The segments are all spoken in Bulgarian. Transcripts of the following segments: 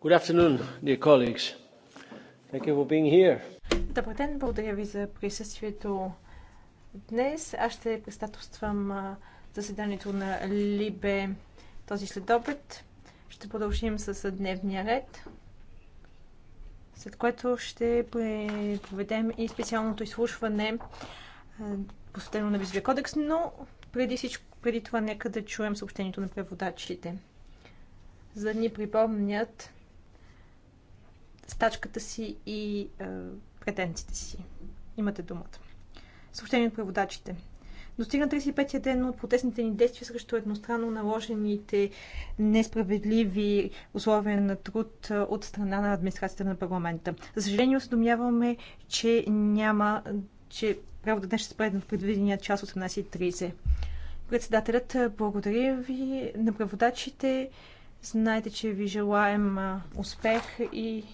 Good afternoon, dear colleagues. Thank you for being here. Добър ден, благодаря ви за присъствието днес. Аз ще председателствам заседанието на Либе този следобед. Ще продължим с дневния ред, след което ще проведем и специалното изслушване посветено на Визовия кодекс, но преди, всичко, преди това нека да чуем съобщението на преводачите. За да ни припомнят стачката си и е, претенците си. Имате думата. Съобщение от преводачите. Достигна 35-я ден от протестните ни действия срещу едностранно наложените несправедливи условия на труд е, от страна на администрацията на парламента. За съжаление, осъдомяваме, че няма, че правото днес ще спре в предвидения час 18.30. Председателят, е, благодаря ви на преводачите. Знаете, че ви желаем е, успех и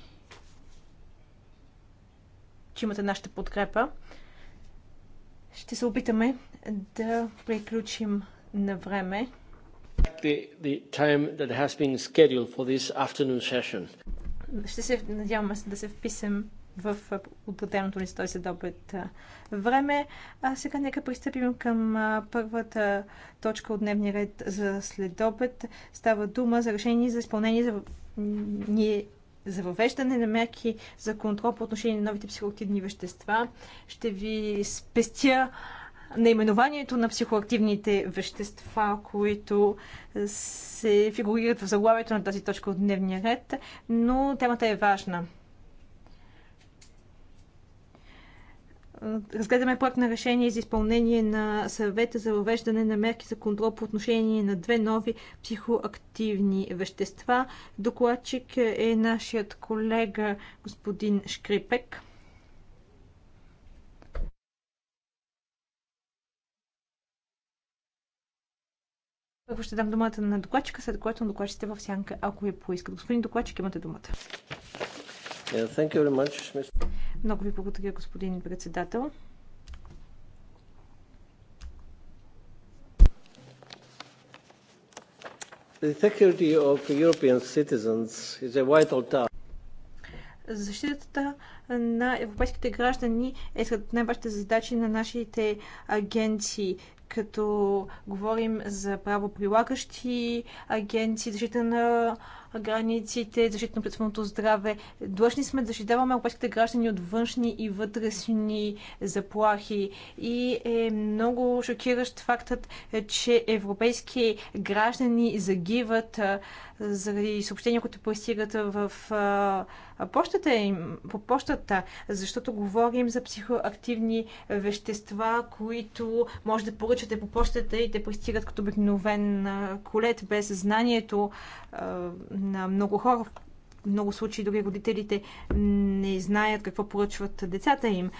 че имате нашата подкрепа. Ще се опитаме да приключим на време. Ще се надяваме да се вписем в отплатеното ни стой след обед време. А сега нека пристъпим към първата точка от дневния ред за следобед. Става дума за решение за изпълнение за ние за въвеждане на мерки за контрол по отношение на новите психоактивни вещества. Ще ви спестя наименованието на психоактивните вещества, които се фигурират в заглавието на тази точка от дневния ред, но темата е важна. разгледаме проект на решение за изпълнение на съвета за въвеждане на мерки за контрол по отношение на две нови психоактивни вещества. Докладчик е нашият колега господин Шкрипек. Първо ще дам думата на докладчика, след което на докладчите в сянка, ако ви поискат. Господин докладчик, имате думата. Yeah, много ви благодаря, господин председател. Защитата на европейските граждани е сред най-важните задачи на нашите агенции, като говорим за правоприлагащи агенции, защита на границите, защита на общественото здраве. Длъжни сме да защитаваме европейските граждани от външни и вътрешни заплахи. И е много шокиращ фактът, че европейски граждани загиват заради съобщения, които пристигат в почтата им, по почтата, защото говорим за психоактивни вещества, които може да поръчате по почтата и те пристигат като обикновен колет без знанието на много хора. В много случаи дори родителите не знаят какво поръчват децата им.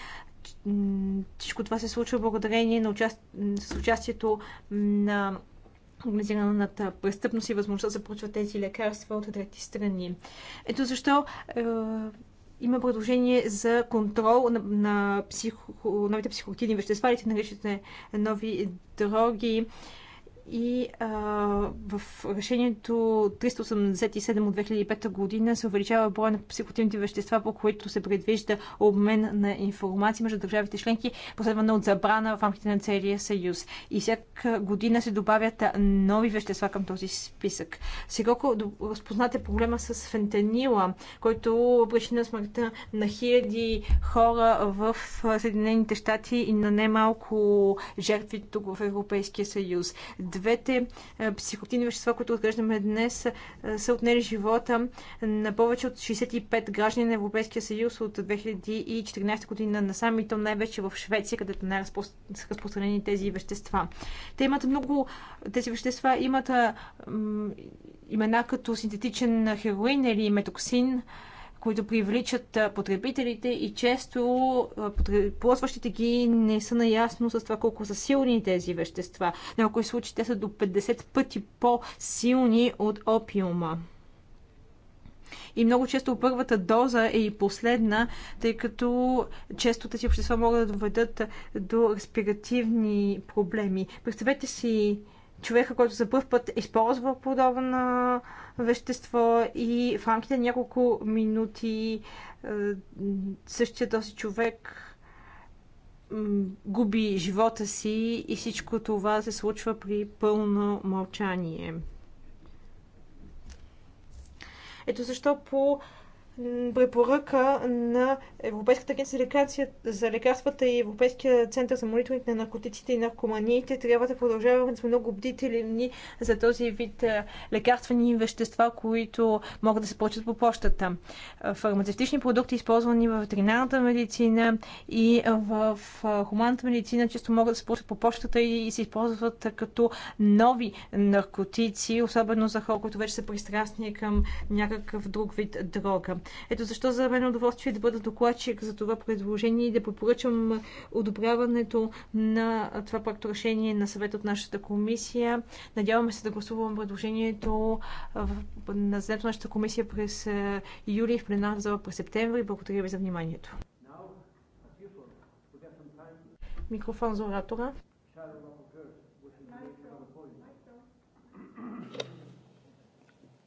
Всичко това се случва благодарение на участ... с участието на организираната престъпност и възможността да поръчват тези лекарства от трети страни. Ето защо е, има предложение за контрол на, на психо, новите психоактивни вещества, или наричате нови дроги. Е, и а, в решението 387 от 2005 година се увеличава броя на психотивните вещества, по които се предвижда обмен на информация между държавите членки, последвана от забрана в рамките на целия съюз. И всяка година се добавят нови вещества към този списък. Сега разпознате проблема с фентанила, който причина смъртта на хиляди хора в Съединените щати и на немалко жертви тук в Европейския съюз двете е, психотини вещества, които отглеждаме днес, е, са отнели живота на повече от 65 граждани на Европейския съюз от 2014 година на и то най-вече в Швеция, където най са разпространени тези вещества. Те имат много, тези вещества имат имена като синтетичен хероин или метоксин, които привличат потребителите и често ползващите ги не са наясно с това колко са силни тези вещества. В някои случаи те са до 50 пъти по-силни от опиума. И много често първата доза е и последна, тъй като често тези общества могат да доведат до респиративни проблеми. Представете си човека, който за първ път използва подобна вещество и в рамките на няколко минути е, същия този човек губи живота си и всичко това се случва при пълно мълчание. Ето защо по препоръка на Европейската агенция за за лекарствата и Европейския център за мониторинг на наркотиците и наркоманиите. Трябва да продължаваме да сме много бдителни за този вид е, лекарствени вещества, които могат да се получат по почтата. Фармацевтични продукти, използвани в ветеринарната медицина и в хуманната медицина, често могат да се получат по почтата и се използват като нови наркотици, особено за хора, които вече са пристрастни към някакъв друг вид дрога. Ето защо за мен е удоволствие да бъда докладчик за това предложение и да препоръчам одобряването на това проекто решение на съвет от нашата комисия. Надяваме се да гласувам предложението на заседанието на нашата комисия през е, юли и в пленарна зала през септември. Благодаря ви за вниманието. Микрофон за оратора.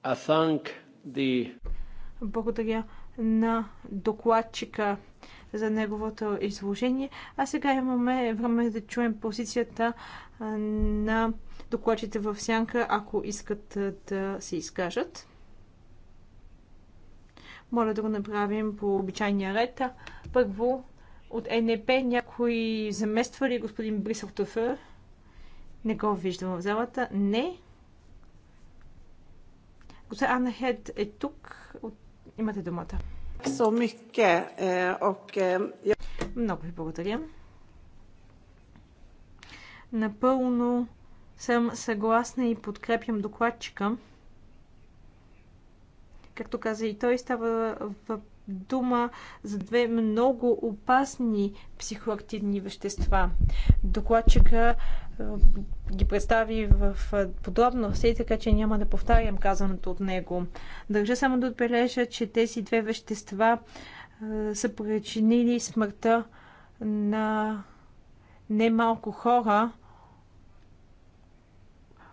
I thank the благодаря на докладчика за неговото изложение. А сега имаме време да чуем позицията на докладчите в сянка, ако искат да се изкажат. Моля да го направим по обичайния ред. Първо от НП някой замества ли господин Брисел Тофер? Не го виждам в залата. Не. Госпожа Анна Хед е тук от Имате думата. Eh, eh, Много ви благодаря. Напълно съм съгласна и подкрепям докладчика. Както каза и той, става въпрос дума за две много опасни психоактивни вещества. Докладчика е, ги представи в е, все, така че няма да повтарям казаното от него. Държа само да отбележа, че тези две вещества е, са причинили смъртта на немалко хора,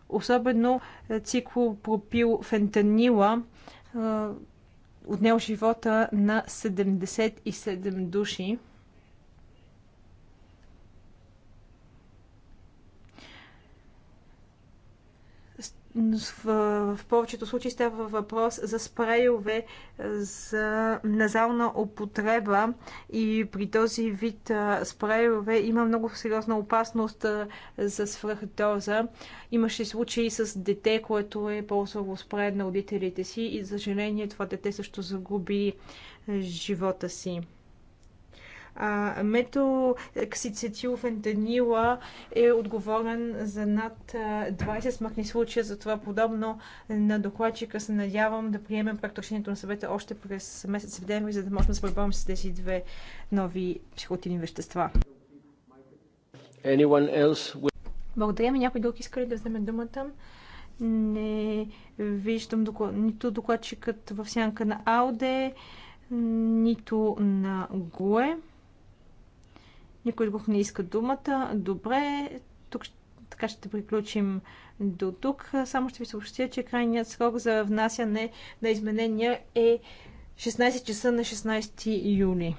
особено циклопропил фентанила, отнел живота на 77 души. в, в повечето случаи става въпрос за спрейове е, за назална употреба и при този вид е, спрейове има много сериозна опасност е, за свръхдоза. Имаше случаи с дете, което е ползвало спрей на родителите си и за съжаление това дете също загуби живота си метоксицетилфентанила е отговорен за над 20 смъртни случая, затова подобно на докладчика се надявам да приемем практичението на съвета още през месец септември, за да можем да се преборим с тези две нови психотивни вещества. Благодаря ми. Някой друг иска ли да вземе думата? Не виждам доклад... нито докладчикът в сянка на Ауде, нито на Гуе. Никой друг не иска думата. Добре, тук така ще приключим до тук. Само ще ви съобщя, че крайният срок за внасяне на изменения е 16 часа на 16 юли.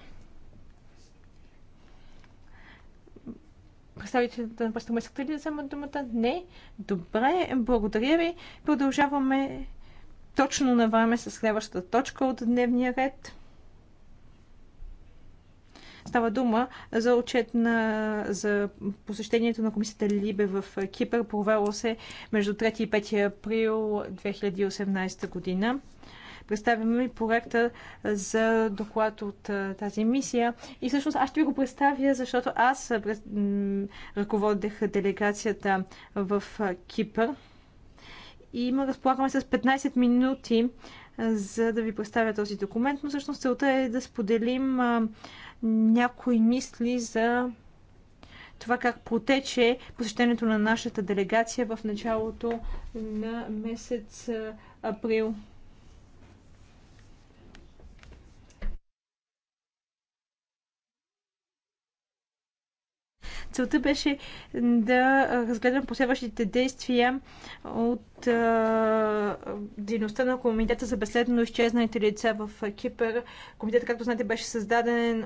Представителите на пастор искате ли да вземат думата? Не. Добре, благодаря ви. Продължаваме точно на време с следващата точка от дневния ред. Става дума за отчет на, за посещението на комисията Либе в Кипър. Провело се между 3 и 5 април 2018 година. Представяме ми проекта за доклад от тази мисия. И всъщност аз ще ви го представя, защото аз ръководех делегацията в Кипър. И има, разполагаме с 15 минути, за да ви представя този документ, но всъщност целта е да споделим някои мисли за това как протече посещението на нашата делегация в началото на месец април Целта беше да разгледам последващите действия от а, дейността на Комитета за безследно изчезнаните лица в Кипър. Комитета, както знаете, беше създаден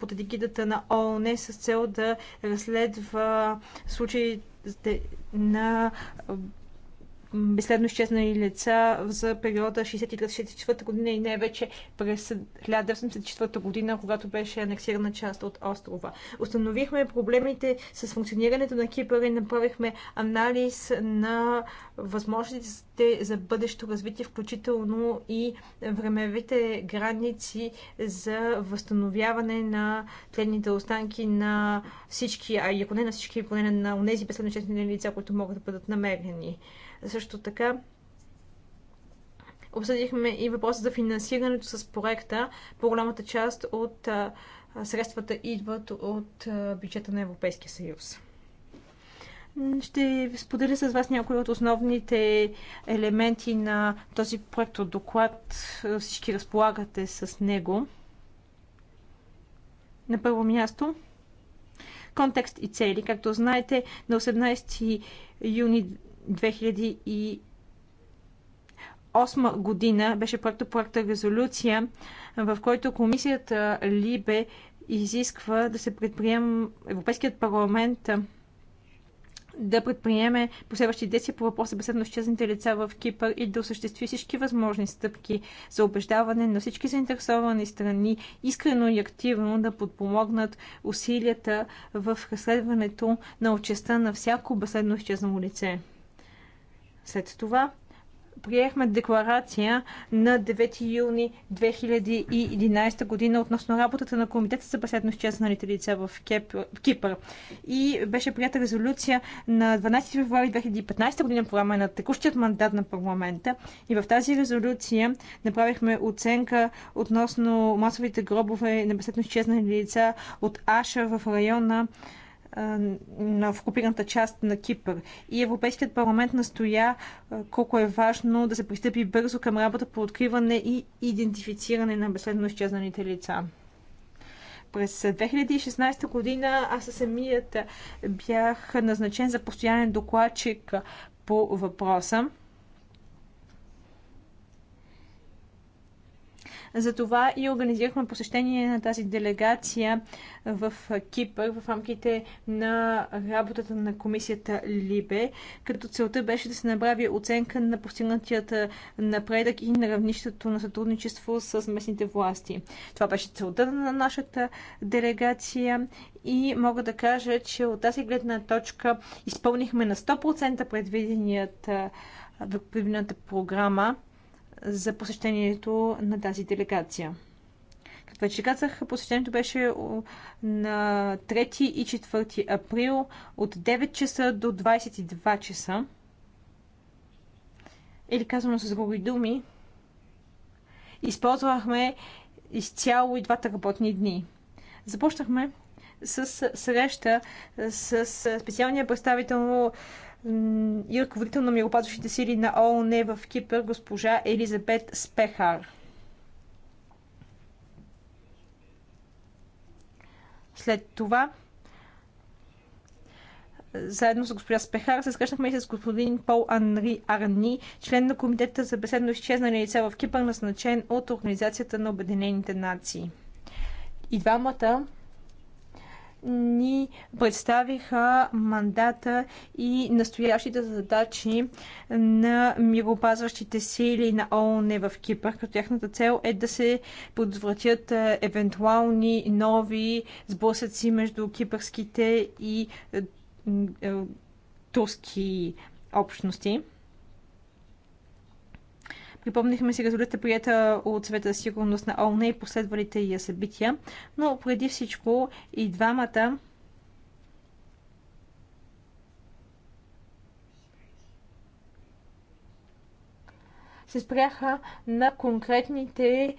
под едикидата на ООН с цел да разследва случаите на безследно изчезнали лица за периода 63-64 година и не вече през 1974 година, когато беше анексирана част от острова. Установихме проблемите с функционирането на Кипър и направихме анализ на възможностите за бъдещо развитие, включително и времевите граници за възстановяване на тленните останки на всички, а ако не на всички, поне на тези безследно изчезнали лица, които могат да бъдат намерени. Също така обсъдихме и въпроса за финансирането с проекта. По-голямата част от средствата идват от бюджета на Европейския съюз. Ще споделя с вас някои от основните елементи на този проект от доклад. Всички разполагате с него. На първо място контекст и цели. Както знаете, на 18 юни 2008 година беше проекта проекта резолюция, в който комисията Либе изисква да се предприем Европейският парламент да предприеме последващи действия по въпроса беседно изчезните лица в Кипър и да осъществи всички възможни стъпки за убеждаване на всички заинтересовани страни искрено и активно да подпомогнат усилията в разследването на отчестта на всяко беседно изчезнало лице. След това приехме декларация на 9 юни 2011 година относно работата на Комитета за беседно изчезналите лица в Кипър. И беше прията резолюция на 12 февруари 2015 година по време на текущият мандат на парламента. И в тази резолюция направихме оценка относно масовите гробове на беседно изчезнали лица от Аша в района на окупираната част на Кипър. И Европейският парламент настоя колко е важно да се пристъпи бързо към работа по откриване и идентифициране на безследно изчезналите лица. През 2016 година аз самият бях назначен за постоянен докладчик по въпроса. Затова и организирахме посещение на тази делегация в Кипър в рамките на работата на комисията Либе, като целта беше да се направи оценка на постигнатият напредък и на равнището на сътрудничество с местните власти. Това беше целта на нашата делегация и мога да кажа, че от тази гледна точка изпълнихме на 100% предвиденият предвидената програма за посещението на тази делегация. Както вече казах, посещението беше на 3 и 4 април от 9 часа до 22 часа. Или казваме с други думи, използвахме изцяло и двата работни дни. Започнахме с среща с специалния представител и ръководител на миропазващите сили на ООН в Кипър, госпожа Елизабет Спехар. След това заедно с госпожа Спехар се срещнахме и с господин Пол Анри Арни, член на Комитета за беседно изчезнали лица в Кипър, назначен от Организацията на Обединените нации. И двамата ни представиха мандата и настоящите задачи на миропазващите сили на ООН в Кипър, като тяхната цел е да се подвратят е, евентуални нови сблъсъци между кипърските и е, е, турски общности. Припомнихме си резолюцията, прията от Света сигурност на ООН и последвалите я събития, но преди всичко и двамата се спряха на конкретните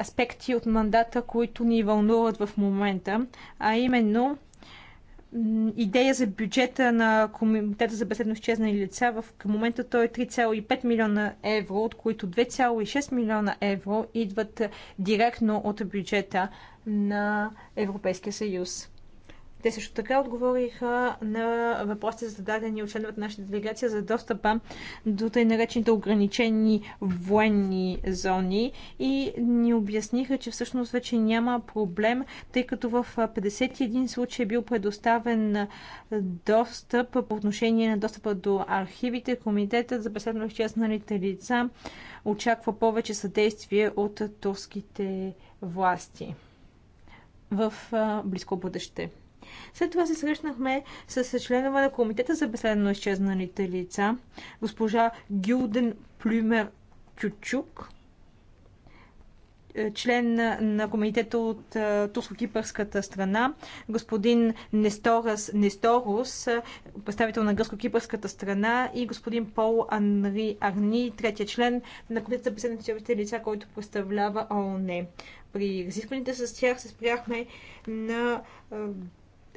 аспекти от мандата, които ни вълнуват в момента, а именно идея за бюджета на Комитета за безследно изчезнали лица. В към момента той е 3,5 милиона евро, от които 2,6 милиона евро идват директно от бюджета на Европейския съюз. Те също така отговориха на въпросите зададени от членовете на нашата делегация за достъпа до тъй наречените ограничени военни зони и ни обясниха, че всъщност вече няма проблем, тъй като в 51 случай е бил предоставен достъп по отношение на достъпа до архивите. Комитетът за беседно изчезналите лица очаква повече съдействие от турските власти в близко бъдеще. След това се срещнахме с членове на Комитета за безследно изчезналите лица, госпожа Гюлден Плюмер Чучук, е, член на комитета от е, турско-кипърската страна, господин Несторас Несторус, е, представител на гръцко-кипърската страна и господин Пол Анри Арни, третия член на комитета за безседните лица, който представлява ООН. При разискваните с тях се спряхме на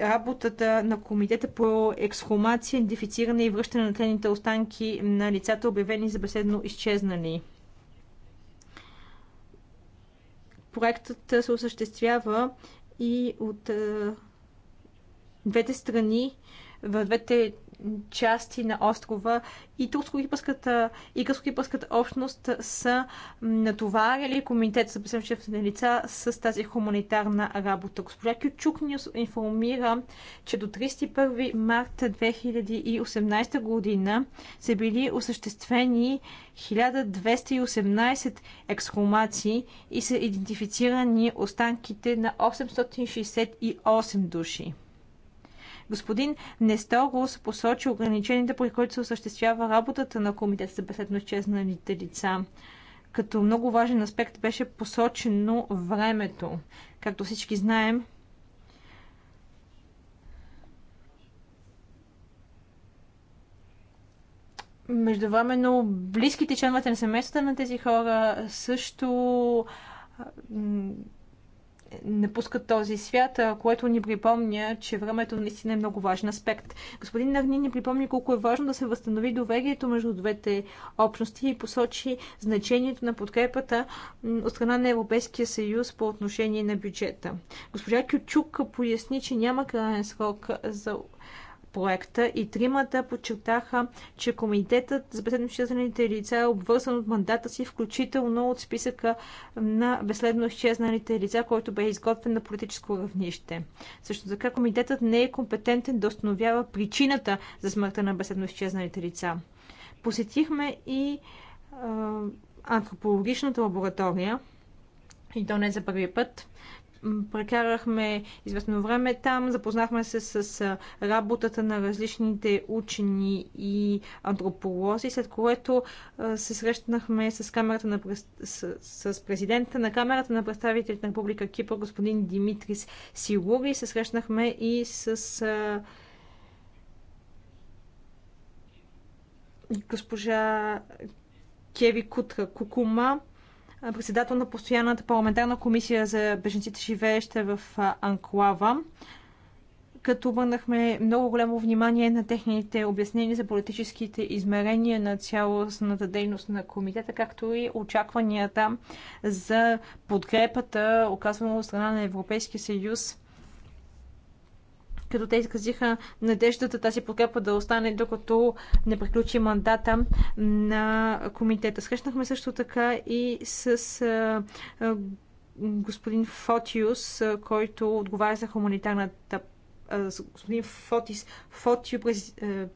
работата на Комитета по ексхумация, идентифициране и връщане на тените останки на лицата, обявени за беседно изчезнали. Проектът се осъществява и от двете страни в двете части на острова и турско-кипърската и гръцко-кипърската общност са натоварили комитет за безсъмществени лица с тази хуманитарна работа. Госпожа Кючук ни информира, че до 31 март 2018 година са били осъществени 1218 ексхумации и са идентифицирани останките на 868 души. Господин Несторос посочи ограниченията, при които се осъществява работата на комитет за безследно изчезналите лица. Като много важен аспект беше посочено времето. Както всички знаем, Междувременно близките членовете на семействата на тези хора също напускат този свят, което ни припомня, че времето наистина е много важен аспект. Господин Нарни ни припомни колко е важно да се възстанови доверието между двете общности и посочи значението на подкрепата от страна на Европейския съюз по отношение на бюджета. Госпожа Кючук поясни, че няма крайен срок за проекта и тримата подчертаха, че Комитетът за безследно лица е обвързан от мандата си, включително от списъка на безследно изчезналите лица, който бе изготвен на политическо равнище. Също така Комитетът не е компетентен да установява причината за смъртта на безследно изчезналите лица. Посетихме и а, антропологичната лаборатория, и то не за първи път прекарахме известно време там, запознахме се с работата на различните учени и антрополози, след което се срещнахме с, камерата на, с, с президента на Камерата на представителите на Република Кипър, господин Димитрис Силури, се срещнахме и с госпожа Кеви Кутра Кукума, председател на постоянната парламентарна комисия за беженците, живееща в Анклава, като обърнахме много голямо внимание на техните обяснения за политическите измерения на цялостната дейност на комитета, както и очакванията за подкрепата, оказвана от страна на Европейския съюз като те изказиха надеждата тази подкрепа да остане докато не приключи мандата на комитета. Срещнахме също така и с господин Фотиус, който отговаря за хуманитарната господин Фотис Фотио,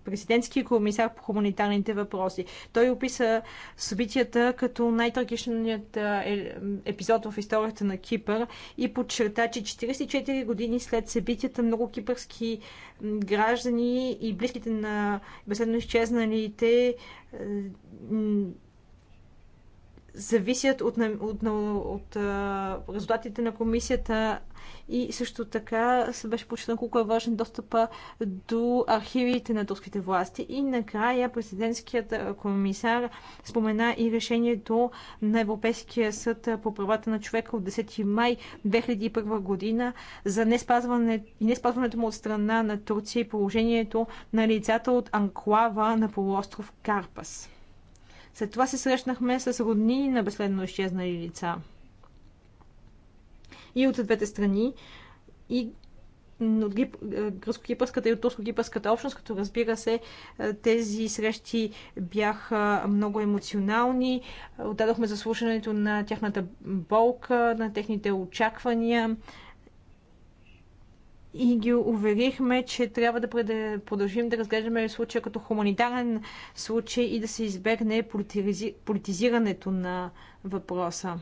президентски комисар по хуманитарните въпроси. Той описа събитията като най-трагичният е, епизод в историята на Кипър и подчерта, че 44 години след събитията много кипърски граждани и близките на безследно изчезналите зависят от, от, от, от резултатите на комисията и също така се беше почитано колко е важен достъпа до архивите на турските власти. И накрая президентският комисар спомена и решението на Европейския съд по правата на човека от 10 май 2001 година за неспазване, неспазването му от страна на Турция и положението на лицата от анклава на полуостров Карпас. След това се срещнахме с роднини на безследно изчезнали лица. И от двете страни. И от гръцко-кипърската е, и от турско-кипърската общност, като разбира се, е, тези срещи бяха много емоционални. Отдадохме заслушането на тяхната болка, на техните очаквания, и ги уверихме, че трябва да продължим да разглеждаме случая като хуманитарен случай и да се избегне политизирането на въпроса.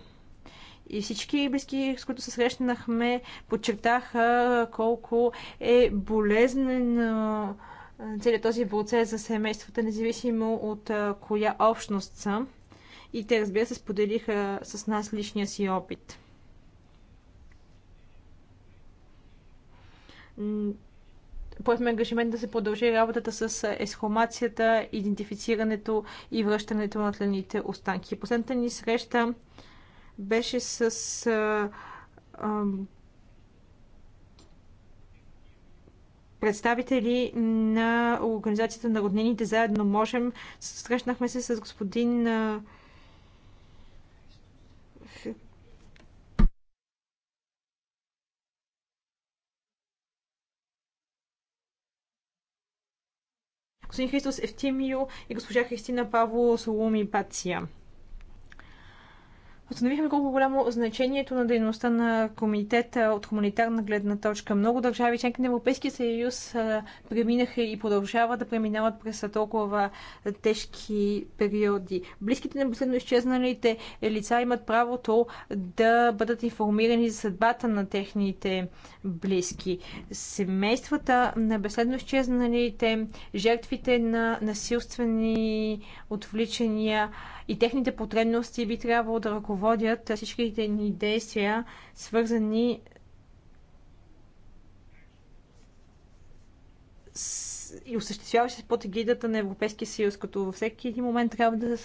И всички близки, с които се срещнахме, подчертаха колко е болезнен целият този процес за семействата, независимо от коя общност са. И те, разбира се, споделиха с нас личния си опит. поехме ангажимент да се продължи работата с е, ексхумацията, идентифицирането и връщането на тлените останки. Последната ни среща беше с а, а, представители на Организацията на роднините заедно можем. Срещнахме се с господин а, господин Христос Евтимио и госпожа Христина Павло Соломи Пация. Установихме колко голямо значението на дейността на комитета от хуманитарна гледна точка. Много държави, членки на Европейския съюз, преминаха и продължават да преминават през толкова тежки периоди. Близките на последно изчезналите лица имат правото да бъдат информирани за съдбата на техните близки. Семействата на безследно изчезналите, жертвите на насилствени отвличания и техните потребности би трябвало да ръководят всичките ни действия, свързани с... и осъществяващи се под егидата на Европейския съюз, като във всеки един момент трябва да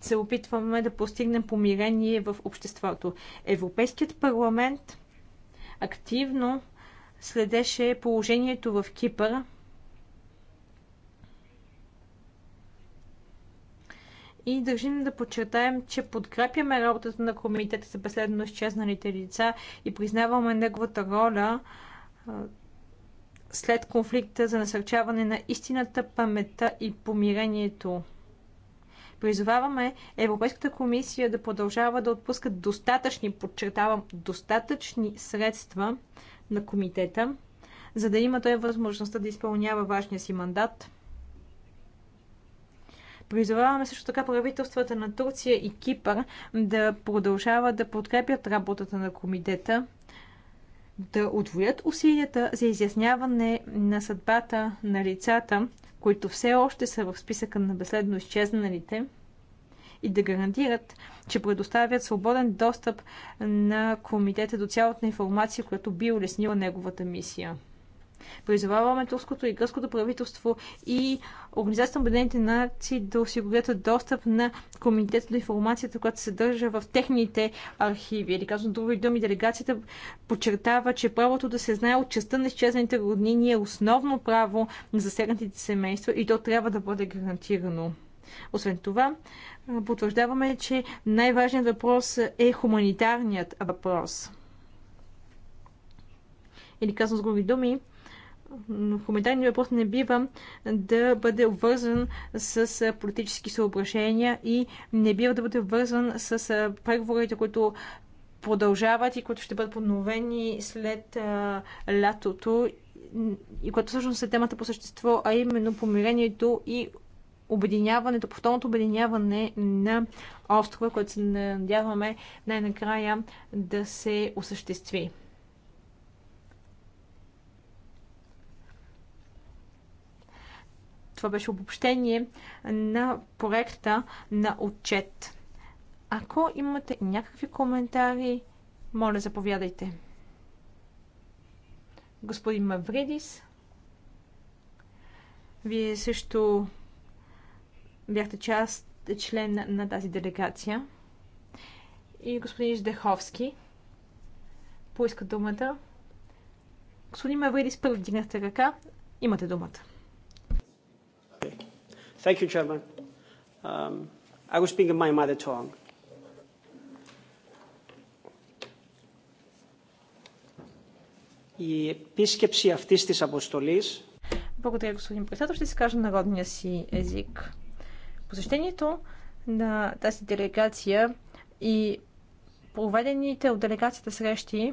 се опитваме да постигнем помирение в обществото. Европейският парламент активно следеше положението в Кипър и държим да подчертаем, че подкрепяме работата на комитета за безследно изчезналите лица и признаваме неговата роля след конфликта за насърчаване на истината, паметта и помирението. Призоваваме Европейската комисия да продължава да отпуска достатъчни, подчертавам, достатъчни средства на комитета, за да има той възможността да изпълнява важния си мандат – Призоваваме също така правителствата на Турция и Кипър да продължават да подкрепят работата на комитета, да отвоят усилията за изясняване на съдбата на лицата, които все още са в списъка на безследно изчезналите, и да гарантират, че предоставят свободен достъп на комитета до цялата информация, която би улеснила неговата мисия. Призоваваме турското и гръцкото правителство и Организацията на Обединените нации да осигурят достъп на комитета до информацията, която се съдържа в техните архиви. Или казвам други думи, делегацията подчертава, че правото да се знае от частта на изчезнаните роднини е основно право на засегнатите семейства и то трябва да бъде гарантирано. Освен това, потвърждаваме, че най-важният въпрос е хуманитарният въпрос. Или казвам с други думи, хуманитарният въпрос не бива да бъде обвързан с политически съображения и не бива да бъде обвързан с преговорите, които продължават и които ще бъдат подновени след а, лятото и което всъщност е темата по същество, а именно помирението и обединяването, повторното обединяване на острова, което се надяваме най-накрая да се осъществи. Това беше обобщение на проекта на отчет. Ако имате някакви коментари, моля, заповядайте. Господин Мавридис, вие също бяхте част, член на, на тази делегация. И господин Ждеховски поиска думата. Господин Мавридис, първо дигнахте ръка. Имате думата. Thank you, Chairman. Um, I will speak in my mother tongue. Η επίσκεψη αυτής της αποστολής... Благодаря, господин председател. Ще се кажа народния си език. Посещението на тази делегация и проведените от делегацията срещи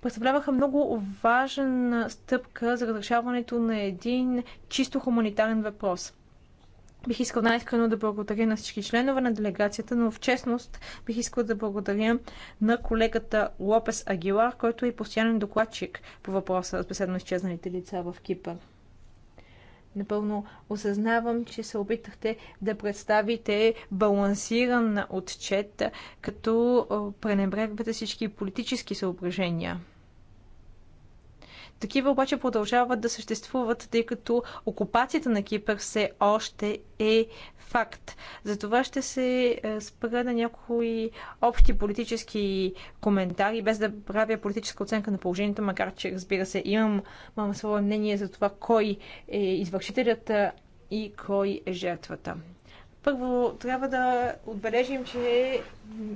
представляваха много важна стъпка за разрешаването на един чисто хуманитарен въпрос. Бих искал най-искрено да благодаря на всички членове на делегацията, но в честност бих искал да благодаря на колегата Лопес Агилар, който е постоянен докладчик по въпроса с беседно изчезналите лица в Кипър. Напълно осъзнавам, че се опитахте да представите балансиран отчет, като пренебрегвате всички политически съображения. Такива обаче продължават да съществуват, тъй като окупацията на Кипър все още е факт. Затова ще се е, спра на някои общи политически коментари, без да правя политическа оценка на положението, макар че, разбира се, имам, имам свое мнение за това кой е извършителят е, и кой е жертвата. Първо, трябва да отбележим, че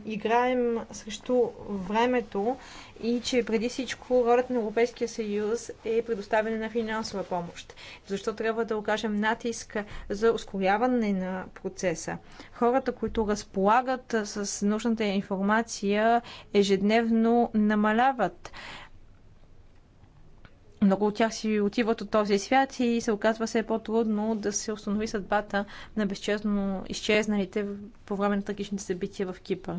играем срещу времето и че преди всичко ролята на Европейския съюз е предоставяне на финансова помощ. Защо трябва да окажем натиск за ускоряване на процеса? Хората, които разполагат с нужната информация, ежедневно намаляват много от тях си отиват от този свят и се оказва все по-трудно да се установи съдбата на безчезно изчезналите по време на трагичните събития в Кипър.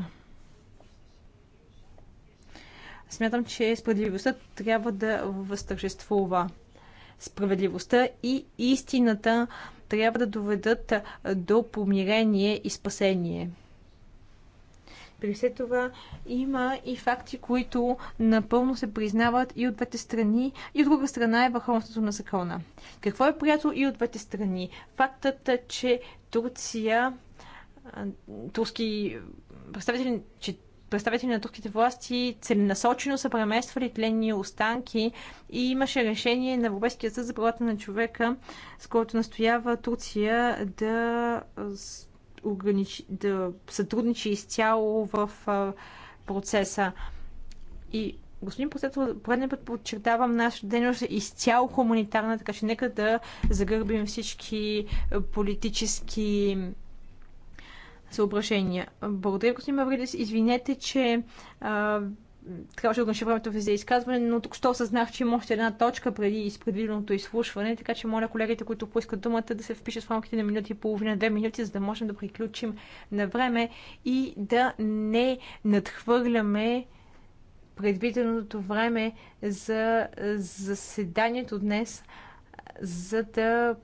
Смятам, че справедливостта трябва да възтържествува. Справедливостта и истината трябва да доведат до помирение и спасение. При все това има и факти, които напълно се признават и от двете страни, и от друга страна е върховенството на закона. Какво е приятел и от двете страни? Фактът, че Турция, турски представители, че представители на турските власти целенасочено са премествали тленни останки и имаше решение на Европейския съд за правата на човека, с което настоява Турция да огранич... да сътрудничи изцяло в процеса. И Господин председател, поредния път подчертавам, нашата дейност е изцяло хуманитарна, така че нека да загърбим всички политически съображения. Благодаря, господин Мавридес. Извинете, че а, така ще огранича времето ви за изказване, но тук що осъзнах, че има още една точка преди изпредвиденото изслушване, така че моля колегите, които поискат думата, да се впишат в рамките на минути и половина, две минути, за да можем да приключим на време и да не надхвърляме предвиденото време за заседанието днес, за да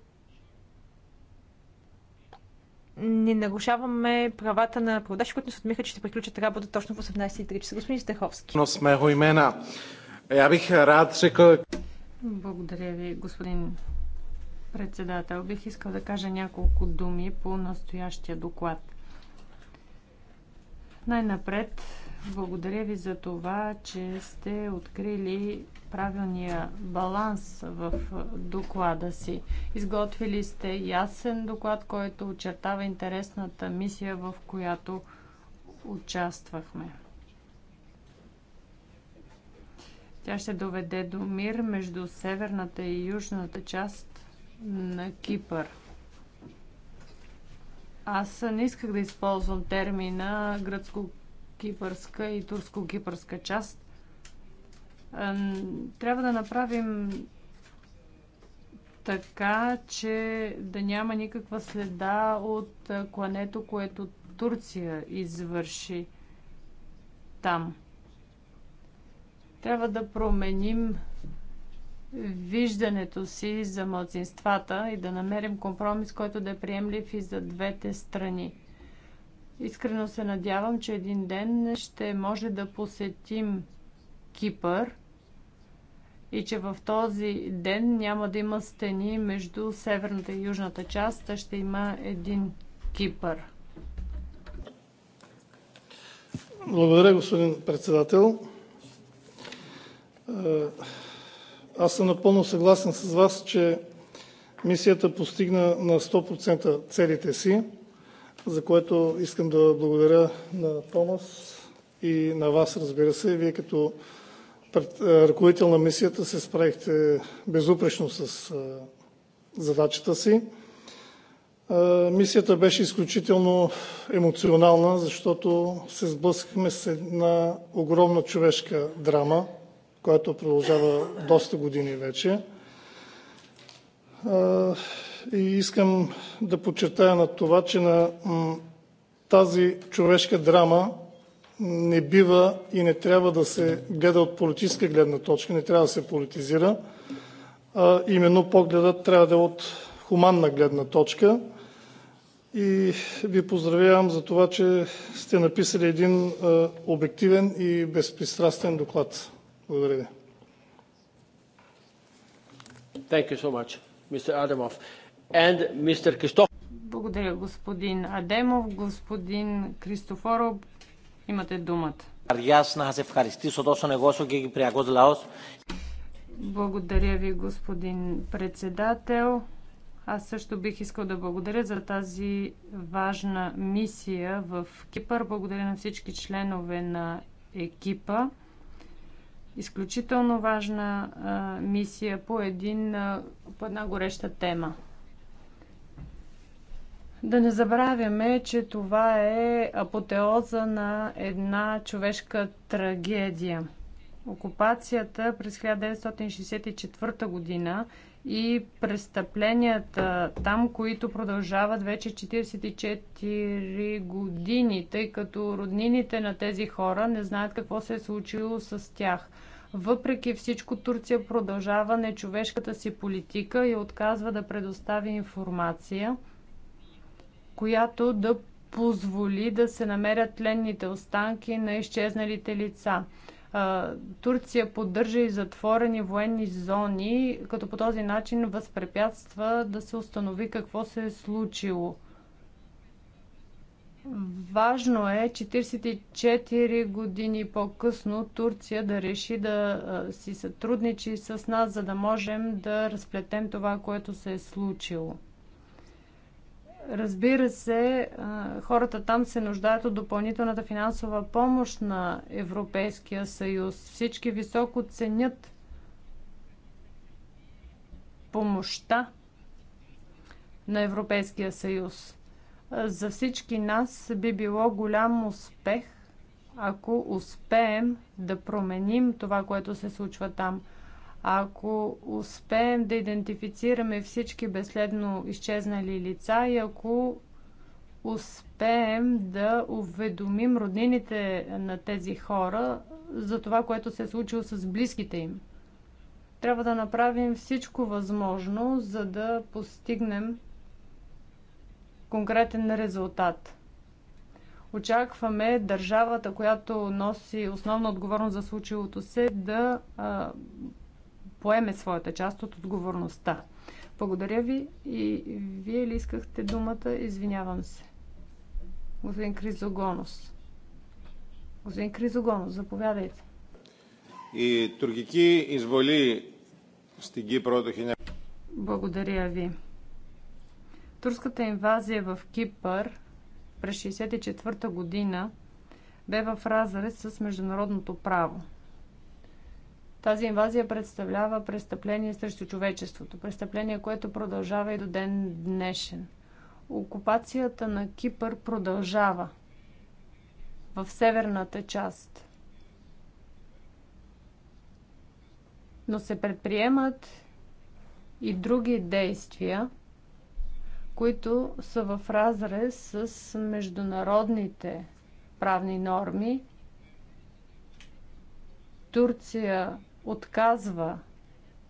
не нарушаваме правата на продажи, които ни се отмиха, че ще приключат работа точно в 18.30 часа. Господин Стеховски. Но сме го имена. Е, я бих рад řekl... Благодаря ви, господин председател. Бих искал да кажа няколко думи по настоящия доклад. Най-напред благодаря ви за това, че сте открили правилния баланс в доклада си. Изготвили сте ясен доклад, който очертава интересната мисия, в която участвахме. Тя ще доведе до мир между северната и южната част на Кипър. Аз не исках да използвам термина гръцко кипърска и турско-кипърска част. Трябва да направим така, че да няма никаква следа от клането, което Турция извърши там. Трябва да променим виждането си за младсинствата и да намерим компромис, който да е приемлив и за двете страни. Искрено се надявам, че един ден ще може да посетим Кипър и че в този ден няма да има стени между северната и южната част, а ще има един Кипър. Благодаря, господин председател. Е, аз съм напълно съгласен с Вас, че мисията постигна на 100% целите си за което искам да благодаря на Томас и на Вас, разбира се. Вие като е, ръководител на Мисията се справихте безупречно със е, задачата си. Е, мисията беше изключително емоционална, защото се сблъскахме с една огромна човешка драма, която продължава доста години вече. И искам да подчертая на това, че на тази човешка драма не бива и не трябва да се гледа от политическа гледна точка, не трябва да се политизира. А, именно погледът трябва да е от хуманна гледна точка. И ви поздравявам за това, че сте написали един а, обективен и безпристрастен доклад. Благодаря ви. Thank you so much, Mr. Adamov and Mr. Christoph. Благодаря, господин Адемов. Господин Кристофоров, имате думата. Благодаря ви, господин председател. Аз също бих искал да благодаря за тази важна мисия в Кипър. Благодаря на всички членове на екипа. Изключително важна а, мисия по, един, а, по една гореща тема. Да не забравяме, че това е апотеоза на една човешка трагедия. Окупацията през 1964 година и престъпленията там, които продължават вече 44 години, тъй като роднините на тези хора не знаят какво се е случило с тях. Въпреки всичко, Турция продължава нечовешката си политика и отказва да предостави информация – която да позволи да се намерят тленните останки на изчезналите лица. Турция поддържа и затворени военни зони, като по този начин възпрепятства да се установи какво се е случило. Важно е 44 години по-късно Турция да реши да си сътрудничи с нас, за да можем да разплетем това, което се е случило. Разбира се, хората там се нуждаят от допълнителната финансова помощ на Европейския съюз. Всички високо ценят помощта на Европейския съюз. За всички нас би било голям успех, ако успеем да променим това, което се случва там – ако успеем да идентифицираме всички безследно изчезнали лица и ако успеем да уведомим роднините на тези хора за това, което се е случило с близките им. Трябва да направим всичко възможно, за да постигнем конкретен резултат. Очакваме държавата, която носи основна отговорност за случилото се, да поеме своята част от отговорността. Благодаря ви и вие ли искахте думата? Извинявам се. Господин Кризогонос. Господин Кризогонос, заповядайте. И тургики изволи стиги Κύπρο Благодаря ви. Турската инвазия в Кипър през 1964 година бе в разрез с международното право. Тази инвазия представлява престъпление срещу човечеството, престъпление, което продължава и до ден днешен. Окупацията на Кипър продължава в северната част. Но се предприемат и други действия, които са в разрез с международните правни норми. Турция отказва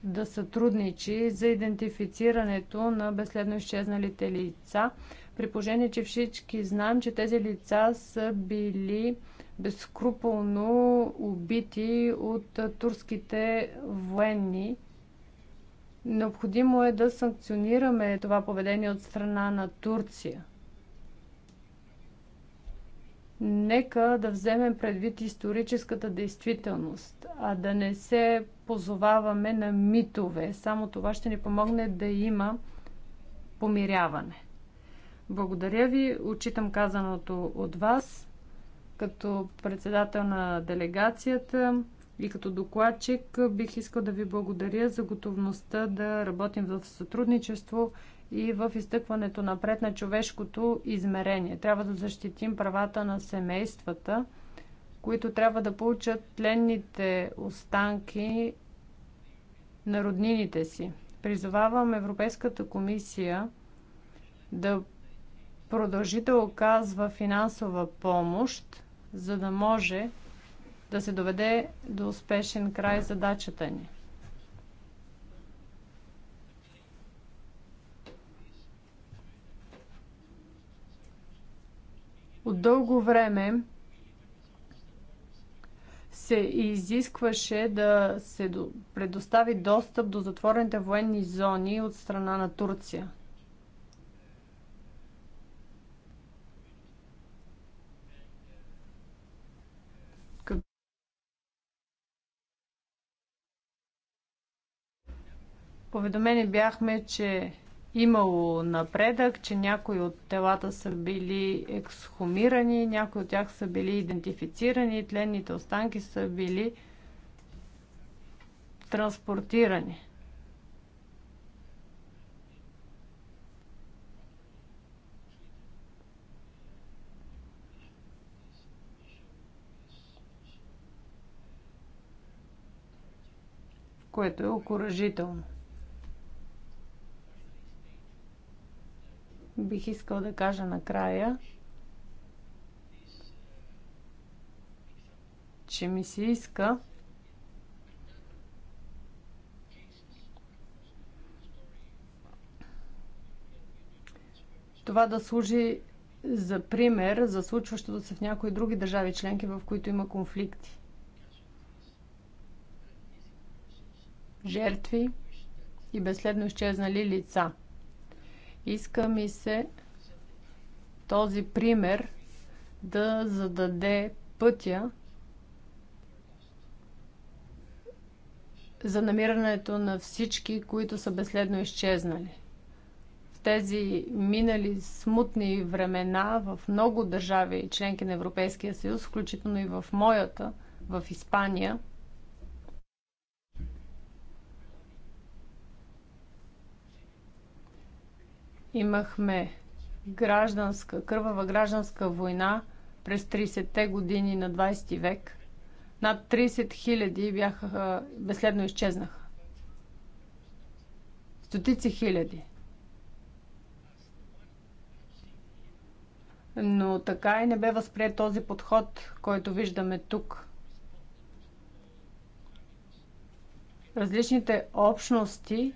да сътрудничи за идентифицирането на безследно изчезналите лица, при положение, че всички знаем, че тези лица са били безскруполно убити от турските военни. Необходимо е да санкционираме това поведение от страна на Турция нека да вземем предвид историческата действителност, а да не се позоваваме на митове. Само това ще ни помогне да има помиряване. Благодаря ви, отчитам казаното от вас като председател на делегацията и като докладчик бих искал да ви благодаря за готовността да работим в сътрудничество и в изтъкването напред на човешкото измерение. Трябва да защитим правата на семействата, които трябва да получат тленните останки на роднините си. Призовавам Европейската комисия да продължи да оказва финансова помощ, за да може да се доведе до успешен край задачата ни. От дълго време се изискваше да се предостави достъп до затворените военни зони от страна на Турция. Поведомени бяхме, че имало напредък, че някои от телата са били ексхумирани, някои от тях са били идентифицирани, тленните останки са били транспортирани. което е окоръжително. бих искал да кажа накрая, че ми се иска това да служи за пример за случващото се в някои други държави членки, в които има конфликти. Жертви и безследно изчезнали лица – иска ми се този пример да зададе пътя за намирането на всички, които са безследно изчезнали. В тези минали смутни времена в много държави, членки на Европейския съюз, включително и в моята, в Испания – Имахме гражданска, кървава гражданска война през 30-те години на 20 век. Над 30 хиляди бяха безследно изчезнаха. Стотици хиляди. Но така и не бе възприят този подход, който виждаме тук. Различните общности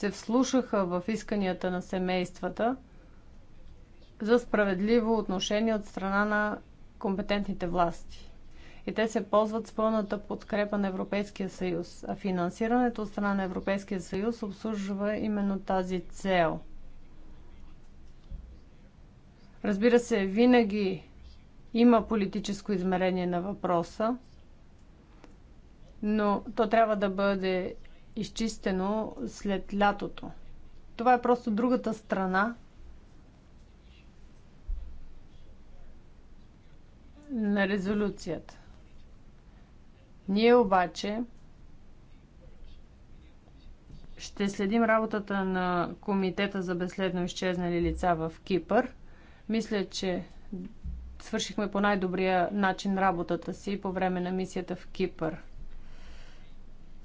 се вслушаха в исканията на семействата за справедливо отношение от страна на компетентните власти. И те се ползват с пълната подкрепа на Европейския съюз. А финансирането от страна на Европейския съюз обслужва именно тази цел. Разбира се, винаги има политическо измерение на въпроса, но то трябва да бъде изчистено след лятото. Това е просто другата страна на резолюцията. Ние обаче ще следим работата на Комитета за безследно изчезнали лица в Кипър. Мисля, че свършихме по най-добрия начин работата си по време на мисията в Кипър –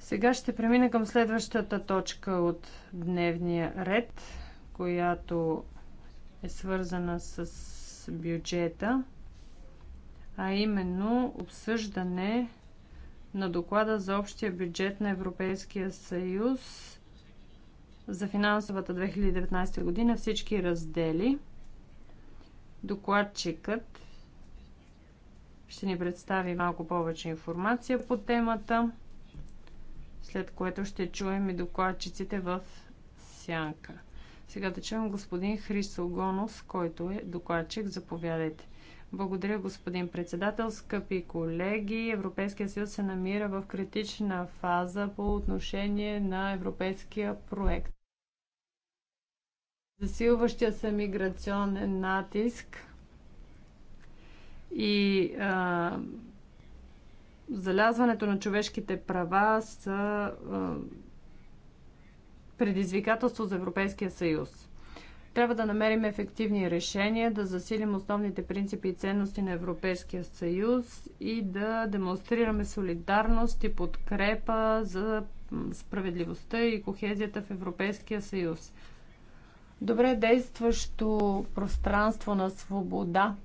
сега ще премина към следващата точка от дневния ред, която е свързана с бюджета, а именно обсъждане на доклада за общия бюджет на Европейския съюз за финансовата 2019 година всички раздели. Докладчикът ще ни представи малко повече информация по темата след което ще чуем и докладчиците в сянка. Сега да чуем господин Христо Гонов, който е докладчик. Заповядайте. Благодаря, господин председател. Скъпи колеги, Европейския съюз се намира в критична фаза по отношение на европейския проект. Засилващия се миграционен натиск и а, залязването на човешките права са предизвикателство за Европейския съюз. Трябва да намерим ефективни решения, да засилим основните принципи и ценности на Европейския съюз и да демонстрираме солидарност и подкрепа за справедливостта и кохезията в Европейския съюз. Добре действащо пространство на свобода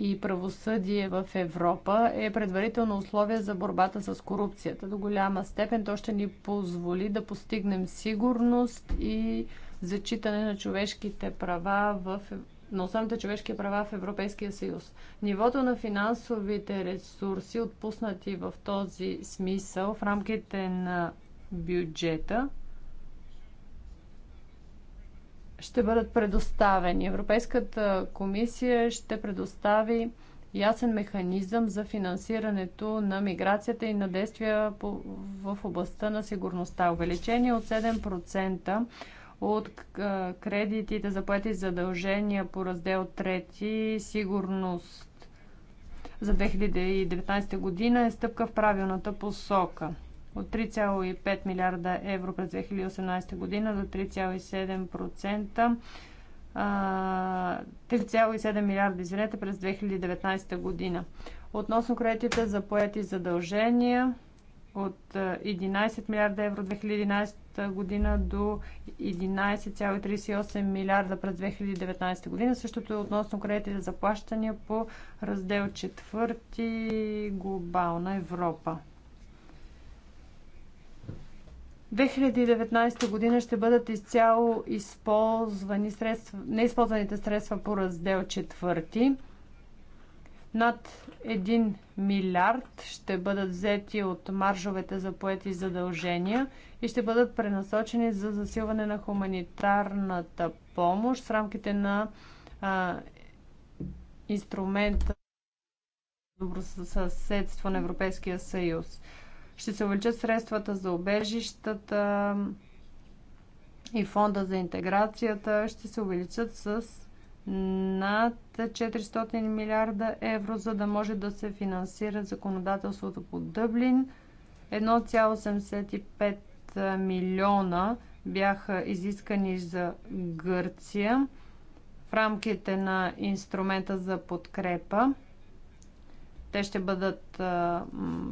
и правосъдие в Европа е предварително условие за борбата с корупцията. До голяма степен то ще ни позволи да постигнем сигурност и зачитане на човешките права в на основните човешки права в Европейския съюз. Нивото на финансовите ресурси, отпуснати в този смисъл в рамките на бюджета, ще бъдат предоставени. Европейската комисия ще предостави ясен механизъм за финансирането на миграцията и на действия в областта на сигурността. Увеличение от 7% от кредитите за поети задължения по раздел 3 сигурност за 2019 година е стъпка в правилната посока от 3,5 милиарда евро през 2018 година до 3,7%. 3,7 милиарда, извинете, през 2019 година. Относно кредитите за поети задължения от 11 милиарда евро 2011 година до 11,38 милиарда през 2019 година. Същото е относно кредитите за плащания по раздел 4 Глобална Европа. 2019 година ще бъдат изцяло използвани средства, неизползваните средства по раздел четвърти, Над 1 милиард ще бъдат взети от маржовете за поети задължения и ще бъдат пренасочени за засилване на хуманитарната помощ в рамките на а, инструмента добросъседство на Европейския съюз. Ще се увеличат средствата за обежищата и фонда за интеграцията. Ще се увеличат с над 400 милиарда евро, за да може да се финансира законодателството по Дъблин. 1,85 милиона бяха изискани за Гърция в рамките на инструмента за подкрепа. Те ще бъдат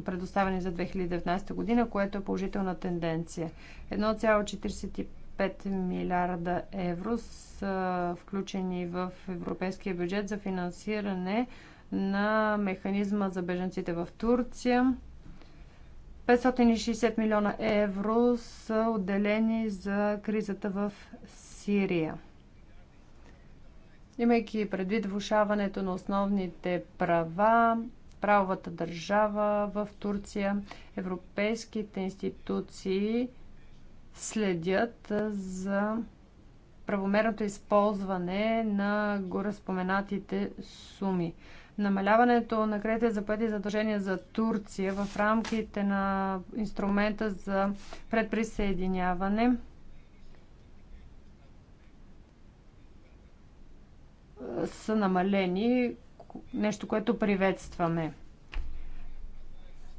предоставени за 2019 година, което е положителна тенденция. 1,45 милиарда евро са включени в европейския бюджет за финансиране на механизма за беженците в Турция. 560 милиона евро са отделени за кризата в Сирия. Имайки предвид влушаването на основните права, правовата държава в Турция. Европейските институции следят за правомерното използване на гореспоменатите суми. Намаляването на кредите за пъти задължения за Турция в рамките на инструмента за предприсъединяване са намалени, нещо, което приветстваме.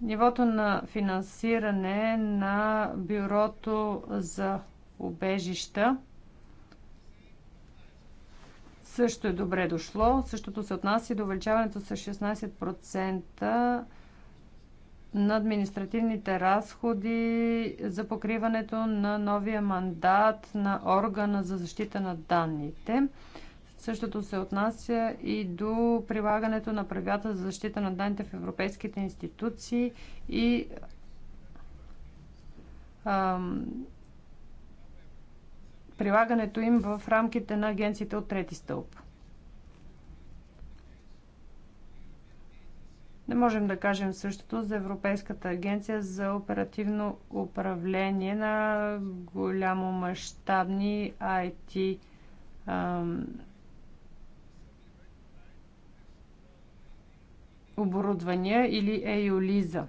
Нивото на финансиране на Бюрото за убежища също е добре дошло. Същото се отнася и до увеличаването с 16% на административните разходи за покриването на новия мандат на органа за защита на данните. Същото се отнася и до прилагането на правилата за защита на данните в европейските институции и ам, прилагането им в рамките на агенциите от трети стълб. Не можем да кажем същото за Европейската агенция за оперативно управление на голямо мащабни IT ам, оборудвания или Еолиза.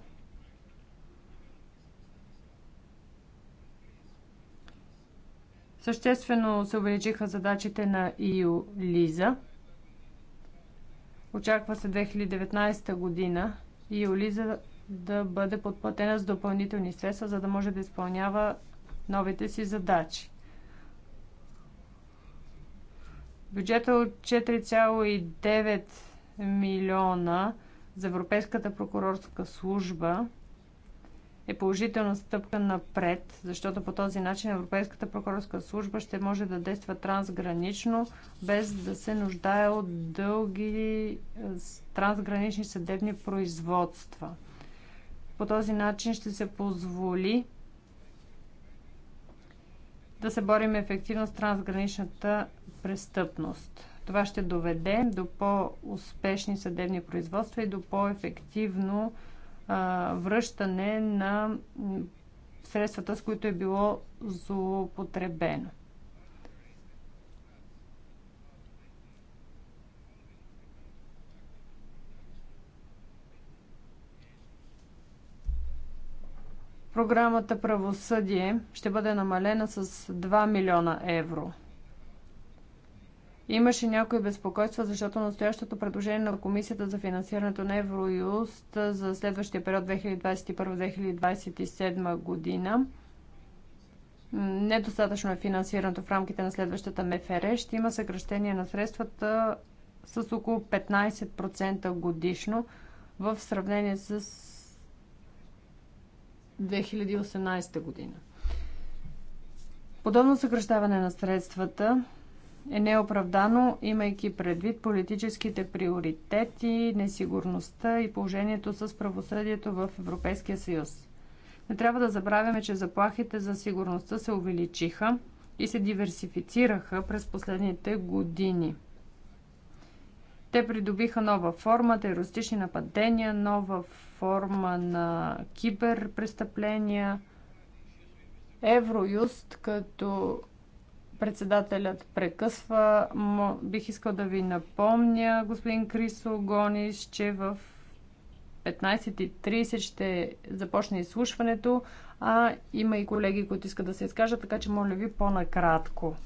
Съществено се увеличиха задачите на Иолиза. Очаква се 2019 година Иолиза да бъде подплатена с допълнителни средства, за да може да изпълнява новите си задачи. Бюджета е от 4,9 милиона за Европейската прокурорска служба е положителна стъпка напред, защото по този начин Европейската прокурорска служба ще може да действа трансгранично, без да се нуждае от дълги е, трансгранични съдебни производства. По този начин ще се позволи да се борим ефективно с трансграничната престъпност. Това ще доведе до по-успешни съдебни производства и до по-ефективно връщане на средствата, с които е било злоупотребено. Програмата Правосъдие ще бъде намалена с 2 милиона евро – Имаше някои безпокойства, защото настоящото предложение на Комисията за финансирането на Евроюст за следващия период 2021-2027 година недостатъчно е финансирането в рамките на следващата МФР. Ще има съкръщение на средствата с около 15% годишно в сравнение с 2018 година. Подобно съкръщаване на средствата е неоправдано, имайки предвид политическите приоритети, несигурността и положението с правосъдието в Европейския съюз. Не трябва да забравяме, че заплахите за сигурността се увеличиха и се диверсифицираха през последните години. Те придобиха нова форма, терористични нападения, нова форма на киберпрестъпления. Евроюст като Председателят прекъсва. Бих искал да ви напомня, господин Крисо Гониш, че в 15.30 ще започне изслушването, а има и колеги, които искат да се изкажат, така че моля ви по-накратко.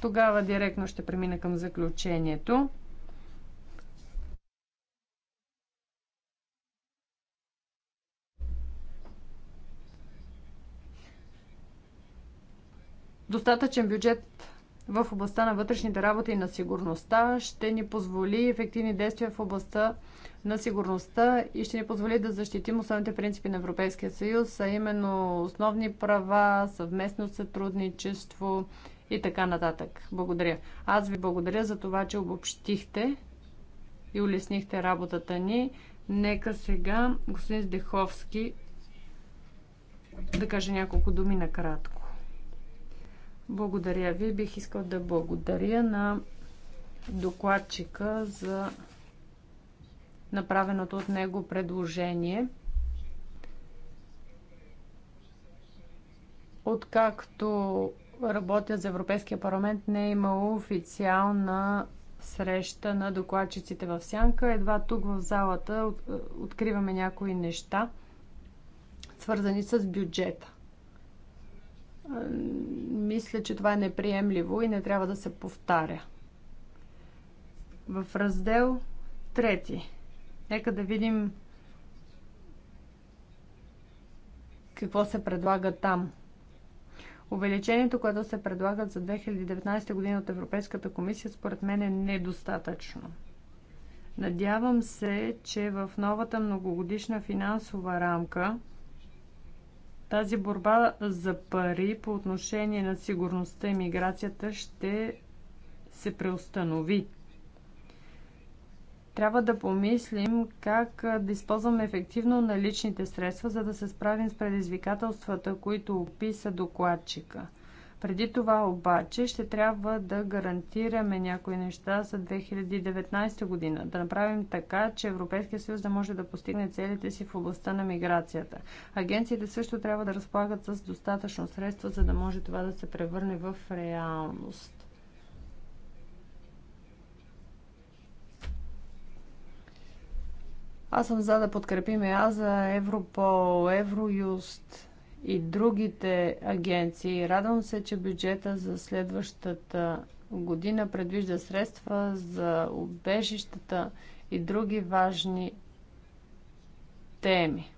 Тогава директно ще премина към заключението. Достатъчен бюджет в областта на вътрешните работи и на сигурността ще ни позволи ефективни действия в областта на сигурността и ще ни позволи да защитим основните принципи на Европейския съюз, а именно основни права, съвместно сътрудничество и така нататък. Благодаря. Аз ви благодаря за това, че обобщихте и улеснихте работата ни. Нека сега господин Здеховски да каже няколко думи накратко. Благодаря ви. Бих искал да благодаря на докладчика за направеното от него предложение. Откакто работя за Европейския парламент, не е имало официална среща на докладчиците в Сянка. Едва тук в залата откриваме някои неща, свързани с бюджета. Мисля, че това е неприемливо и не трябва да се повтаря. В раздел 3. Нека да видим какво се предлага там. Увеличението, което се предлагат за 2019 година от Европейската комисия, според мен е недостатъчно. Надявам се, че в новата многогодишна финансова рамка – тази борба за пари по отношение на сигурността и миграцията ще се преустанови. Трябва да помислим как да използваме ефективно наличните средства, за да се справим с предизвикателствата, които описа докладчика – преди това обаче ще трябва да гарантираме някои неща за 2019 година. Да направим така, че Европейския съюз да може да постигне целите си в областта на миграцията. Агенциите също трябва да разполагат с достатъчно средства, за да може това да се превърне в реалност. Аз съм за да подкрепим ЕАЗа, Европол, Евроюст и другите агенции. Радвам се, че бюджета за следващата година предвижда средства за убежищата и други важни теми.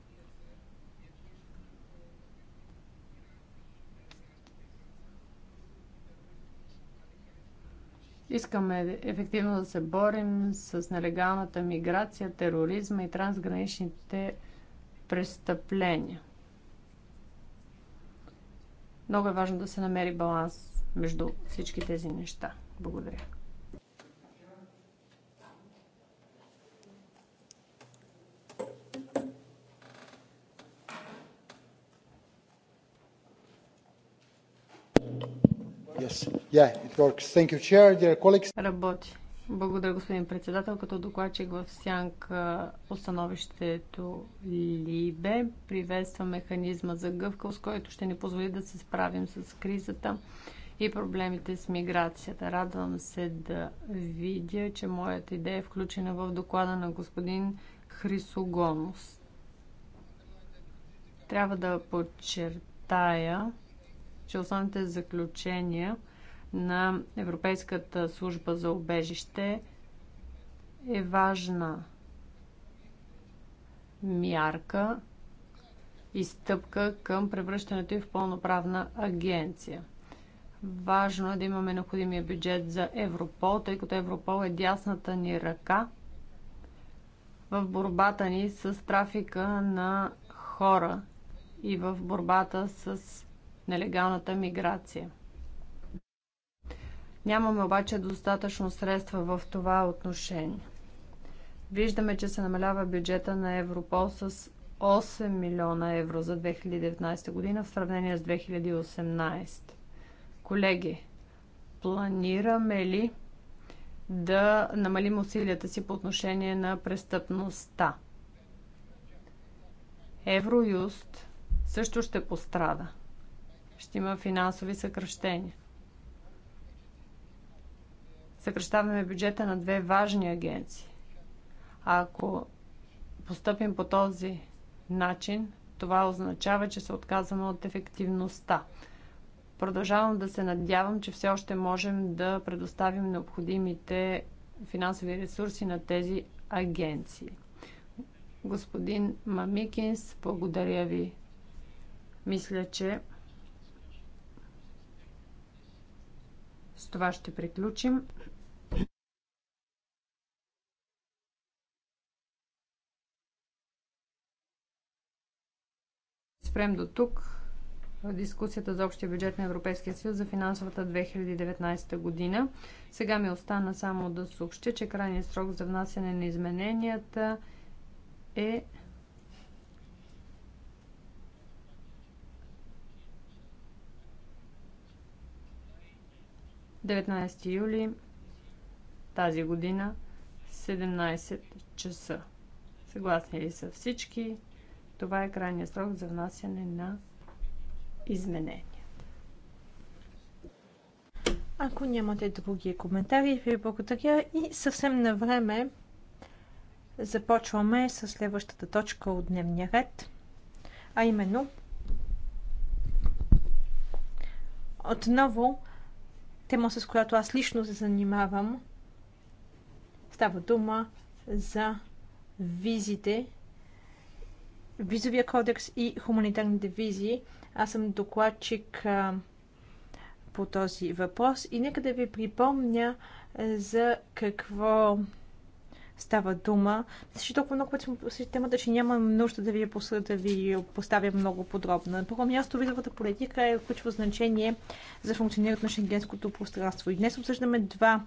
Искаме ефективно да се борим с нелегалната миграция, тероризма и трансграничните престъпления. Много е важно да се намери баланс между всички тези неща. Благодаря. Yes. Yeah, it works. Thank you, Chair. Dear colleagues. Работи. Благодаря, господин председател. Като докладчик в сянка установището Либе приветства механизма за гъвкавост, който ще ни позволи да се справим с кризата и проблемите с миграцията. Радвам се да видя, че моята идея е включена в доклада на господин Хрисогонос. Трябва да подчертая, че основните заключения – на Европейската служба за обежище е важна мярка и стъпка към превръщането и в пълноправна агенция. Важно е да имаме необходимия бюджет за Европол, тъй като Европол е дясната ни ръка в борбата ни с трафика на хора и в борбата с нелегалната миграция. Нямаме обаче достатъчно средства в това отношение. Виждаме, че се намалява бюджета на Европол с 8 милиона евро за 2019 година в сравнение с 2018. Колеги, планираме ли да намалим усилията си по отношение на престъпността? Евроюст също ще пострада. Ще има финансови съкръщения съкръщаваме бюджета на две важни агенции. А ако постъпим по този начин, това означава, че се отказваме от ефективността. Продължавам да се надявам, че все още можем да предоставим необходимите финансови ресурси на тези агенции. Господин Мамикинс, благодаря ви. Мисля, че с това ще приключим. спрем до тук дискусията за общия бюджет на Европейския съюз за финансовата 2019 година. Сега ми остана само да съобщя, че крайният срок за внасяне на измененията е 19 юли тази година, 17 часа. Съгласни ли са всички? Това е крайният срок за внасяне на изменения. Ако нямате други коментари, ви благодаря и съвсем на време започваме с следващата точка от дневния ред, а именно отново тема, с която аз лично се занимавам. Става дума за визите визовия кодекс и хуманитарните визи. Аз съм докладчик а, по този въпрос и нека да ви припомня за какво става дума. Защото толкова много пъти сме темата, че нямам нужда да ви, я посъ... да ви поставя много подробно. На първо място, видовата политика е ключово значение за функционирането на шенгенското пространство. И днес обсъждаме два,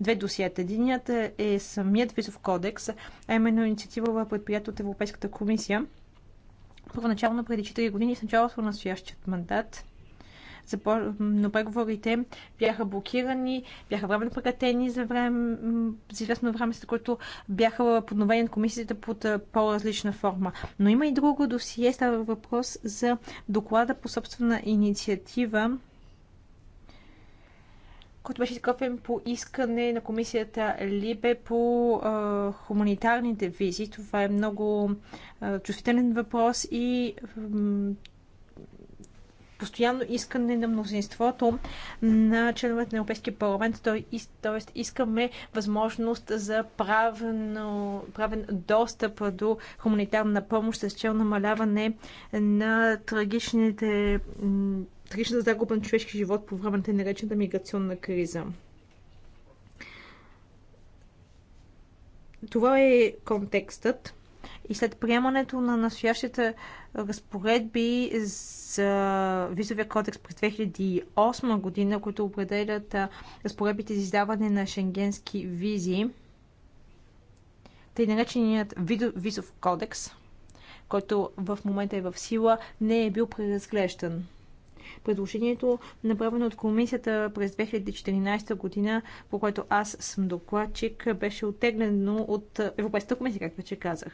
две досиета. Единият е самият визов кодекс, а именно инициатива, е предприятие от Европейската комисия – първоначално преди 4 години с началото на настоящият мандат. Но преговорите бяха блокирани, бяха временно прекратени за, време, за известно време, след което бяха подновени от комисията под по-различна форма. Но има и друго досие, става въпрос за доклада по собствена инициатива който беше изготвен по искане на комисията Либе по а, хуманитарните визи. Това е много а, чувствителен въпрос и постоянно искане на мнозинството на членовете на Европейския парламент, т.е. искаме възможност за правно, правен достъп до хуманитарна помощ с цел намаляване на трагичните трагичната загуба на човешки живот по време на тъй наречената миграционна криза. Това е контекстът. И след приемането на настоящите разпоредби за визовия кодекс през 2008 година, които определят разпоредбите за издаване на шенгенски визи, тъй нареченият визов кодекс, който в момента е в сила, не е бил преразглеждан предложението, направено от комисията през 2014 година, по което аз съм докладчик, беше оттеглено от Европейската комисия, както вече казах.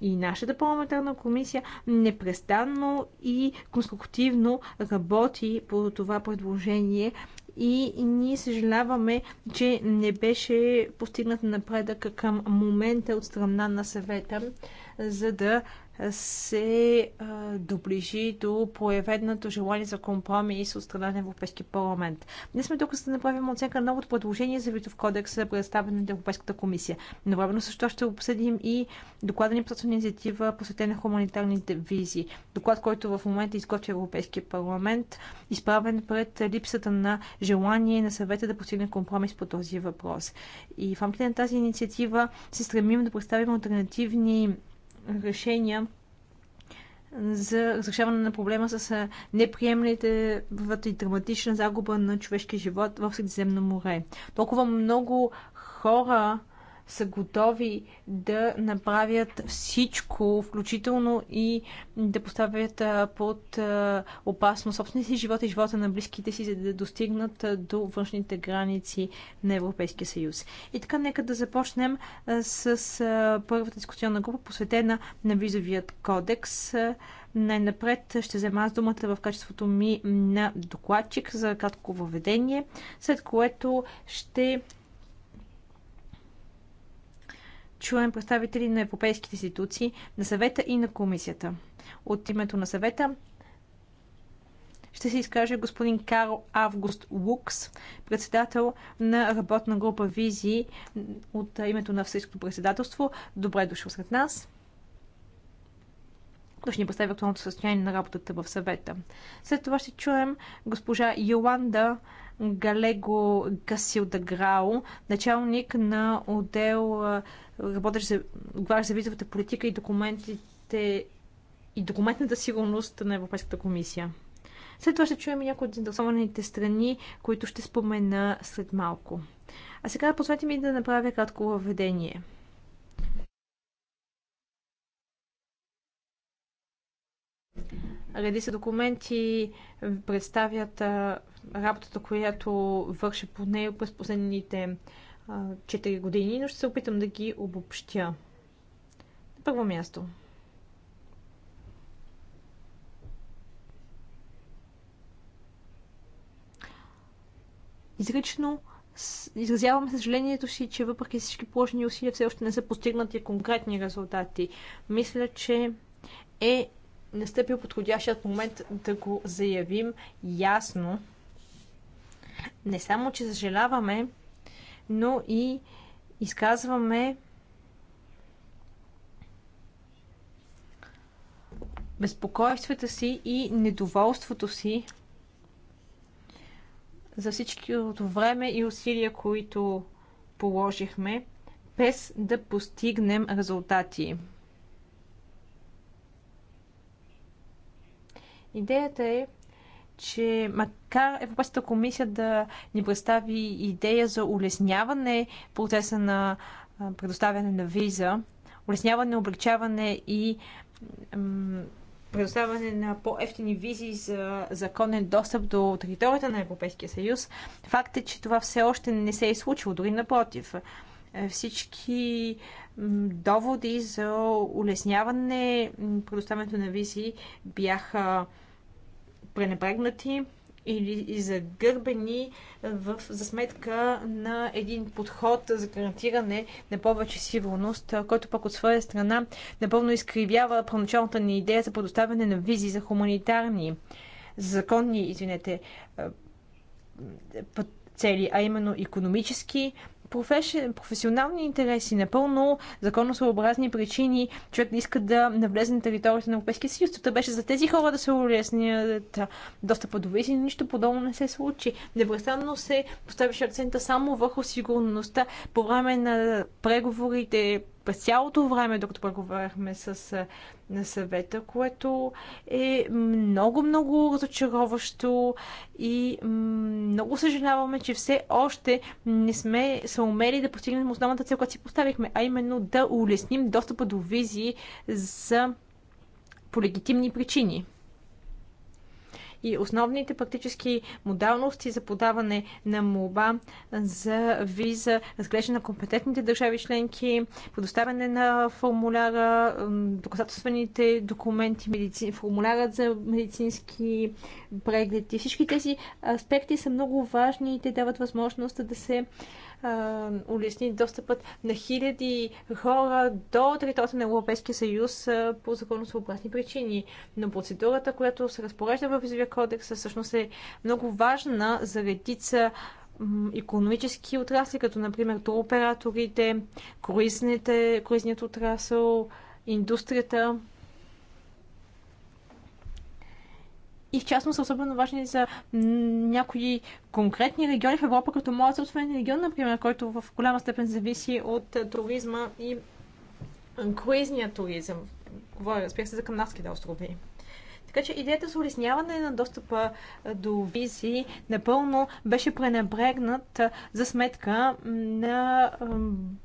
И нашата парламентарна комисия непрестанно и конструктивно работи по това предложение и ние съжаляваме, че не беше постигнат напредък към момента от страна на съвета, за да се доближи до проявеното желание за компромис от страна на Европейския парламент. Днес сме тук, за да направим оценка на новото предложение за Витов кодекс, представен от Европейската комисия. Но времено също ще обсъдим и доклада ни по инициатива, посветена хуманитарните визи. Доклад, който в момента изготвя Европейския парламент, изправен пред липсата на желание на съвета да постигне компромис по този въпрос. И в рамките на тази инициатива се стремим да представим альтернативни решения за разрешаване на проблема с неприемните и драматична загуба на човешки живот в Средиземно море. Толкова много хора са готови да направят всичко, включително и да поставят под опасност собствения си живот и живота на близките си, за да достигнат до външните граници на Европейския съюз. И така, нека да започнем с първата дискусионна група, посветена на визовият кодекс. Най-напред ще взема аз думата в качеството ми на докладчик за кратко въведение, след което ще чуем представители на европейските институции, на съвета и на комисията. От името на съвета ще се изкаже господин Карл Август Лукс, председател на работна група Визии от името на Всъщото председателство. Добре дошъл сред нас който ще ни представи актуалното състояние на работата в съвета. След това ще чуем госпожа Йоланда Галего Гасилдаграо, началник на отдел работещ за, за визовата политика и документите и документната сигурност на Европейската комисия. След това ще чуем и някои от заинтересованите страни, които ще спомена след малко. А сега позволете ми да направя кратко въведение – редица документи представят работата, която върши по нея през последните 4 години, но ще се опитам да ги обобщя. На първо място. Изрично изразявам съжалението си, че въпреки всички положени усилия все още не са постигнати конкретни резултати. Мисля, че е настъпил подходящият момент да го заявим ясно. Не само, че съжаляваме, но и изказваме безпокойствата си и недоволството си за всичкото време и усилия, които положихме, без да постигнем резултати. Идеята е, че макар Европейската комисия да ни представи идея за улесняване процеса на предоставяне на виза, улесняване, облегчаване и предоставяне на по-ефтини визи за законен достъп до територията на Европейския съюз, факт е, че това все още не се е случило, дори напротив. Всички доводи за улесняване предоставянето на визи бяха пренебрегнати или загърбени в, за сметка на един подход за гарантиране на повече сигурност, който пък от своя страна напълно изкривява първоначалната ни идея за предоставяне на визи за хуманитарни, законни, извинете, цели, а именно економически, професионални интереси, напълно законосъобразни причини, човек не иска да навлезе на територията на Европейския съюз. Това беше за тези хора да се улеснят доста до но нищо подобно не се случи. Непрестанно се поставяше акцента само върху сигурността по време на преговорите през цялото време, докато преговаряхме с на съвета, което е много-много разочароващо и много съжаляваме, че все още не сме се умели да постигнем основната цел, която си поставихме, а именно да улесним достъпа до визи за по легитимни причини и основните практически модалности за подаване на молба за виза, разглеждане на компетентните държави членки, предоставяне на формуляра, доказателствените документи, медици... формулярът за медицински преглед и всички тези аспекти са много важни и те дават възможност да се улесни достъпът на хиляди хора до територията на Европейския съюз по законосъобразни причини. Но процедурата, която се разпорежда в Визовия кодекс, всъщност е много важна за редица економически отрасли, като например туроператорите, круизният отрасъл, индустрията и в частност особено важни за някои конкретни региони в Европа, като моят собствен регион, например, който в голяма степен зависи от е, туризма и круизния туризъм. Говоря, разбира се, за Камнаските острови. Така че идеята за улесняване на достъпа до визи напълно беше пренебрегнат за сметка на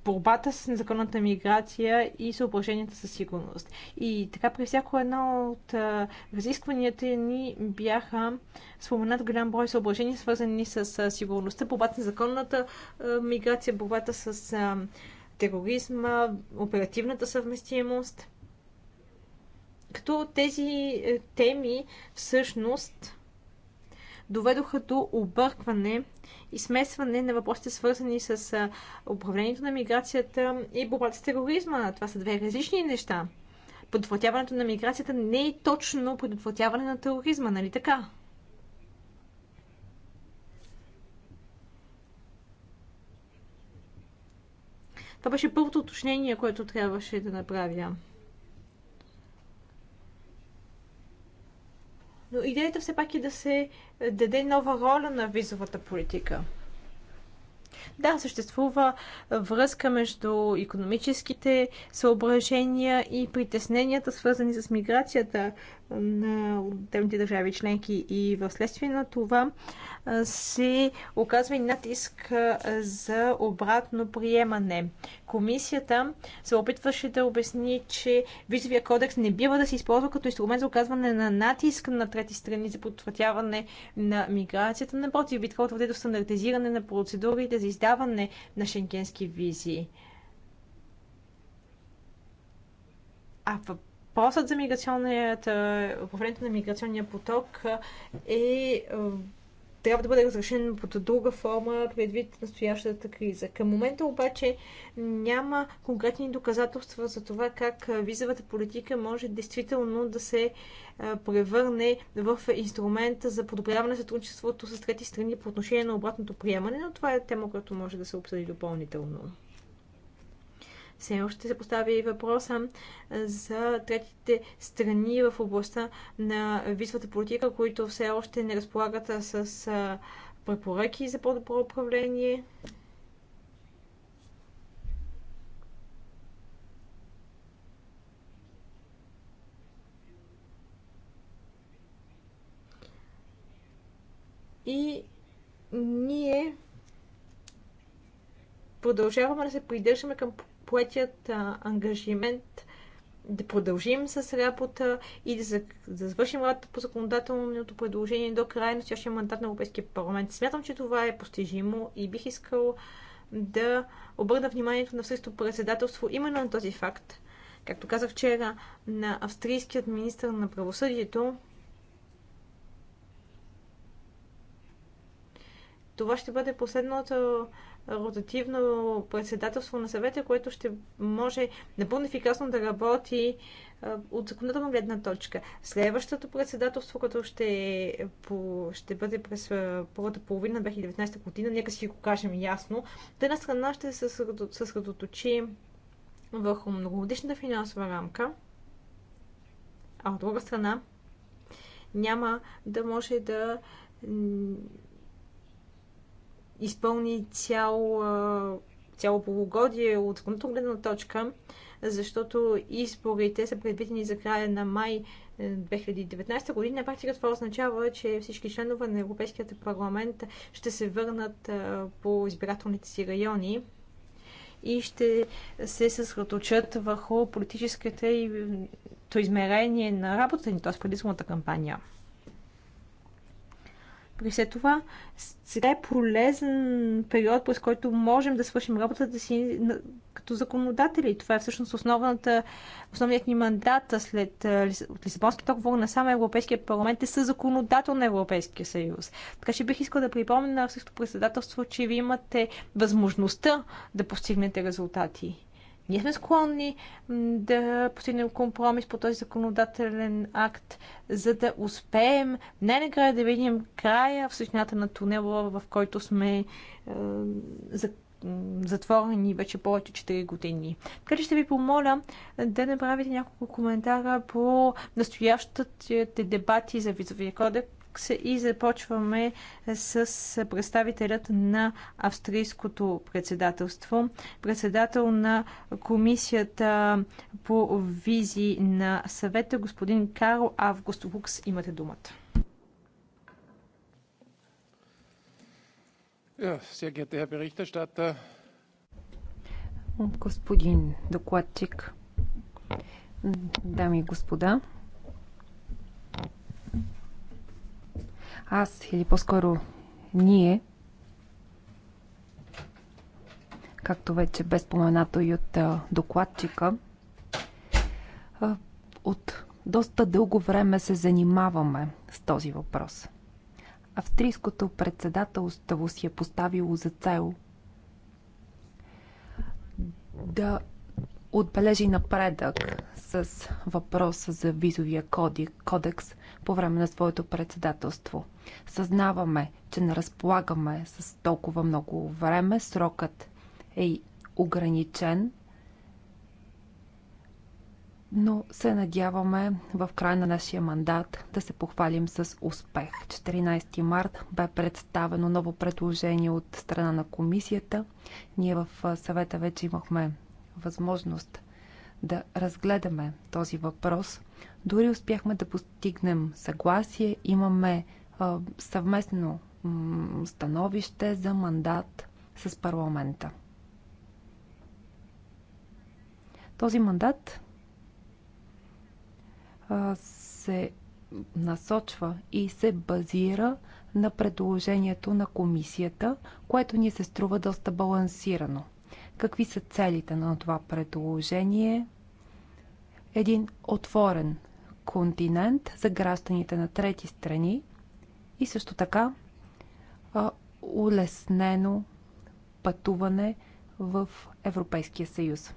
борбата с незаконната миграция и съображенията със сигурност. И така при всяко едно от разискванията ни бяха споменат голям брой съображения, свързани с сигурността, борбата с незаконната миграция, борбата с тероризма, оперативната съвместимост – като тези е, теми всъщност доведоха до объркване и смесване на въпросите, свързани с е, управлението на миграцията и борбата с тероризма. Това са две различни неща. Предотвратяването на миграцията не е точно предотвратяване на тероризма, нали така? Това беше първото уточнение, което трябваше да направя. но идеята все пак е да се е, даде нова роля на визовата политика. Да, съществува е, връзка между економическите съображения и притесненията, свързани с миграцията на отделните държави членки и в следствие на това се оказва и натиск за обратно приемане. Комисията се опитваше да обясни, че визовия кодекс не бива да се използва като инструмент за оказване на натиск на трети страни за подтвърдяване на миграцията. Напротив, би трябвало да бъде до стандартизиране на процедурите за издаване на шенгенски визи. А в въпросът за по времето на миграционния поток е, е трябва да бъде разрешен под друга форма предвид настоящата криза. Към момента обаче няма конкретни доказателства за това как визовата политика може действително да се е, превърне в инструмент за подобряване на сътрудничеството с трети страни по отношение на обратното приемане, но това е тема, която може да се обсъди допълнително. Все още се поставя и въпроса за третите страни в областта на визовата политика, които все още не разполагат с препоръки за по-добро управление. И ние продължаваме да се придържаме към поетият а, ангажимент да продължим с работа и да, да завършим работа по законодателното предложение до края на следващия мандат на Европейския парламент. Смятам, че това е постижимо и бих искал да обърна вниманието на същото председателство именно на този факт. Както казах вчера на австрийският министр на правосъдието, това ще бъде последното ротативно председателство на съвета, което ще може напълно ефикасно да работи е, от законодателна гледна точка. Следващото председателство, което ще, по, ще бъде през е, първата половина 2019 година, нека си го кажем ясно, от една страна ще се съсредоточи върху многогодишната финансова рамка, а от друга страна няма да може да изпълни цяло, цяло полугодие от законната гледна точка, защото изборите са предвидени за края на май 2019 е, година. На практика това означава, че всички членове на Европейският парламент ще се върнат по избирателните си райони и ще се съсредоточат върху политическата и то измерение на работата ни, т.е. предизборната кампания. При все това, сега е пролезен период, през който можем да свършим работата си като законодатели. Това е всъщност основната, основният ни мандат след от Лисабонския договор на сам Европейския парламент е съзаконодател на Европейския съюз. Така че бих искал да припомня на всичко председателство, че ви имате възможността да постигнете резултати. Ние сме склонни да постигнем компромис по този законодателен акт, за да успеем най-накрая да видим края в същината на тунела, в който сме е, затворени вече повече 4 години. Така че ще ви помоля е, да направите няколко коментара по настоящите дебати за визовия кодек и започваме с представителят на австрийското председателство, председател на комисията по визи на съвета, господин Карл Август Лукс. Имате думата. Господин докладчик, дами и господа, аз или по-скоро ние, както вече бе споменато и от докладчика, от доста дълго време се занимаваме с този въпрос. Австрийското председателство си е поставило за цел да отбележи напредък с въпроса за визовия кодекс по време на своето председателство. Съзнаваме, че не разполагаме с толкова много време, срокът е ограничен, но се надяваме в края на нашия мандат да се похвалим с успех. 14 март бе представено ново предложение от страна на комисията. Ние в съвета вече имахме възможност да разгледаме този въпрос. Дори успяхме да постигнем съгласие. Имаме а, съвместно становище за мандат с парламента. Този мандат а, се насочва и се базира на предложението на комисията, което ни се струва доста балансирано – Какви са целите на това предложение? Един отворен континент за гражданите на трети страни и също така а, улеснено пътуване в Европейския съюз.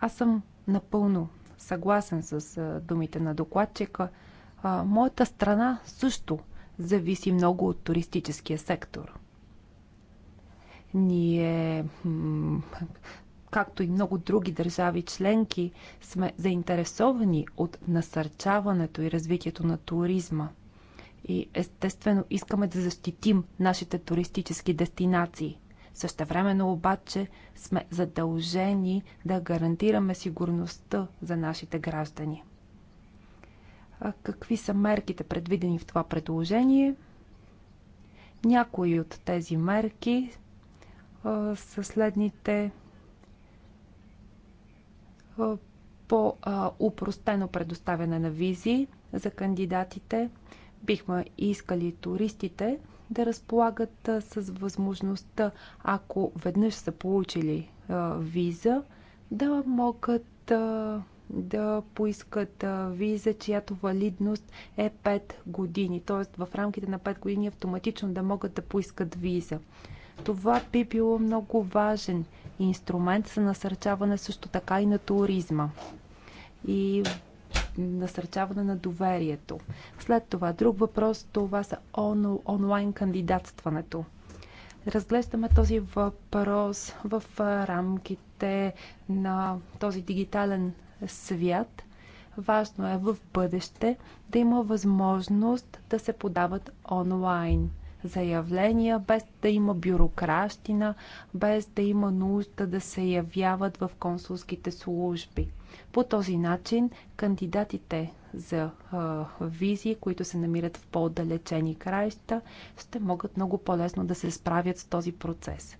Аз съм напълно съгласен с думите на докладчика. моята страна също зависи много от туристическия сектор. Ние, както и много други държави членки, сме заинтересовани от насърчаването и развитието на туризма. И естествено искаме да защитим нашите туристически дестинации. Същевременно обаче сме задължени да гарантираме сигурността за нашите граждани. А какви са мерките предвидени в това предложение? Някои от тези мерки са следните по упростено предоставяне на визи за кандидатите. Бихме искали туристите да разполагат с възможността, ако веднъж са получили виза, да могат да поискат виза, чиято валидност е 5 години. Т.е. в рамките на 5 години автоматично да могат да поискат виза. Това би било много важен инструмент за насърчаване също така и на туризма и насърчаване на доверието. След това, друг въпрос, това са он, онлайн кандидатстването. Разглеждаме този въпрос в рамките на този дигитален свят. Важно е в бъдеще да има възможност да се подават онлайн заявления, без да има бюрокращина, без да има нужда да се явяват в консулските служби. По този начин кандидатите за а, визи, които се намират в по-отдалечени краища, ще могат много по-лесно да се справят с този процес.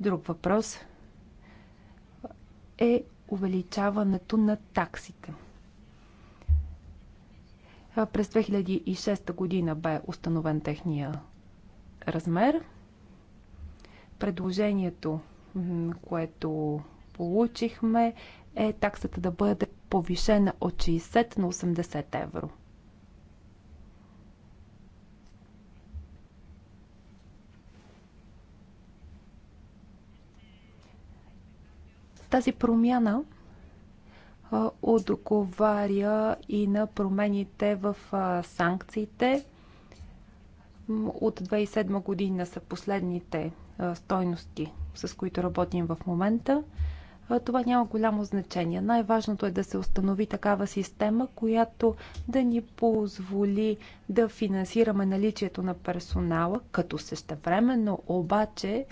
Друг въпрос е увеличаването на таксите. През 2006 година бе установен техния размер. Предложението, което получихме, е таксата да бъде повишена от 60 на 80 евро. Тази промяна отговаря и на промените в санкциите. От 2007 година са последните стойности, с които работим в момента. Това няма голямо значение. Най-важното е да се установи такава система, която да ни позволи да финансираме наличието на персонала, като същевременно обаче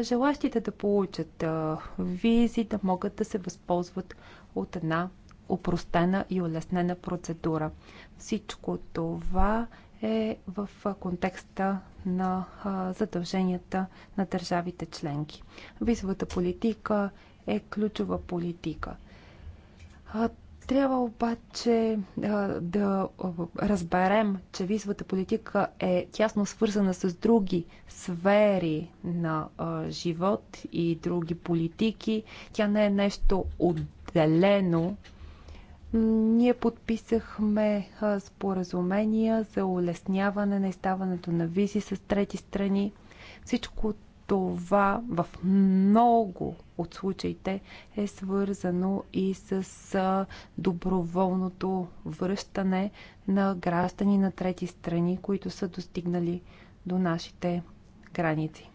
желащите да получат визи, да могат да се възползват от една упростена и улеснена процедура. Всичко това е в контекста на задълженията на държавите членки. Визовата политика е ключова политика. Трябва обаче да разберем, че визовата политика е тясно свързана с други сфери на живот и други политики. Тя не е нещо отделно зелено, ние подписахме споразумения за улесняване на изставането на визи с трети страни. Всичко това в много от случаите е свързано и с доброволното връщане на граждани на трети страни, които са достигнали до нашите граници.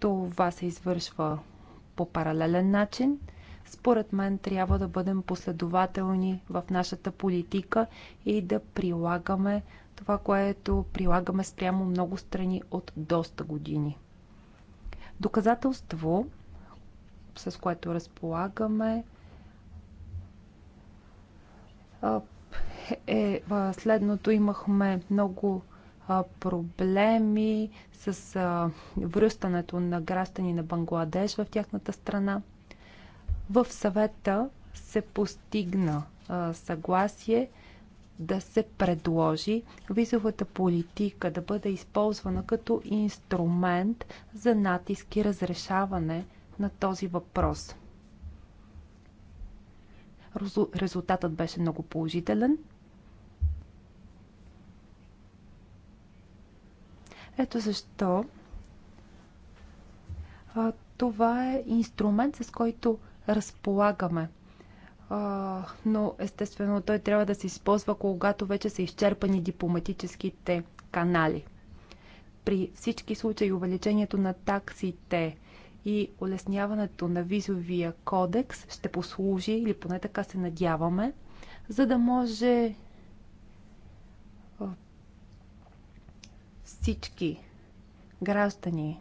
Това се извършва по паралелен начин – според мен трябва да бъдем последователни в нашата политика и да прилагаме това, което прилагаме спрямо много страни от доста години. Доказателство, с което разполагаме, е следното. Имахме много проблеми с връщането на граждани на Бангладеш в тяхната страна. В съвета се постигна съгласие да се предложи визовата политика да бъде използвана като инструмент за натиск и разрешаване на този въпрос. Резултатът беше много положителен. Ето защо това е инструмент, с който разполагаме. Но естествено той трябва да се използва, когато вече са изчерпани дипломатическите канали. При всички случаи увеличението на таксите и улесняването на визовия кодекс ще послужи, или поне така се надяваме, за да може всички граждани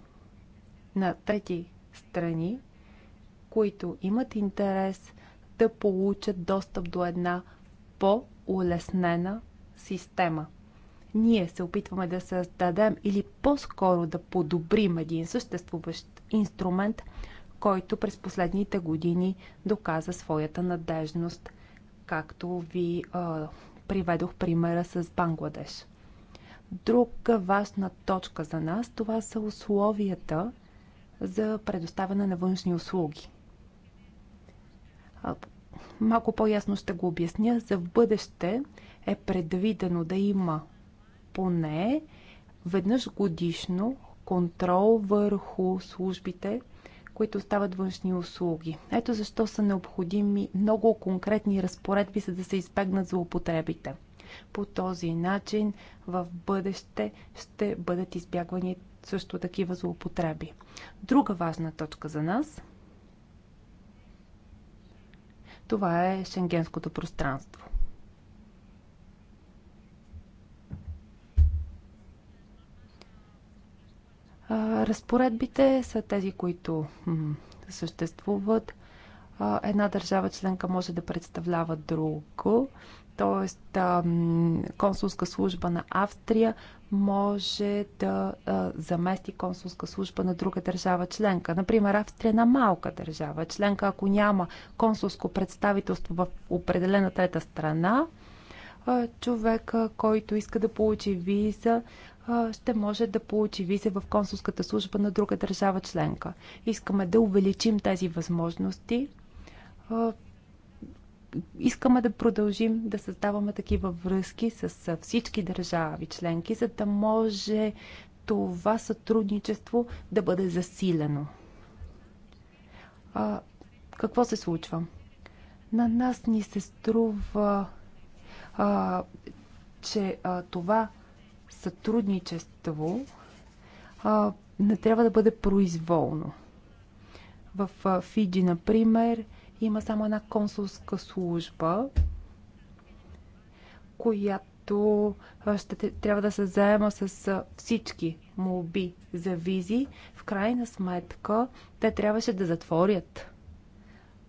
на трети страни които имат интерес да получат достъп до една по-улеснена система. Ние се опитваме да създадем или по-скоро да подобрим един съществуващ инструмент, който през последните години доказа своята надежност, както ви е, приведох примера с Бангладеш. Друга важна точка за нас това са условията за предоставяне на външни услуги. Малко по-ясно ще го обясня. За в бъдеще е предвидено да има поне веднъж годишно контрол върху службите, които стават външни услуги. Ето защо са необходими много конкретни разпоредби, за да се избегнат злоупотребите. По този начин в бъдеще ще бъдат избягвани също такива злоупотреби. Друга важна точка за нас – това е шенгенското пространство. Разпоредбите са тези, които съществуват. Една държава членка може да представлява друго Тоест, консулска служба на Австрия може да замести консулска служба на друга държава членка. Например, Австрия е на малка държава членка. Ако няма консулско представителство в определена трета страна, човека, който иска да получи виза, ще може да получи виза в консулската служба на друга държава членка. Искаме да увеличим тези възможности искаме да продължим да създаваме такива връзки с всички държави членки, за да може това сътрудничество да бъде засилено. А, какво се случва? На нас ни се струва, а, че а, това сътрудничество а, не трябва да бъде произволно. В Фиджи, например, има само една консулска служба, която ще трябва да се заема с всички молби за визи. В крайна сметка те трябваше да затворят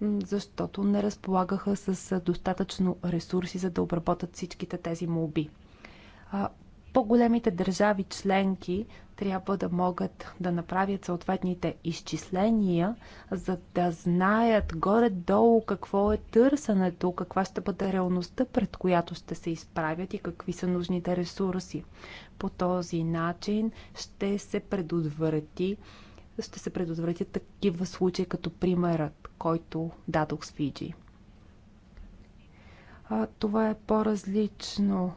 защото не разполагаха с достатъчно ресурси, за да обработят всичките тези молби. По-големите държави членки трябва да могат да направят съответните изчисления, за да знаят горе-долу какво е търсенето, каква ще бъде реалността, пред която ще се изправят и какви са нужните ресурси. По този начин ще се предотврати ще се предотвратят такива случаи, като примерът, който дадох с Фиджи. А, това е по-различно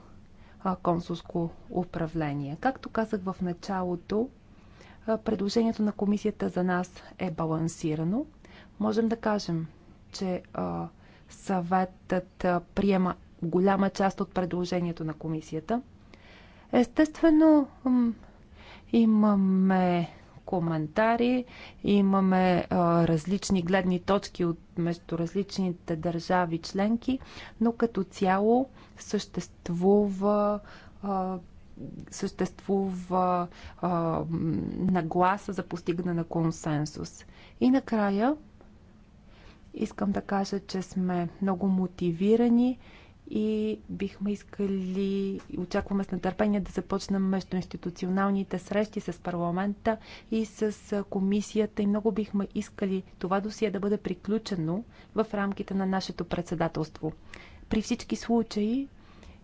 консулско управление. Както казах в началото, предложението на комисията за нас е балансирано. Можем да кажем, че съветът приема голяма част от предложението на комисията. Естествено, имаме коментари. Имаме а, различни гледни точки от между различните държави членки, но като цяло съществува а, съществува а, нагласа за постигане на консенсус. И накрая искам да кажа, че сме много мотивирани и бихме искали, очакваме с нетърпение да започнем институционалните срещи с парламента и с комисията и много бихме искали това досие да бъде приключено в рамките на нашето председателство. При всички случаи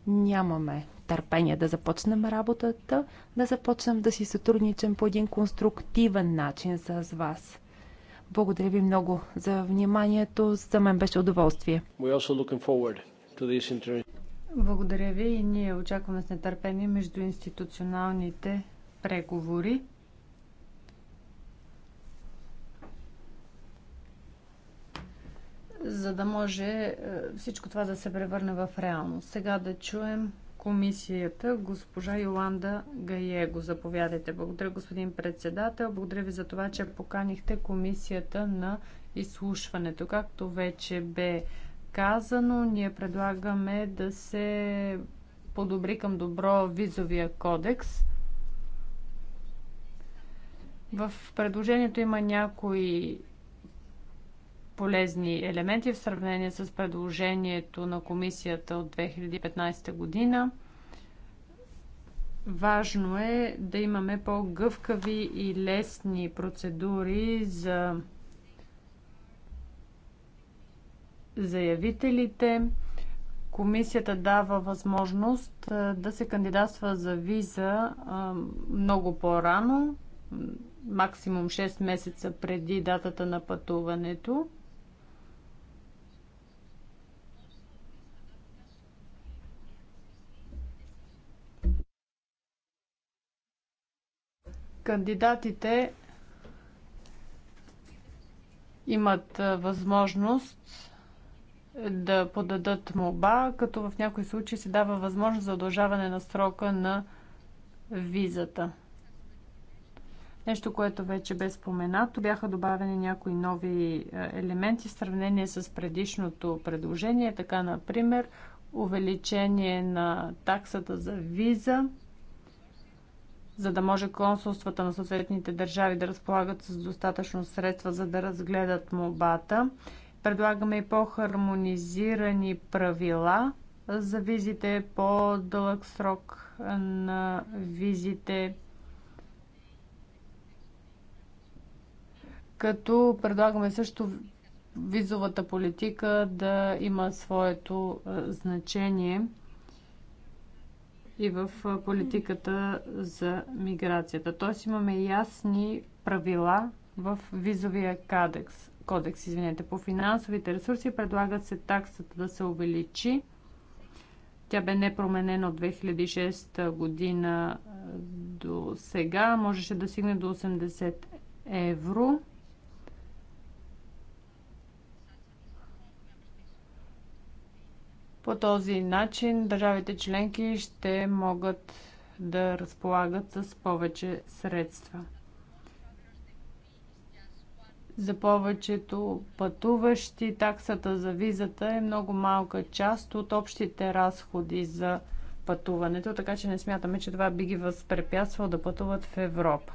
нямаме търпение да започнем работата, да започнем да си сътрудничам по един конструктивен начин с вас. Благодаря ви много за вниманието. За мен беше удоволствие. Благодаря ви и ние очакваме с нетърпение между институционалните преговори. за да може е, всичко това да се превърне в реалност. Сега да чуем комисията, госпожа Йоланда Гаего. Заповядайте. Благодаря, господин председател. Благодаря ви за това, че поканихте комисията на изслушването. Както вече бе казано, ние предлагаме да се подобри към добро визовия кодекс. В предложението има някои полезни елементи в сравнение с предложението на комисията от 2015 година. Важно е да имаме по-гъвкави и лесни процедури за заявителите. Комисията дава възможност да се кандидатства за виза много по-рано, максимум 6 месеца преди датата на пътуването. Кандидатите имат възможност да подадат моба, като в някои случаи се дава възможност за удължаване на срока на визата. Нещо, което вече бе споменато, бяха добавени някои нови е, елементи в сравнение с предишното предложение. Така, например, увеличение на таксата за виза, за да може консулствата на съответните държави да разполагат с достатъчно средства, за да разгледат мобата Предлагаме и по-хармонизирани правила за визите, по-дълъг срок на визите. Като предлагаме също визовата политика да има своето значение и в политиката за миграцията. Тоест имаме ясни правила в визовия кадекс кодекс, извинете, по финансовите ресурси предлагат се таксата да се увеличи. Тя бе непроменена от 2006 година до сега. Можеше да стигне до 80 евро. По този начин държавите членки ще могат да разполагат с повече средства. За повечето пътуващи таксата за визата е много малка част от общите разходи за пътуването, така че не смятаме, че това би ги възпрепятствало да пътуват в Европа.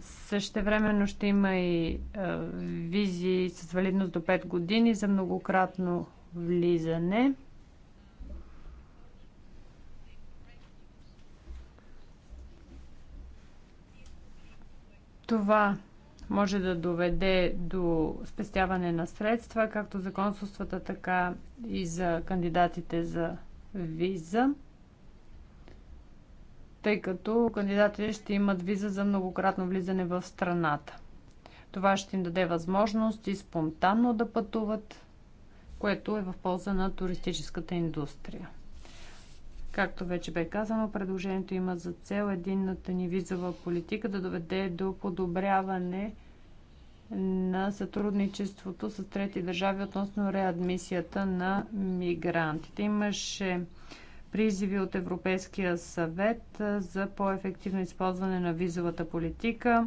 Същевременно ще има и е, визи с валидност до 5 години за многократно влизане. Това може да доведе до спестяване на средства, както за консулствата, така и за кандидатите за виза, тъй като кандидатите ще имат виза за многократно влизане в страната. Това ще им даде възможност и спонтанно да пътуват, което е в полза на туристическата индустрия. Както вече бе казано, предложението има за цел единната ни визова политика да доведе до подобряване на сътрудничеството с трети държави относно реадмисията на мигрантите. Имаше призиви от Европейския съвет за по-ефективно използване на визовата политика,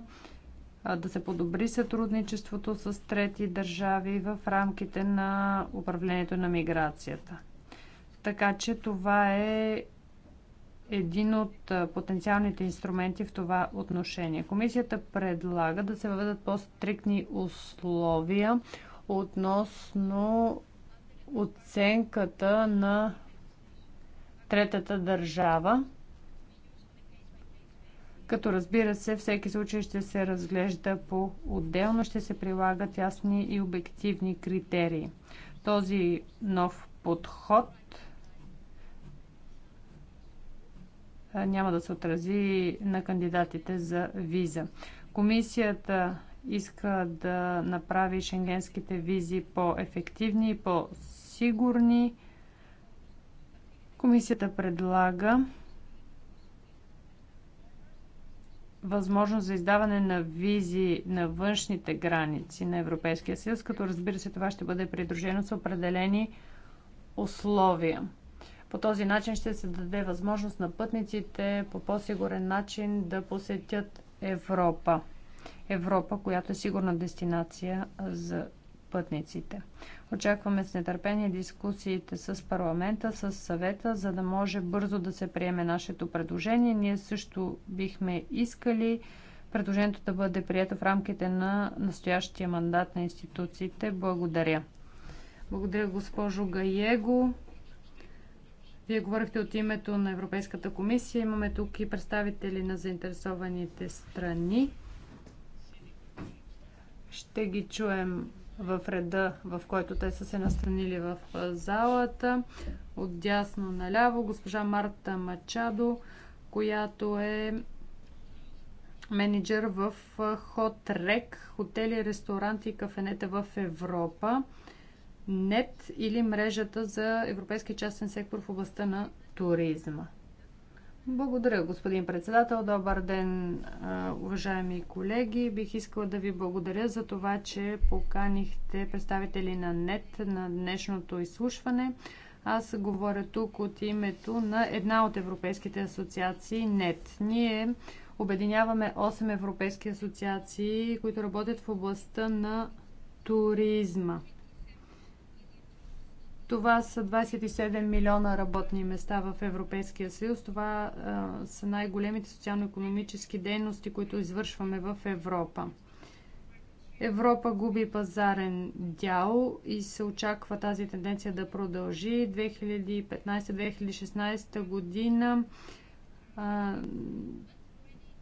да се подобри сътрудничеството с трети държави в рамките на управлението на миграцията. Така че това е един от потенциалните инструменти в това отношение. Комисията предлага да се въведат по-стрикни условия относно оценката на третата държава. Като разбира се, всеки случай ще се разглежда по-отделно, ще се прилагат ясни и обективни критерии. Този нов подход – няма да се отрази на кандидатите за виза. Комисията иска да направи шенгенските визи по-ефективни и по-сигурни. Комисията предлага възможност за издаване на визи на външните граници на Европейския съюз, като разбира се това ще бъде придружено с определени условия. По този начин ще се даде възможност на пътниците по по-сигурен начин да посетят Европа. Европа, която е сигурна дестинация за пътниците. Очакваме с нетърпение дискусиите с парламента, с съвета, за да може бързо да се приеме нашето предложение. Ние също бихме искали предложението да бъде прието в рамките на настоящия мандат на институциите. Благодаря. Благодаря, госпожо Гаего. Вие говорихте от името на Европейската комисия. Имаме тук и представители на заинтересованите страни. Ще ги чуем в реда, в който те са се настанили в залата. От дясно наляво госпожа Марта Мачадо, която е менеджер в Хотрек, хотели, ресторанти и кафенета в Европа. НЕТ или мрежата за Европейски частен сектор в областта на туризма. Благодаря, господин председател. Добър ден, уважаеми колеги. Бих искала да ви благодаря за това, че поканихте представители на НЕТ на днешното изслушване. Аз говоря тук от името на една от европейските асоциации НЕТ. Ние обединяваме 8 европейски асоциации, които работят в областта на туризма. Това са 27 милиона работни места в Европейския съюз. Това а, са най-големите социално-економически дейности, които извършваме в Европа. Европа губи пазарен дял и се очаква тази тенденция да продължи. 2015-2016 година а,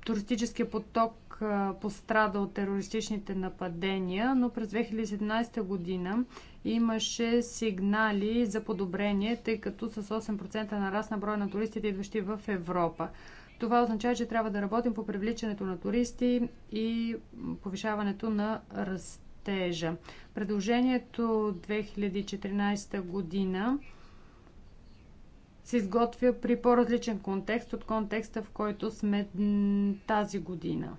туристическия поток пострада от терористичните нападения, но през 2017 година имаше сигнали за подобрение, тъй като с 8% нарасна броя на туристите, идващи в Европа. Това означава, че трябва да работим по привличането на туристи и повишаването на растежа. Предложението 2014 година се изготвя при по-различен контекст от контекста, в който сме тази година.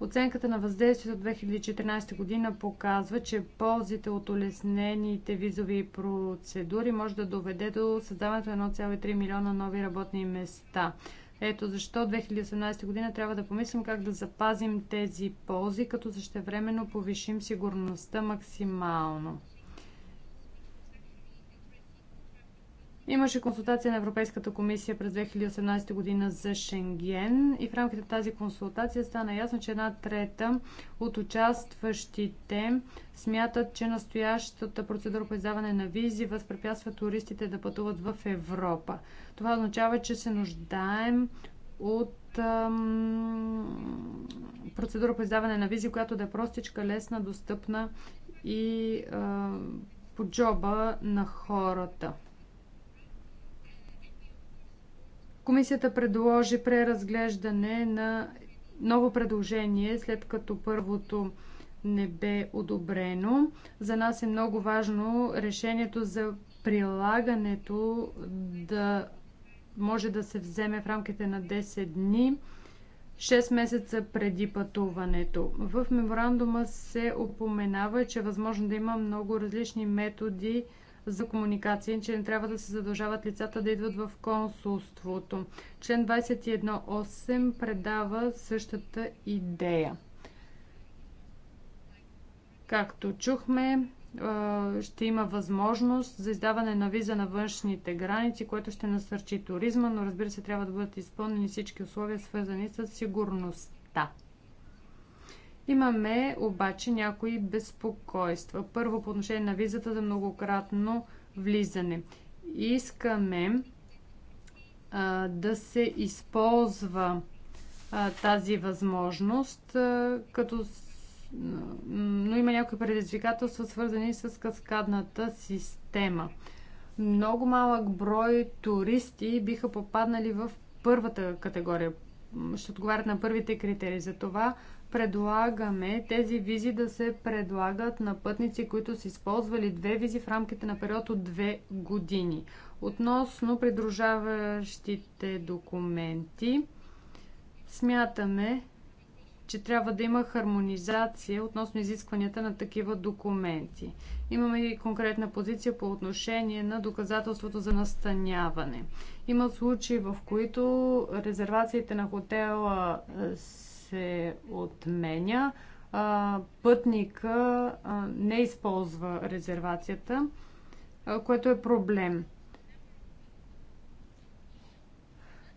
Оценката на въздействието от 2014 година показва, че ползите от улеснените визови процедури може да доведе до създаването на 1,3 милиона нови работни места. Ето защо 2018 година трябва да помислим как да запазим тези ползи, като същевременно повишим сигурността максимално. Имаше консултация на Европейската комисия през 2018 година за Шенген и в рамките на тази консултация стана ясно, че една трета от участващите смятат, че настоящата процедура по издаване на визи възпрепятства туристите да пътуват в Европа. Това означава, че се нуждаем от ам, процедура по издаване на визи, която да е простичка, лесна, достъпна и ам, по джоба на хората. Комисията предложи преразглеждане на ново предложение, след като първото не бе одобрено. За нас е много важно решението за прилагането да може да се вземе в рамките на 10 дни, 6 месеца преди пътуването. В меморандума се упоменава, че е възможно да има много различни методи за комуникация, че не трябва да се задължават лицата да идват в консулството. Член 21.8 предава същата идея. Както чухме, ще има възможност за издаване на виза на външните граници, което ще насърчи туризма, но разбира се трябва да бъдат изпълнени всички условия, свързани с сигурността. Имаме обаче някои безпокойства. Първо по отношение на визата за многократно влизане. Искаме а, да се използва а, тази възможност, а, като но има някои предизвикателства, свързани с каскадната система. Много малък брой туристи биха попаднали в първата категория, ще отговарят на първите критерии. Затова предлагаме тези визи да се предлагат на пътници, които са използвали две визи в рамките на период от две години. Относно придружаващите документи, смятаме, че трябва да има хармонизация относно изискванията на такива документи. Имаме и конкретна позиция по отношение на доказателството за настаняване. Има случаи, в които резервациите на хотела е, се отменя. Пътника не използва резервацията, което е проблем.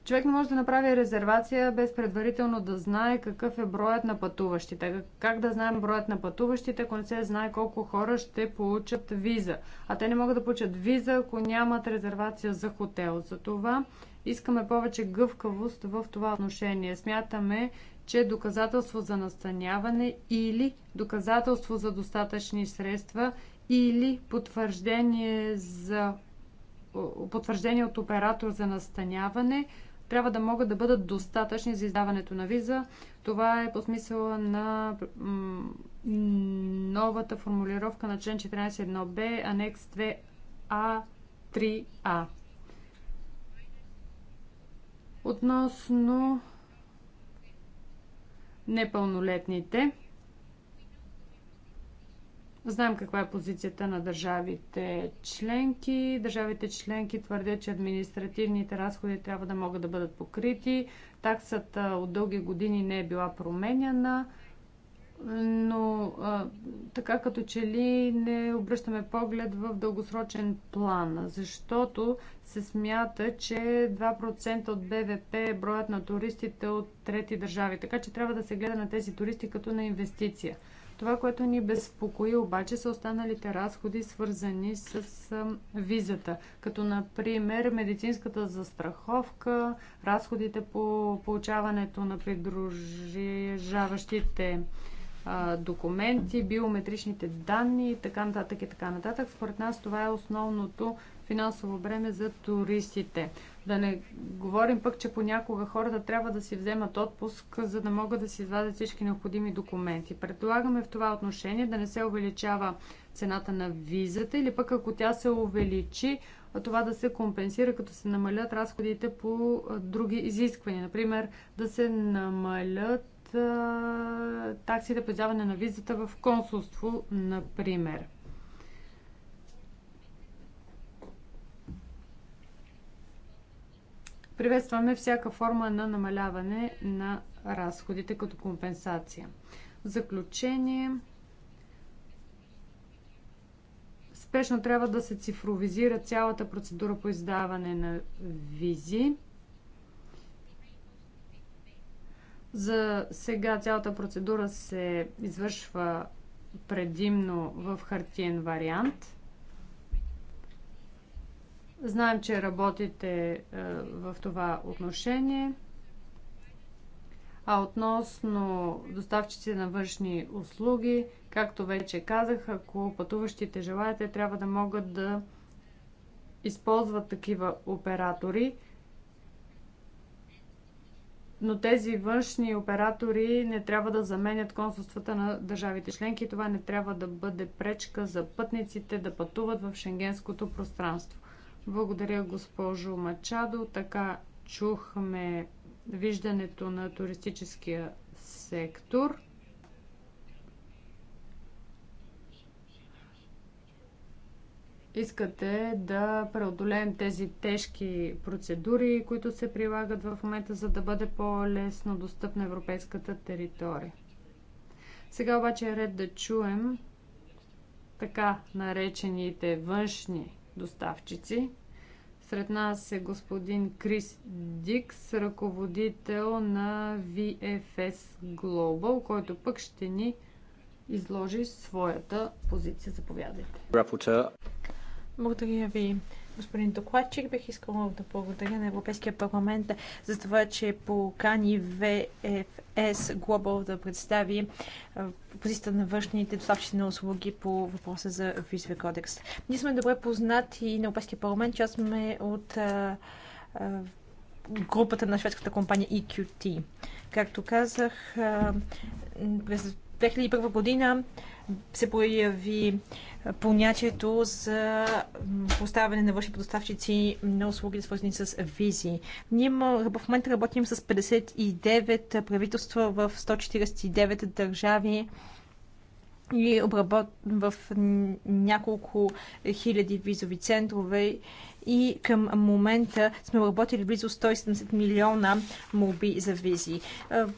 Човек не може да направи резервация без предварително да знае какъв е броят на пътуващите. Как да знаем броят на пътуващите, ако не се знае колко хора ще получат виза? А те не могат да получат виза, ако нямат резервация за хотел. Затова искаме повече гъвкавост в това отношение. Смятаме, че доказателство за настаняване или доказателство за достатъчни средства или потвърждение, за, потвърждение от оператор за настаняване трябва да могат да бъдат достатъчни за издаването на виза. Това е по смисъла на новата формулировка на член 14.1b, анекс 2а, 3а. Относно непълнолетните. Знаем каква е позицията на държавите членки. Държавите членки твърдят, че административните разходи трябва да могат да бъдат покрити. Таксата от дълги години не е била променяна но а, така като че ли не обръщаме поглед в дългосрочен план, защото се смята, че 2% от БВП е броят на туристите от трети държави, така че трябва да се гледа на тези туристи като на инвестиция. Това, което ни безпокои обаче са останалите разходи, свързани с визата, като например медицинската застраховка, разходите по получаването на придружаващите документи, биометричните данни и така нататък и така нататък. Според нас това е основното финансово бреме за туристите. Да не говорим пък, че понякога хората трябва да си вземат отпуск, за да могат да си извадят всички необходими документи. Предлагаме в това отношение да не се увеличава цената на визата или пък ако тя се увеличи, това да се компенсира, като се намалят разходите по други изисквания. Например, да се намалят таксите по предаване на визата в консулство, например. Приветстваме всяка форма на намаляване на разходите като компенсация. В заключение, спешно трябва да се цифровизира цялата процедура по издаване на визи. За сега цялата процедура се извършва предимно в хартиен вариант. Знаем, че работите е, в това отношение. А относно доставчици на външни услуги, както вече казах, ако пътуващите желаят, те трябва да могат да използват такива оператори но тези външни оператори не трябва да заменят консулствата на държавите членки. Това не трябва да бъде пречка за пътниците да пътуват в шенгенското пространство. Благодаря, госпожо Мачадо. Така чухме виждането на туристическия сектор. искате да преодолеем тези тежки процедури, които се прилагат в момента, за да бъде по-лесно достъпна европейската територия. Сега обаче е ред да чуем така наречените външни доставчици. Сред нас е господин Крис Дикс, ръководител на VFS Global, който пък ще ни изложи своята позиция. Заповядайте. Благодаря ви, господин докладчик. Бих искала да благодаря на Европейския парламент за това, че покани ВФС Global да представи позицията на външните доставчици на услуги по въпроса за визовия кодекс. Ние сме добре познати и на Европейския парламент, че сме от групата на шведската компания EQT. Както казах, през 2001 година се появи понятието за поставяне на външни доставчици на услуги, свързани с визи. Ние в момента работим с 59 правителства в 149 държави и обработ... в няколко хиляди визови центрове и към момента сме работили близо 170 милиона молби за визи.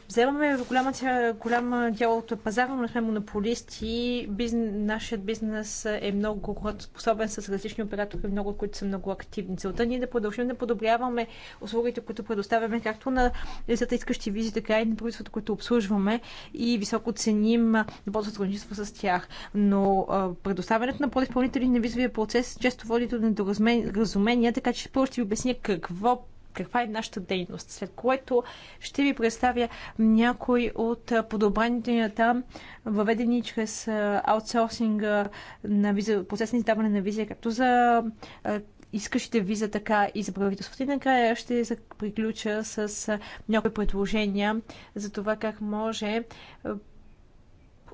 Вземаме в голяма, голяма дял от пазара, но сме монополисти. Бизнес, нашият бизнес е много способен с различни оператори, много от които са много активни. Целта ни е да продължим да подобряваме услугите, които предоставяме както на лицата искащи визи, така и на производството, които обслужваме и високо ценим доброто сътрудничество с тях. Но предоставянето на подизпълнители на визовия процес често води до недоразумение споразумения, така че първо ще ви обясня какво каква е нашата дейност, след което ще ви представя някои от подобранията, въведени чрез аутсорсинга на виза, процес на издаване на виза, както за искащите виза, така и за правителството. И накрая ще приключа с някои предложения за това как може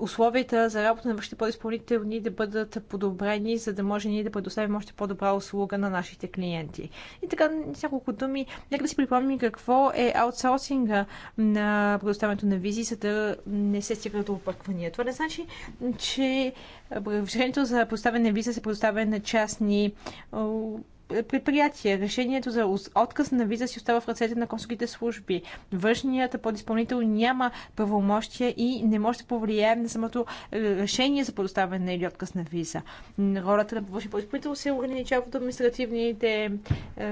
условията за работа на вашите подизпълнителни да бъдат подобрени, за да може ние да предоставим още по-добра услуга на нашите клиенти. И така, няколко думи, нека да си припомним какво е аутсорсинга на предоставянето на визи, за да не се стига до опаквания. Това не значи, че решението за предоставяне на виза се предоставя на частни предприятие. Решението за отказ на виза си остава в ръцете на консулските служби. Външният подиспълнител няма правомощия и не може да повлияе на самото е, решение за предоставяне или отказ на виза. Ролята на външния подиспълнител се ограничава от административните е,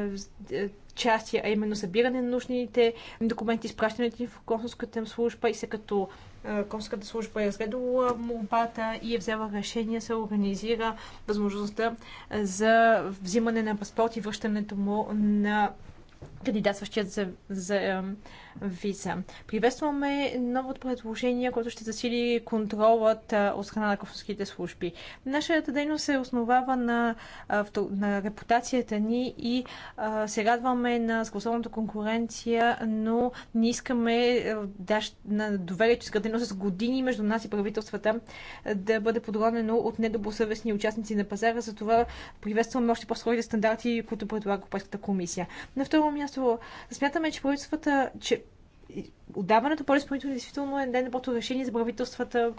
е, части, а именно събиране на нужните документи, изпращането им в консулската служба и се като Конската служба е разгледала молбата и е взела решение се организира възможността за взимане на паспорт и връщането му на кандидатстващият за, за виза. Приветстваме новото предложение, което ще засили контролът от страна на консулските служби. Нашата дейност се основава на, на репутацията ни и се радваме на способната конкуренция, но не искаме да, на доверието, изградено с години между нас и правителствата, да бъде подронено от недобросъвестни участници на пазара. Затова приветстваме още по-строгите стандарти, които предлага Европейската комисия. На второ място, смятаме, че правителствата, че отдаването по изпълнително действително е ден по решение за правителствата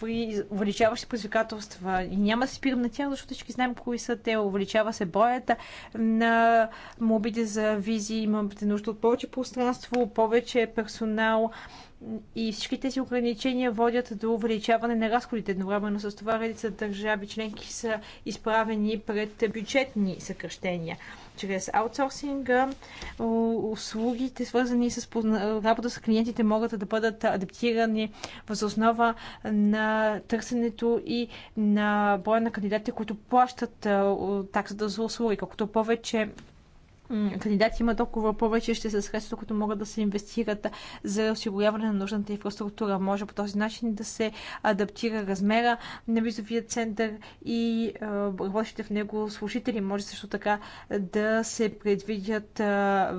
при увеличаващи предизвикателства. И няма да се спирам на тях, защото всички знаем кои са те. Увеличава се броята на мобите за визи, имате нужда от повече пространство, повече персонал, и всички тези ограничения водят до увеличаване на разходите. Едновременно с това редица държави членки са изправени пред бюджетни съкръщения. Чрез аутсорсинга услугите, свързани с работа с клиентите, могат да бъдат адаптирани въз основа на търсенето и на броя на кандидатите, които плащат таксата за услуги. Колкото повече кандидати има толкова повече, ще са средства, които могат да се инвестират за осигуряване на нужната инфраструктура. Може по този начин да се адаптира размера на визовия център и работещите в него служители. Може също така да се предвидят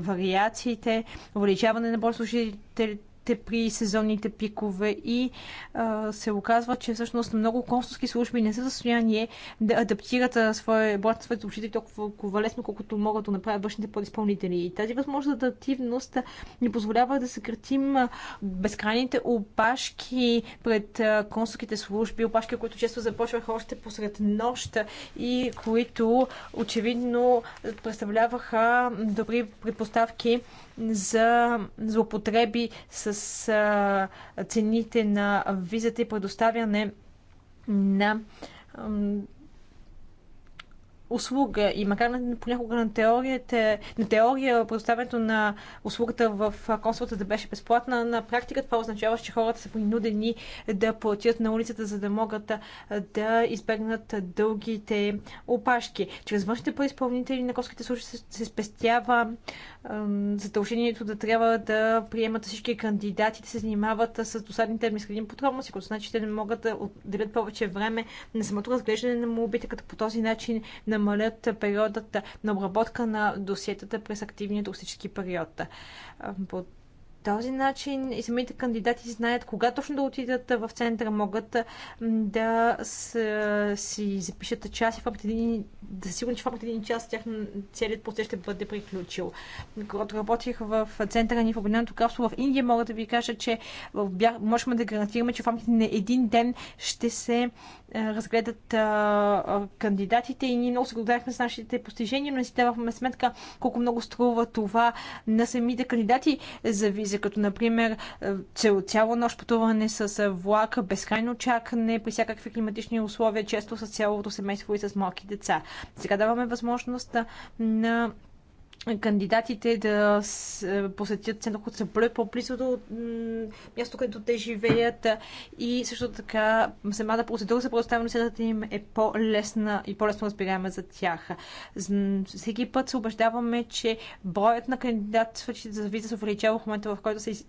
вариациите, увеличаване на бой служителите, пазарите при сезонните пикове и а, се оказва, че всъщност много консулски служби не са в състояние да адаптират своя брат, своите служители толкова лесно, колкото могат да направят външните подиспълнители. И тази възможност за адаптивност ни позволява да съкратим безкрайните опашки пред консулските служби, опашки, които често започваха още посред нощ и които очевидно представляваха добри предпоставки за злоупотреби с цените на визата и предоставяне на услуга и макар понякога на, теорията, на теория предоставянето на услугата в консулата да беше безплатна, на практика това означава, че хората са принудени да платят на улицата, за да могат да избегнат дългите опашки. Чрез външните преизпълнители на коските служби се, се спестява задължението да трябва да приемат всички кандидати, да се занимават с досадните административни подробности, което значи, че те не могат да отделят повече време на самото разглеждане на молбите, като по този начин на намалят периодът на обработка на досиетата през активния туристически период. Под този начин и самите кандидати знаят кога точно да отидат в центъра, могат да са, си запишат час и в един, да са сигурни, че в един час тях, целият процес ще бъде приключил. Когато работих в центъра ни в Обединеното кралство в Индия, мога да ви кажа, че бях, можем да гарантираме, че в рамките на един ден ще се е, разгледат а, кандидатите и ние много се гордяхме с нашите постижения, но не си давахме сметка колко много струва това на самите кандидати за виза криза, като например цяло, е, цяло нощ пътуване с е, влака, безкрайно чакане при всякакви климатични условия, често с цялото семейство и с малки деца. Сега даваме възможност на кандидатите да е, посетят център Хуцебле по-близо до място, където те живеят и също така самата процедура за предоставяне на средата им е по-лесна и по-лесно разбираема за тях. Всеки път се убеждаваме, че броят на кандидат за виза се увеличава в момента, в който се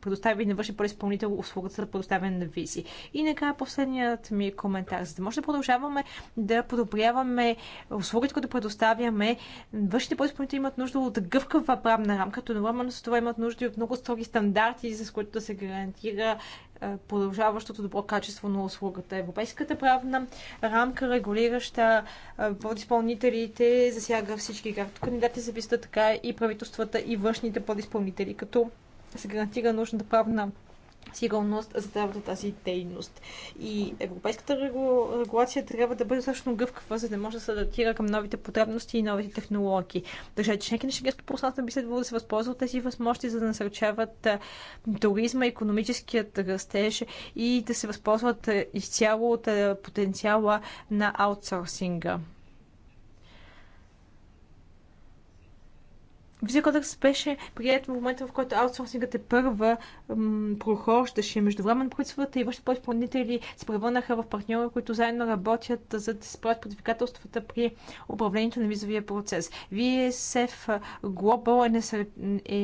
предостави и навърши по-изпълнител услугата за предоставяне на визи. И нека, последният ми коментар. За да може да продължаваме да подобряваме услугите, които предоставяме, външните по-изпълнители имат нужда от гъвкава правна рамка, като едновременно с това имат нужда и от много строги стандарти, с които да се гарантира е, продължаващото добро качество на услугата. Европейската правна рамка, регулираща е, подиспълнителите, засяга всички, както кандидати за виста, така и правителствата и външните подиспълнители, като се гарантира нужната правна сигурност за цялата тази дейност. И европейската регулация трябва да бъде също гъвкава, за да може да се адаптира към новите потребности и новите технологии. Държавите членки на шенгенското пространство би следвало да се възползват тези възможности, за да насърчават туризма, економическият растеж и да се възползват изцяло от потенциала на аутсорсинга. Визия кодекс беше прият в момента, в който аутсорсингът е първа прохождаше. на производствата и външни подизпълнители се превърнаха в партньори, които заедно работят за да се справят предизвикателствата при управлението на визовия процес. ВСФ Global е,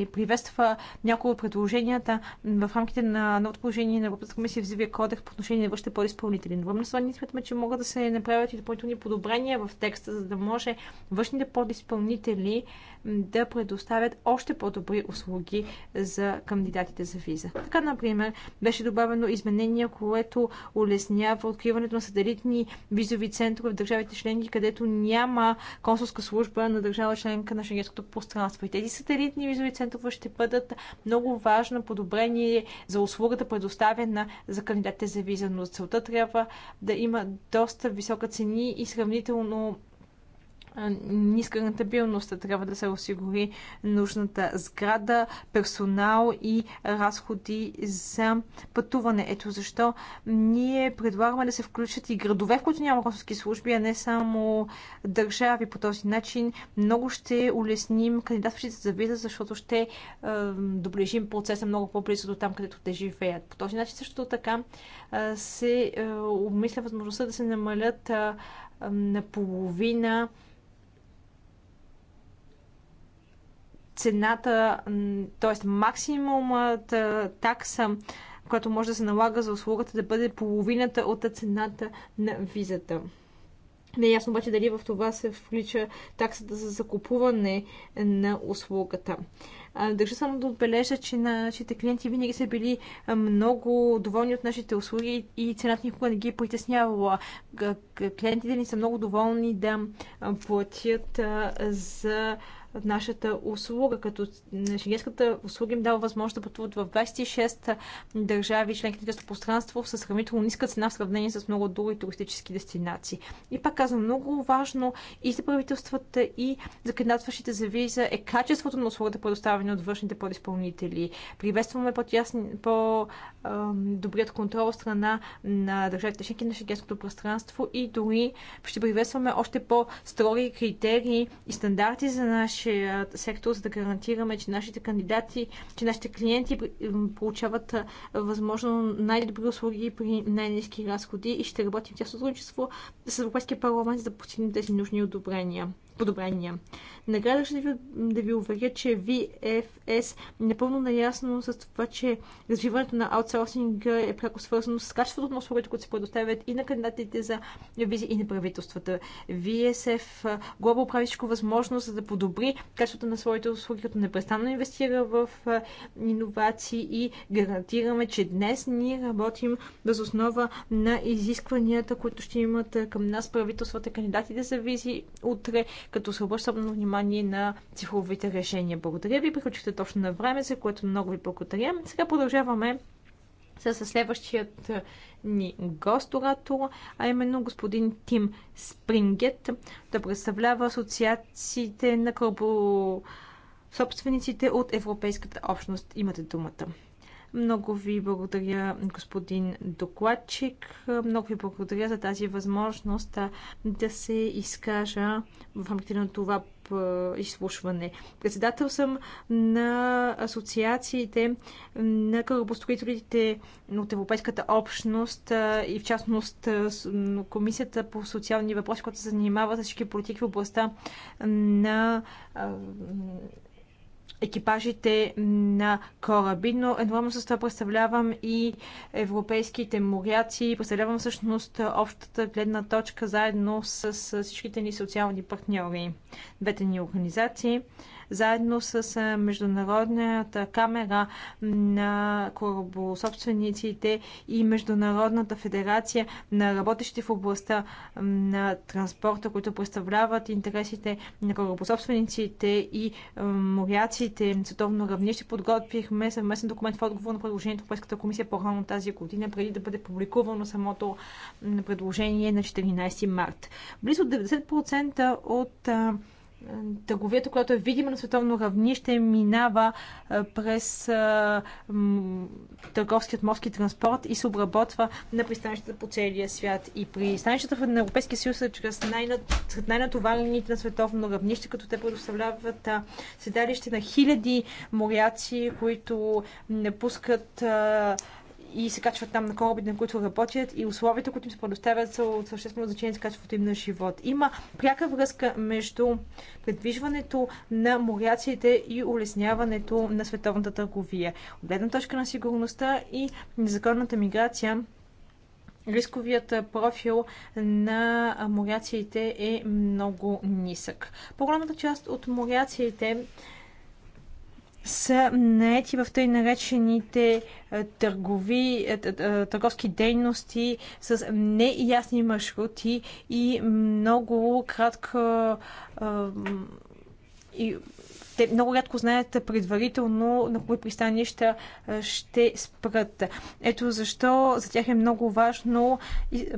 е, приветства някои от предложенията в рамките на новото положение на Европейската комисия в визовия кодекс по отношение на външните подизпълнители. Но време това ние смятаме, че могат да се направят и допълнителни подобрения в текста, за да може външните подизпълнители да предложат предоставят още по-добри услуги за кандидатите за виза. Така, например, беше добавено изменение, което улеснява откриването на сателитни визови центрове в държавите членки, където няма консулска служба на държава членка на шенгенското пространство. И тези сателитни визови центрове ще бъдат много важно подобрение за услугата предоставена за кандидатите за виза, но целта трябва да има доста висока цени и сравнително ниска рентабилност. Трябва да се осигури нужната сграда, персонал и разходи за пътуване. Ето защо ние предлагаме да се включат и градове, в които няма консулски служби, а не само държави. По този начин много ще улесним кандидатващите за виза, защото ще е, доближим процеса много по-близо до там, където те живеят. По този начин също така е, се е, обмисля възможността да се намалят е, наполовина половина цената, т.е. максимумът такса, която може да се налага за услугата, да бъде половината от цената на визата. Не е ясно обаче дали в това се включа таксата за закупуване на услугата. Държа само да отбележа, че нашите клиенти винаги са били много доволни от нашите услуги и цената никога не ги е притеснявала. Клиентите ни са много доволни да платят за нашата услуга, като шенгенската услуга им дава възможност да пътуват в 26 държави, членки на пространство с сравнително ниска цена в сравнение с много други туристически дестинации. И пак казвам, много важно и за правителствата, и за кандидатстващите за виза е качеството на услугата, предоставена от външните подиспълнители. Приветстваме по-добрият по контрол от страна на държавите членки на шенгенското пространство и дори ще приветстваме още по-строги критерии и стандарти за нашите нашия сектор, за да гарантираме, че нашите кандидати, че нашите клиенти получават възможно най-добри услуги при най-низки разходи и ще работим в тясно сътрудничество с Европейския парламент, за да постигнем тези нужни одобрения подобрения. Награда ще ви, да ви уверя, че VFS е напълно наясно с това, че развиването на аутсорсинга е пряко свързано с качеството на услугите, които се предоставят и на кандидатите за визи и на правителствата. VSF Global прави всичко възможно, за да подобри качеството на своите услуги, като непрестанно инвестира в иновации и гарантираме, че днес ние работим без основа на изискванията, които ще имат към нас правителствата, кандидатите за визи утре, като се обръщам внимание на цифровите решения. Благодаря ви, приключихте точно на време, за което много ви благодаря. Сега продължаваме със следващият е, ни гост-оратор, а именно господин Тим Спрингет, да представлява асоциациите на кръбо собствениците от Европейската общност. Имате думата. Много ви благодаря, господин докладчик. Много ви благодаря за тази възможност да се изкажа в рамките на това изслушване. Председател съм на асоциациите на кръгостроителите от Европейската общност и в частност Комисията по социални въпроси, която се занимава с всички политики в областта на екипажите на кораби, но едновременно с това представлявам и европейските моряци, представлявам всъщност общата гледна точка заедно с всичките ни социални партньори, двете ни организации заедно с Международната камера на корабособствениците и Международната федерация на работещите в областта на транспорта, които представляват интересите на корабособствениците и моряците световно равнище. Подготвихме съвместен документ в отговор на предложението в Европейската комисия по-рано тази година, преди да бъде публикувано самото предложение на 14 март. Близо 90% от търговията, която е видима на световно равнище, минава през търговският морски транспорт и се обработва на пристанищата по целия свят. И пристанищата на Европейския съюз са чрез най-натоварените на световно равнище, като те предоставляват седалище на хиляди моряци, които не пускат и се качват там на корабите, на които работят и условията, които им се предоставят са от съществено значение за качеството им на живот. Има пряка връзка между предвижването на моряците и улесняването на световната търговия. От гледна точка на сигурността и незаконната миграция, рисковият профил на моряците е много нисък. По-голямата част от моряците са наети в тъй наречените е, търгови, е, е, търговски дейности с неясни маршрути и много кратка и те много рядко знаят предварително на кои пристанища ще спрат. Ето защо за тях е много важно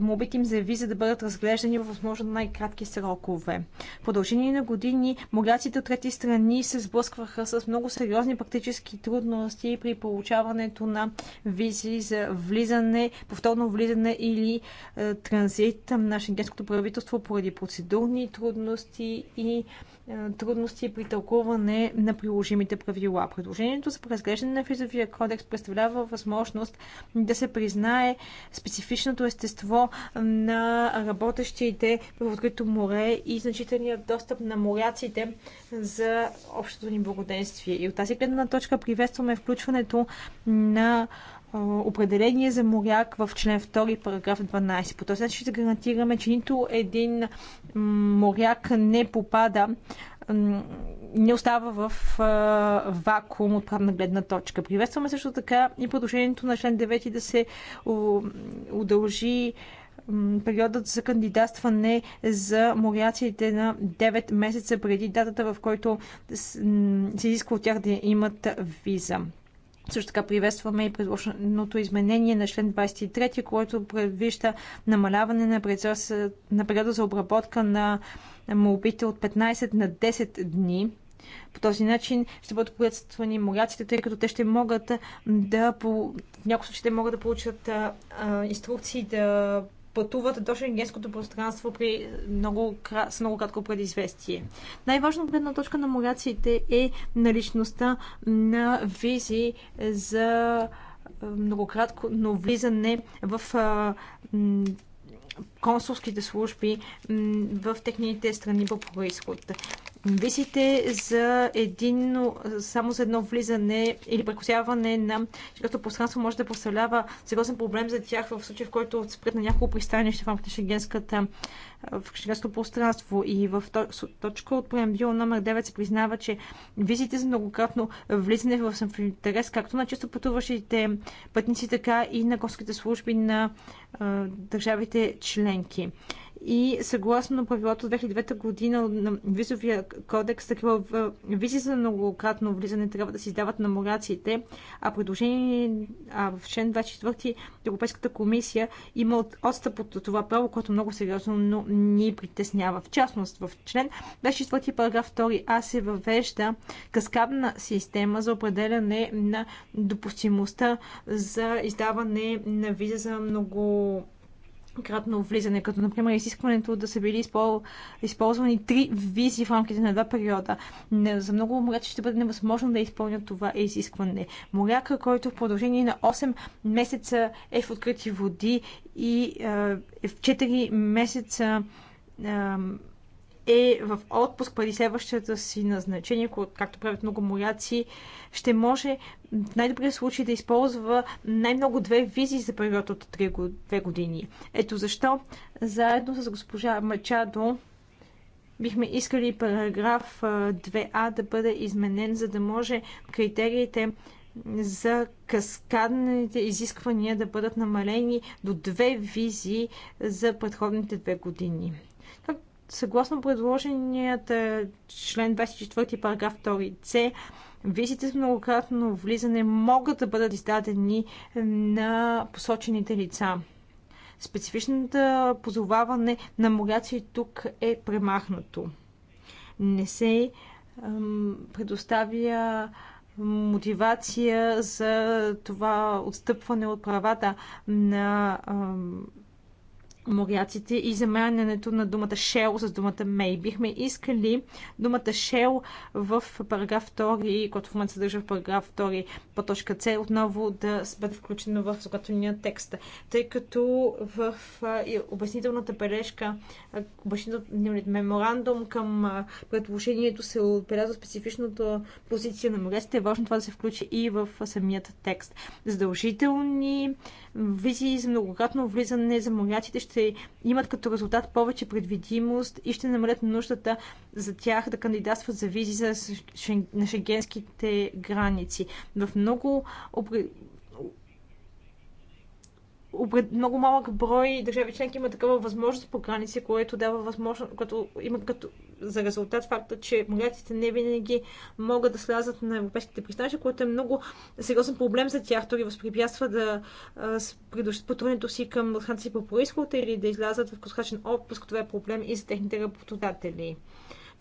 мобите им за виза да бъдат разглеждани в възможно най-кратки срокове. В продължение на години моляците от трети страни се сблъскваха с много сериозни практически трудности при получаването на визи за влизане, повторно влизане или транзит на шенгенското правителство поради процедурни трудности и е, трудности при тълкуване на приложимите правила. Предложението за преразглеждане на визовия кодекс представлява възможност да се признае специфичното естество на работещите в открито море и значителният достъп на моряците за общото ни благоденствие. И от тази гледна точка приветстваме включването на определение за моряк в член 2, параграф 12. По този начин ще гарантираме, че нито един моряк не попада, не остава в вакуум от правна гледна точка. Приветстваме също така и продължението на член 9 да се удължи периодът за кандидатстване за моряците на 9 месеца преди датата, в който се изисква от тях да имат виза. Също така приветстваме и предложеното изменение на член 23, което предвижда намаляване на, предзор, на периода за обработка на молбите от 15 на 10 дни. По този начин ще бъдат приветствани моряците, тъй като те ще могат да, по, в някои случаи, могат да получат а, а, инструкции да пътуват до шенгенското пространство при много, с много кратко предизвестие. Най-важно гледна точка на моряците е наличността на визи за многократко, но влизане в консулските служби в техните страни по происход. Висите за един, само за едно влизане или прекусяване на шенгенското пространство може да представлява сериозен проблем за тях в случай, в който спрат на няколко пристанища в рамките на шенгенската в шенгенското пространство. И в точка от преамбюл номер 9 се признава, че визите за многократно влизане в интерес както на често пътуващите пътници, така и на горските служби на а, държавите членки. И съгласно правилото от 2009 година на визовия кодекс, такива визи за многократно влизане трябва да се издават на мораците, а предложение а в член 24 Европейската комисия има отстъп от това право, което е много сериозно ни притеснява. В частност, в член 24 параграф 2а се въвежда каскадна система за определяне на допустимостта за издаване на виза за много кратно влизане, като например изискването да са били използвани три визи в рамките на два периода. Не, за много моряци ще бъде невъзможно да изпълнят това изискване. Моряка, който в продължение на 8 месеца е в открити води и е, в 4 месеца е, е в отпуск преди следващата си назначение, както правят много моряци, ще може в най-добрия случай да използва най-много две визи за период от 3 години. Ето защо, заедно с госпожа Мачадо, бихме искали параграф 2а да бъде изменен, за да може критериите за каскадните изисквания да бъдат намалени до две визи за предходните две години съгласно предложенията е, член 24 параграф 2 c визите с многократно влизане могат да бъдат издадени на посочените лица. Специфичната позоваване на моряци тук е премахнато. Не се предоставя мотивация за това отстъпване от правата на моряците и заменянето на думата shell с думата may. Бихме искали думата shell в параграф 2, който в момента съдържа в параграф 2 по точка C, отново да бъде включено в законния текст. Тъй като в обяснителната бележка, обяснителният меморандум към предложението се отбелязва специфичната позиция на моряците, е важно това да се включи и в самият текст. Задължителни визи за многократно влизане за моряците ще имат като резултат повече предвидимост и ще намалят нуждата за тях да кандидатстват за визи за, на шенгенските граници. В много много малък брой държави членки има такава възможност по граници, което дава възможност, като има като за резултат факта, че моряците не винаги могат да слязат на европейските пристанища, което е много сериозен проблем за тях. Той възпрепятства да придушат пътуването си към страната си по происход или да излязат в косхачен отпуск. Това е проблем и за техните работодатели.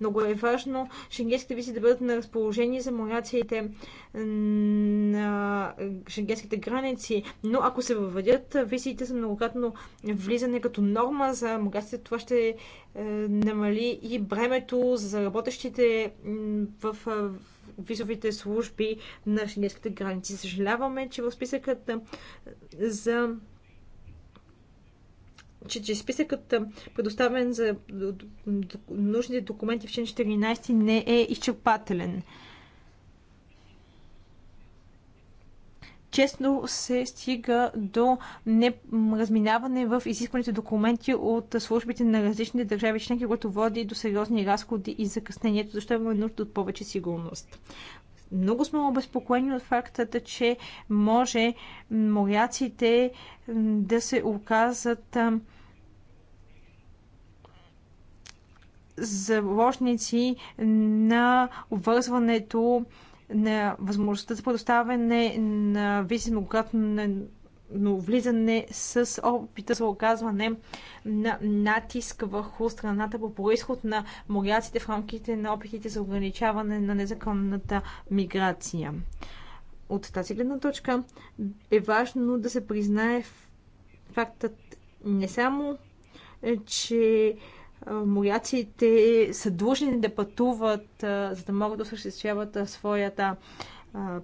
Много е важно шенгенските визи да бъдат на разположение за моряците на шенгенските граници, но ако се въведят визиите за многократно влизане като норма за моряците, това ще е, намали и бремето за работещите е, в визовите служби на шенгенските граници. Съжаляваме, че в списъкът е, за че, че списъкът предоставен за нужните документи в член 14 не е изчерпателен. честно се стига до разминаване в изискваните документи от службите на различните държави членки, което води до сериозни разходи и закъснението, защото има нужда от повече сигурност. Много сме обезпокоени от факта, че може моряците да се оказат заложници на обвързването на възможността за предоставяне на визи многократно но влизане с опита за оказване на натиск върху страната по происход на моряците в рамките на опитите за ограничаване на незаконната миграция. От тази гледна точка е важно да се признае фактът не само, е, че моряците са длъжни да пътуват, за да могат да осъществяват своята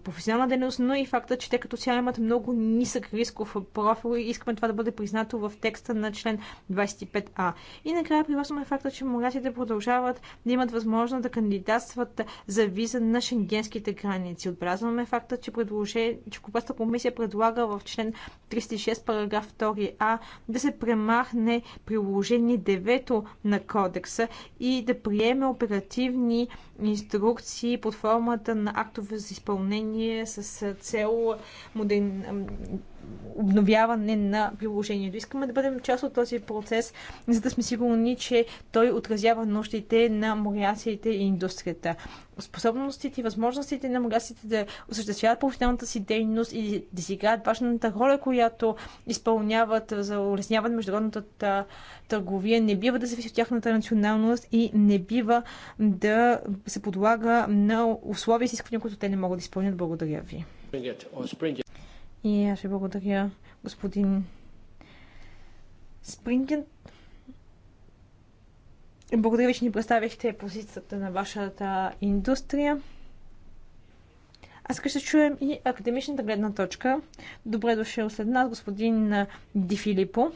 професионална дейност, но и факта, че те като цяло имат много нисък рисков профил и искаме това да бъде признато в текста на член 25а. И накрая привързваме факта, че моряците продължават да имат възможност да кандидатстват за виза на шенгенските граници. Отбразваме факта, че, предложение, че Купаста комисия предлага в член 36 параграф 2а да се премахне приложение 9 на кодекса и да приеме оперативни инструкции под формата на актове за изпълнение изпълнение с цел модерни обновяване на приложението. Искаме да бъдем част от този процес, за да сме сигурни, че той отразява нуждите на моряците и индустрията. Способностите и възможностите на моряците да осъществяват професионалната си дейност и да си играят важната роля, която изпълняват за улесняване на международната търговия, не бива да зависи от тяхната националност и не бива да се подлага на условия и изисквания, които те не могат да изпълнят. Благодаря ви. И аз ви благодаря, господин Спринген. Благодаря ви, че ни представихте позицията на вашата индустрия. Аз ще чуем и академичната гледна точка. Добре дошъл след нас господин Ди Филипо.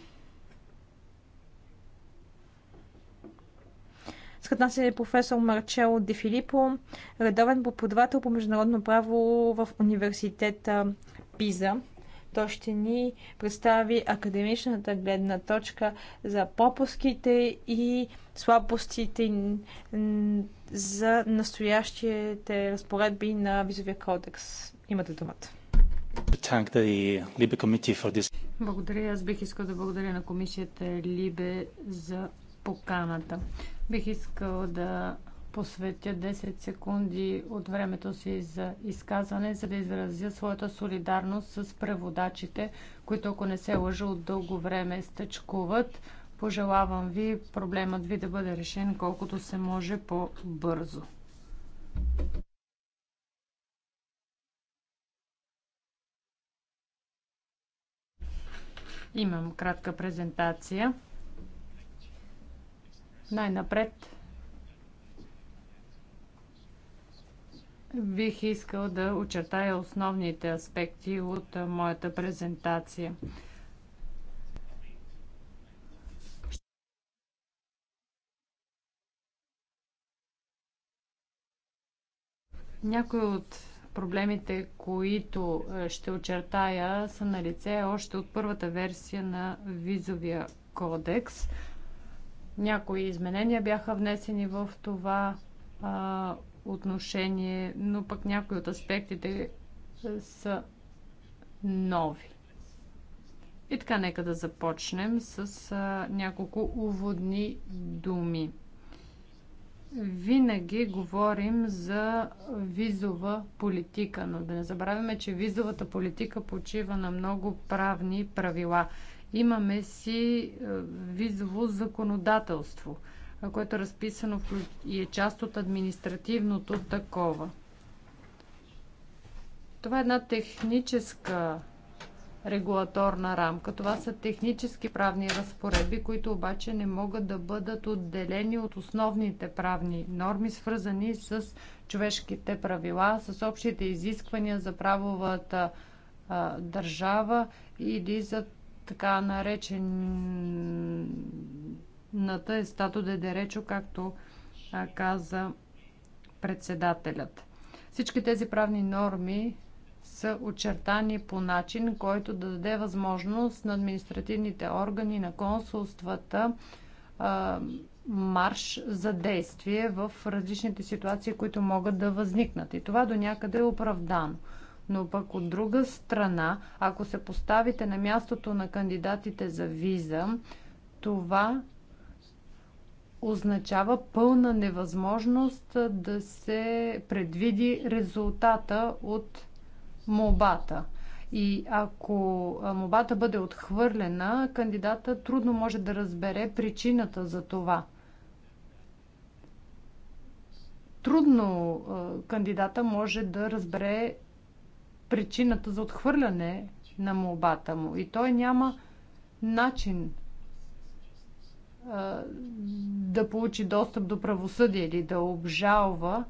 Скът нас е професор Марчело Ди Филипо, редовен преподавател по международно право в университета ПИЗА. Той ще ни представи академичната гледна точка за попуските и слабостите за настоящите разпоредби на визовия кодекс. Имате думата. Благодаря. Аз бих искал да благодаря на комисията Либе за поканата. Бих искал да посветя 10 секунди от времето си за изказване, за да изразя своята солидарност с преводачите, които, ако не се лъжа, от дълго време стъчкуват. Пожелавам ви проблемът ви да бъде решен колкото се може по-бързо. Имам кратка презентация. Най-напред бих искал да очертая основните аспекти от моята презентация. Някои от проблемите, които ще очертая, са на лице още от първата версия на визовия кодекс. Някои изменения бяха внесени в това отношение, но пък някои от аспектите е, са нови. И така, нека да започнем с а, няколко уводни думи. Винаги говорим за визова политика, но да не забравяме, че визовата политика почива на много правни правила. Имаме си визово законодателство – което е разписано и е част от административното такова. Това е една техническа регулаторна рамка. Това са технически правни разпоредби, които обаче не могат да бъдат отделени от основните правни норми, свързани с човешките правила, с общите изисквания за правовата а, държава или за така наречен ната е стато де деречо, както каза председателят. Всички тези правни норми са очертани по начин, който да даде възможност на административните органи, на консулствата, марш за действие в различните ситуации, които могат да възникнат. И това до някъде е оправдано. Но пък от друга страна, ако се поставите на мястото на кандидатите за виза, това означава пълна невъзможност да се предвиди резултата от молбата. И ако мобата бъде отхвърлена, кандидата трудно може да разбере причината за това. Трудно кандидата може да разбере причината за отхвърляне на молбата му и той няма начин да получи достъп до правосъдие или да обжалва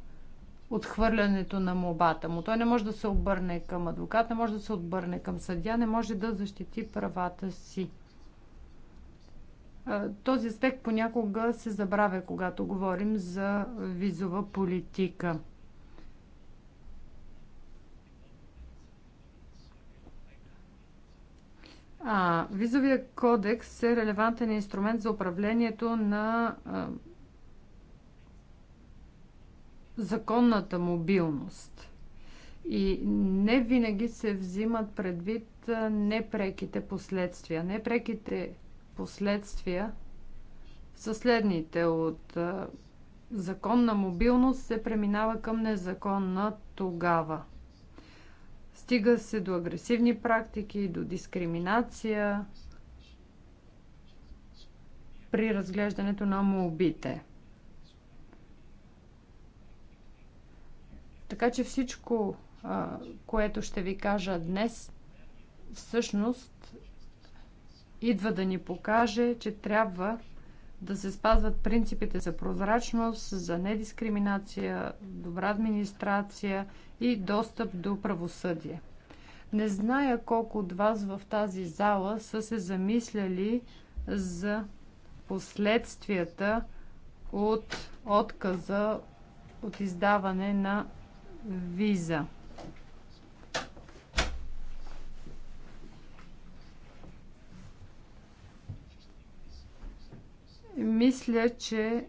отхвърлянето на мобата му. Той не може да се обърне към адвокат, не може да се обърне към съдя, не може да защити правата си. Този аспект понякога се забравя, когато говорим за визова политика – А, визовия кодекс е релевантен инструмент за управлението на а, законната мобилност. И не винаги се взимат предвид непреките последствия. Непреките последствия са следните. От законна мобилност се преминава към незаконна тогава. Стига се до агресивни практики, до дискриминация при разглеждането на молбите. Така че всичко, което ще ви кажа днес, всъщност идва да ни покаже, че трябва да се спазват принципите за прозрачност, за недискриминация, добра администрация и достъп до правосъдие. Не зная колко от вас в тази зала са се замисляли за последствията от отказа от издаване на виза. Мисля, че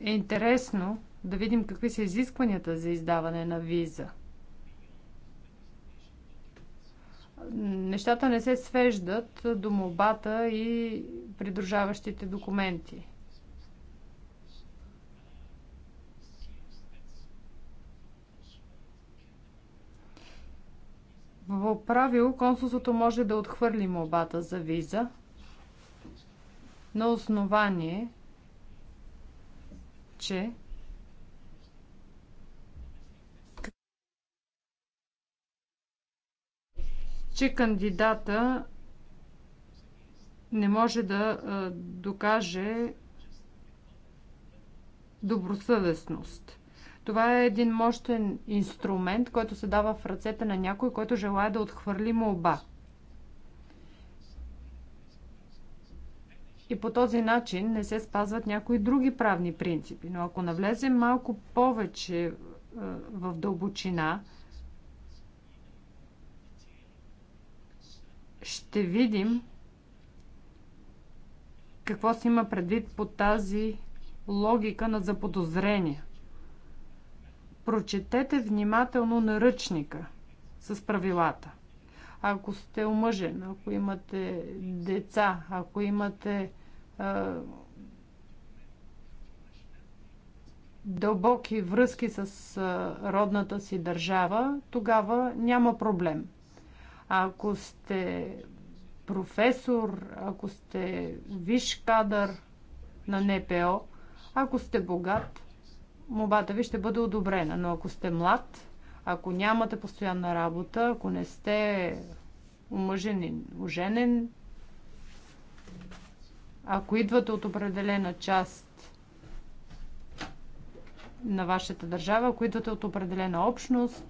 е интересно да видим какви са изискванията за издаване на виза. Нещата не се свеждат до мобата и придружаващите документи. В правило консулството може да отхвърли мобата за виза – на основание, че че кандидата не може да докаже добросъвестност. Това е един мощен инструмент, който се дава в ръцете на някой, който желая да отхвърли молба. и по този начин не се спазват някои други правни принципи. Но ако навлезем малко повече е, в дълбочина, ще видим какво се има предвид по тази логика на заподозрение. Прочетете внимателно наръчника с правилата ако сте омъжен, ако имате деца, ако имате а, дълбоки връзки с а, родната си държава, тогава няма проблем. А ако сте професор, ако сте виш кадър на НПО, ако сте богат, мобата ви ще бъде одобрена. Но ако сте млад, ако нямате постоянна работа, ако не сте омъженен, оженен, ако идвате от определена част на вашата държава, ако идвате от определена общност,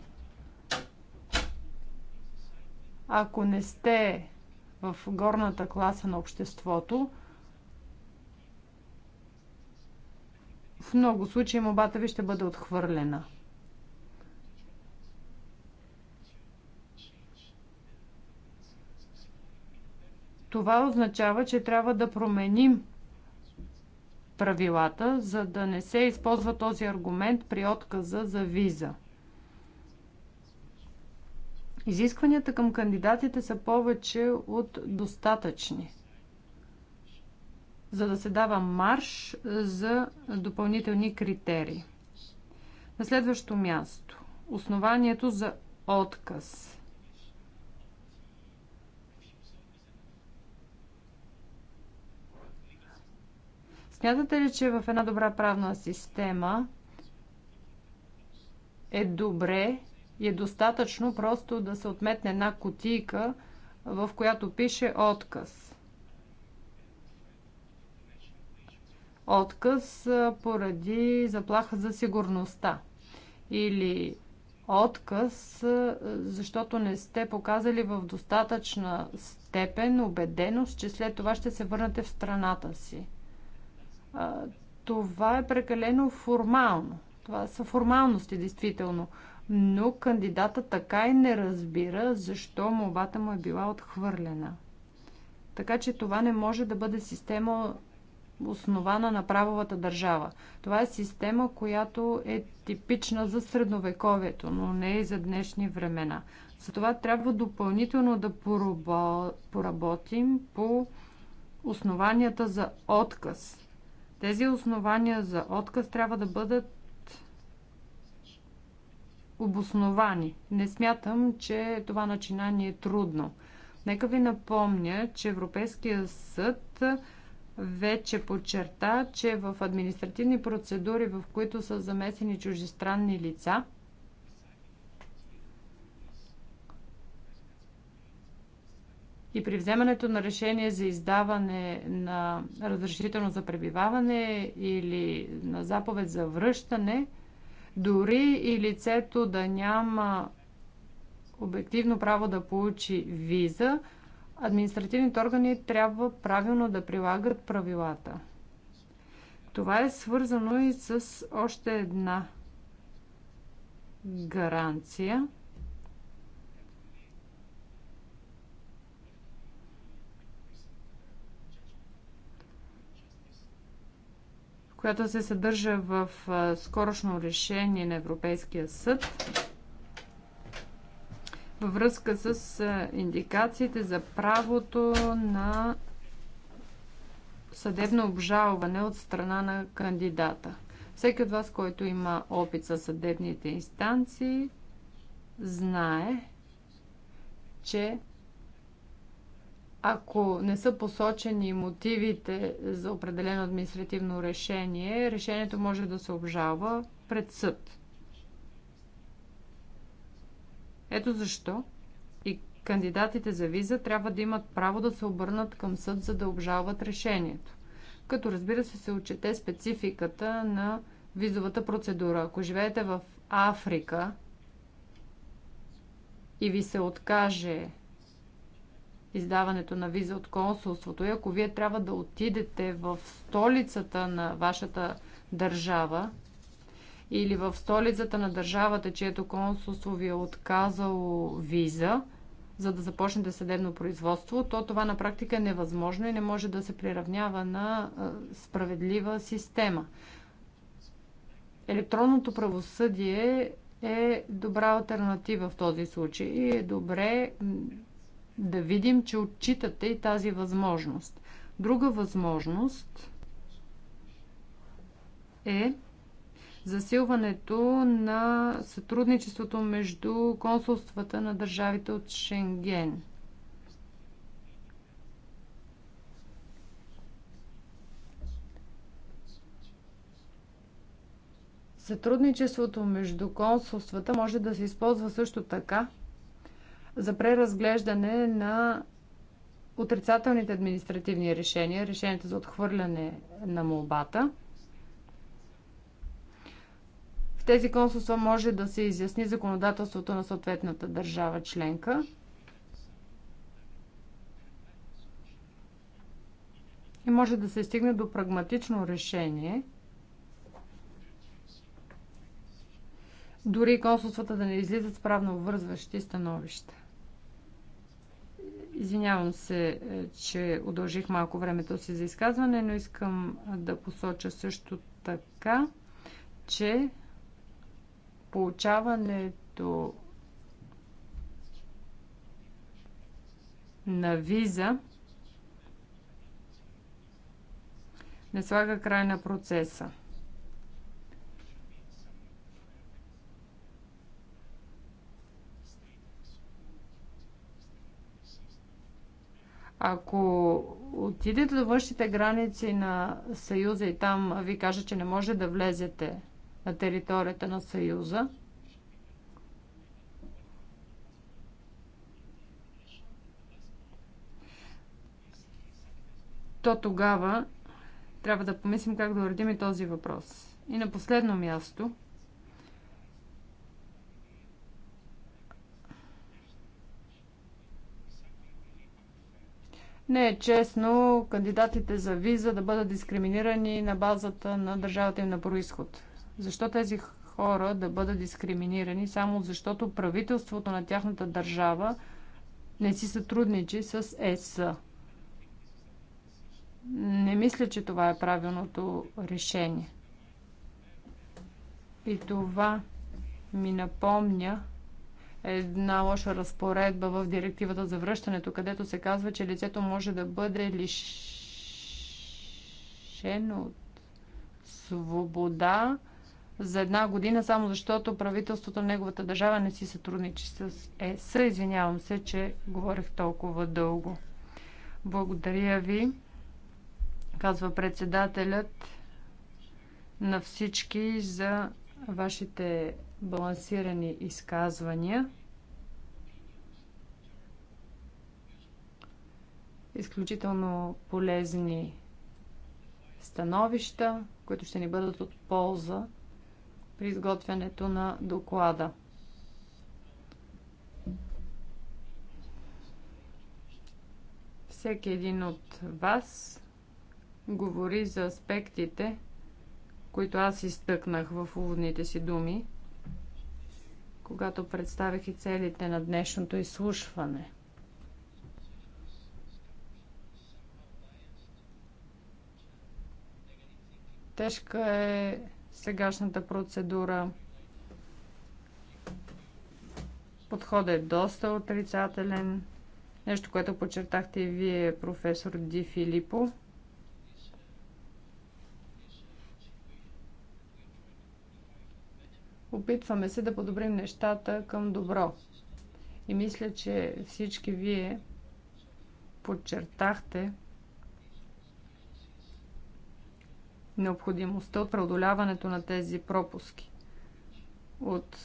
ако не сте в горната класа на обществото, в много случаи мобата ви ще бъде отхвърлена. Това означава, че трябва да променим правилата, за да не се използва този аргумент при отказа за виза. Изискванията към кандидатите са повече от достатъчни, за да се дава марш за допълнителни критерии. На следващо място основанието за отказ. Смятате ли, че в една добра правна система е добре и е достатъчно просто да се отметне една кутийка, в която пише отказ? Отказ поради заплаха за сигурността или отказ, защото не сте показали в достатъчна степен убеденост, че след това ще се върнете в страната си това е прекалено формално. Това са формалности, действително. Но кандидата така и не разбира защо мовата му е била отхвърлена. Така че това не може да бъде система основана на правовата държава. Това е система, която е типична за средновековието, но не и за днешни времена. Затова трябва допълнително да поработим по основанията за отказ тези основания за отказ трябва да бъдат обосновани. Не смятам, че това начинание е трудно. Нека ви напомня, че Европейския съд вече подчерта, че в административни процедури, в които са замесени чужестранни лица – И при вземането на решение за издаване на разрешително за пребиваване или на заповед за връщане, дори и лицето да няма обективно право да получи виза, административните органи трябва правилно да прилагат правилата. Това е свързано и с още една гаранция, която се съдържа в скорошно решение на Европейския съд във връзка с индикациите за правото на съдебно обжалване от страна на кандидата. Всеки от вас, който има опит със съдебните инстанции, знае, че ако не са посочени мотивите за определено административно решение, решението може да се обжалва пред съд. Ето защо и кандидатите за виза трябва да имат право да се обърнат към съд, за да обжалват решението. Като разбира се се отчете спецификата на визовата процедура. Ако живеете в Африка и ви се откаже издаването на виза от консулството. И ако вие трябва да отидете в столицата на вашата държава или в столицата на държавата, чието консулство ви е отказало виза, за да започнете съдебно производство, то това на практика е невъзможно и не може да се приравнява на справедлива система. Електронното правосъдие е добра альтернатива в този случай и е добре да видим, че отчитате и тази възможност. Друга възможност е засилването на сътрудничеството между консулствата на държавите от Шенген. Сътрудничеството между консулствата може да се използва също така за преразглеждане на отрицателните административни решения, решението за отхвърляне на молбата. В тези консулства може да се изясни законодателството на съответната държава членка. И може да се стигне до прагматично решение, дори консулствата да не излизат с правно обвързващи становища. Извинявам се, е, че удължих малко времето си за изказване, но искам е, да посоча също така, че получаването на виза не слага край на процеса. Ако отидете до външните граници на Съюза и там ви кажа, че не може да влезете на територията на Съюза, то тогава трябва да помислим как да уредим и този въпрос. И на последно място – Не е честно кандидатите за виза да бъдат дискриминирани на базата на държавата им на происход. Защо тези хора да бъдат дискриминирани само защото правителството на тяхната държава не си сътрудничи с ЕС? Не мисля, че това е правилното решение. И това ми напомня една лоша разпоредба в директивата за връщането, където се казва, че лицето може да бъде лишено от свобода за една година, само защото правителството на неговата държава не си сътрудничи с ЕС. Извинявам се, че говорих толкова дълго. Благодаря ви, казва председателят на всички за вашите балансирани изказвания. Изключително полезни становища, които ще ни бъдат от полза при изготвянето на доклада. Всеки един от вас говори за аспектите, които аз изтъкнах в уводните си думи когато представих и целите на днешното изслушване. Тежка е сегашната процедура. Подходът е доста отрицателен. Нещо, което подчертахте и вие, професор Ди Филипо. Опитваме се да подобрим нещата към добро. И мисля, че всички вие подчертахте необходимостта от преодоляването на тези пропуски, от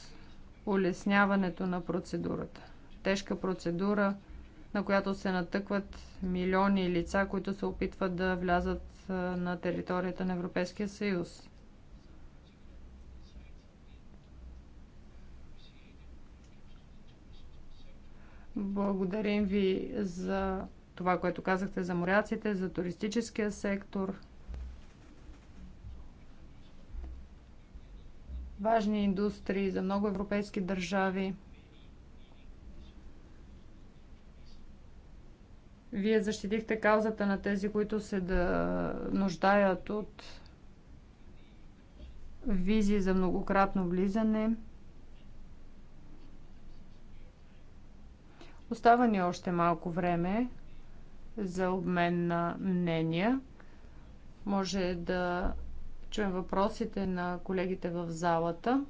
улесняването на процедурата. Тежка процедура, на която се натъкват милиони лица, които се опитват да влязат на територията на Европейския съюз. Благодарим ви за това, което казахте за моряците, за туристическия сектор. Важни индустрии за много европейски държави. Вие защитихте каузата на тези, които се да нуждаят от визи за многократно влизане. Остава ни още малко време за обмен на мнения. Може да чуем въпросите на колегите в залата.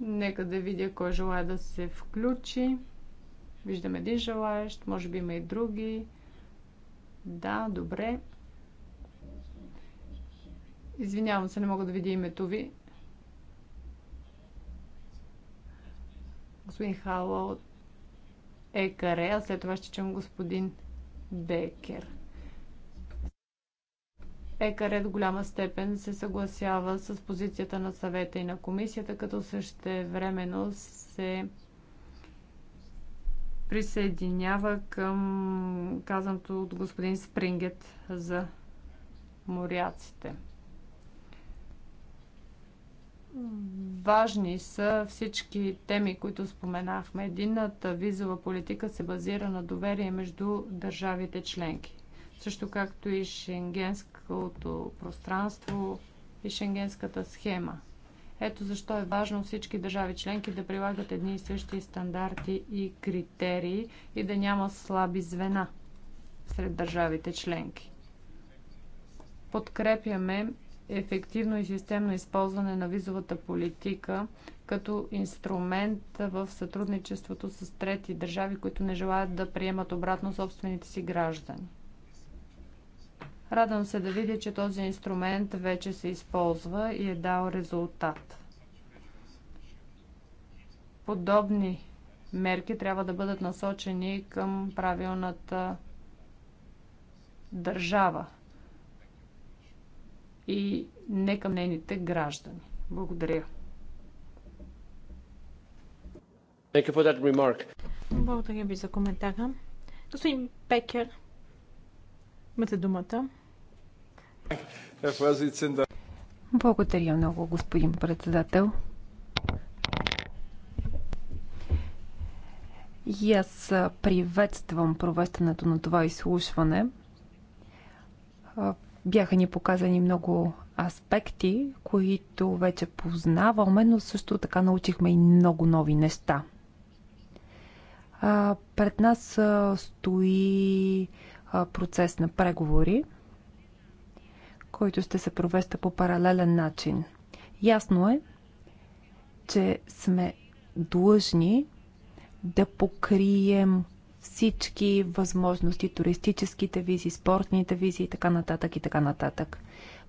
Нека да видя кой желая да се включи. Виждам един желаящ, може би има и други. Да, добре. Извинявам се, не мога да видя името ви. господин Хала от Екаре, а след това ще чуем господин Бекер. Екаре до голяма степен се съгласява с позицията на съвета и на комисията, като същевременно се присъединява към казаното от господин Спрингет за моряците. Важни са всички теми, които споменахме. Единната визова политика се базира на доверие между държавите членки. Също както и шенгенското пространство и шенгенската схема. Ето защо е важно всички държави членки да прилагат едни и същи стандарти и критерии и да няма слаби звена сред държавите членки. Подкрепяме ефективно и системно използване на визовата политика като инструмент в сътрудничеството с трети държави, които не желаят да приемат обратно собствените си граждани. Радвам се да видя, че този инструмент вече се използва и е дал резултат. Подобни мерки трябва да бъдат насочени към правилната държава, и не към нейните граждани. Благодаря. Благодаря ви за коментара. Господин пекер. имате думата. Благодаря много, господин председател. И аз приветствам провестането на това изслушване. Бяха ни показани много аспекти, които вече познаваме, но също така научихме и много нови неща. А, пред нас а, стои а, процес на преговори, който ще се провеща по паралелен начин. Ясно е, че сме длъжни да покрием всички възможности, туристическите визи, спортните визи и така нататък и така нататък.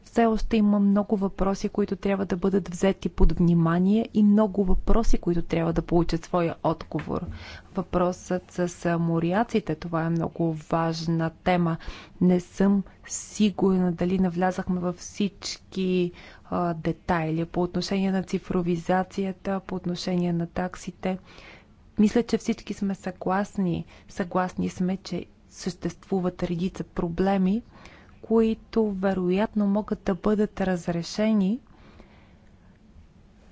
Все още има много въпроси, които трябва да бъдат взети под внимание и много въпроси, които трябва да получат своя отговор. Въпросът с моряците, това е много важна тема. Не съм сигурна дали навлязахме във всички а, детайли по отношение на цифровизацията, по отношение на таксите. Мисля, че всички сме съгласни. Съгласни сме, че съществуват редица проблеми, които вероятно могат да бъдат разрешени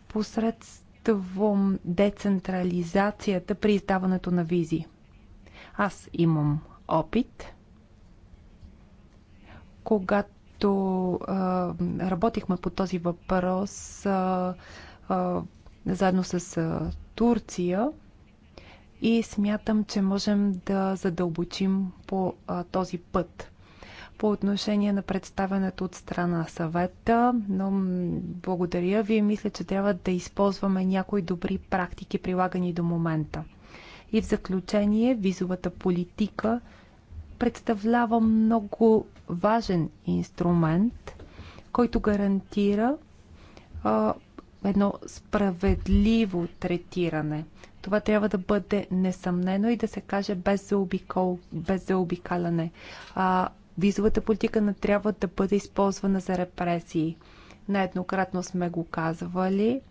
посредством децентрализацията при издаването на визи. Аз имам опит. Когато а, работихме по този въпрос а, а, заедно с а, Турция, и смятам, че можем да задълбочим по а, този път. По отношение на представенето от страна съвета, но благодаря ви. Мисля, че трябва да използваме някои добри практики, прилагани до момента. И в заключение, визовата политика представлява много важен инструмент, който гарантира а, едно справедливо третиране. Това трябва да бъде несъмнено и да се каже без, заобикол, без заобикаляне. А, визовата политика не трябва да бъде използвана за репресии. Нееднократно сме го казвали.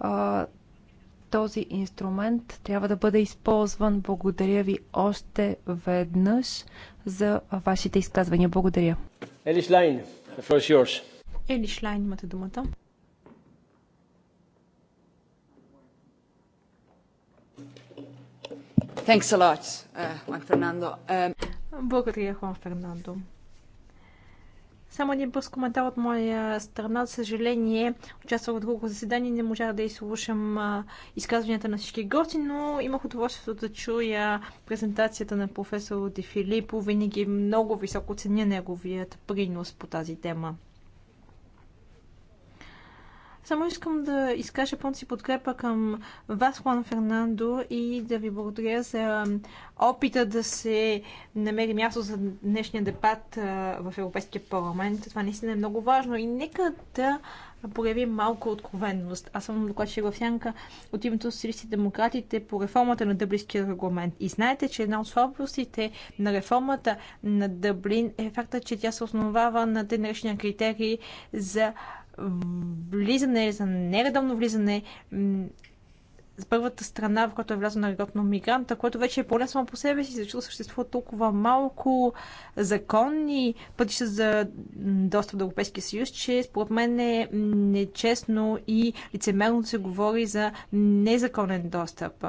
А, този инструмент трябва да бъде използван. Благодаря ви още веднъж за вашите изказвания. Благодаря. Елиш Лайн, the floor is yours. Елиш Лайн, имате думата. Thanks a lot, uh, Juan Fernando. Um... Благодаря, Хуан Фернандо. Само един бърз коментар от моя страна. За съжаление, участвах в друго заседание, не можах да изслушам изказванията на всички гости, но имах удоволствието да чуя презентацията на професор Де Филипо. Винаги много високо ценя неговият принос по тази тема. Само искам да изкажа пълната си подкрепа към вас, Хуан Фернандо, и да ви благодаря за опита да се намери място за днешния дебат в Европейския парламент. Това наистина е много важно и нека да прояви малко откровенност. Аз съм докладчик в Сянка от името Социалисти демократите по реформата на Дъблинския регламент. И знаете, че една от слабостите на реформата на Дъблин е факта, че тя се основава на те критерии за влизане, за нередовно влизане с първата страна, в която е влязъл нелегално мигранта, което вече е поле само по себе си, защото съществува толкова малко законни пътища за достъп до Европейския съюз, че според мен е нечестно и лицемерно да се говори за незаконен достъп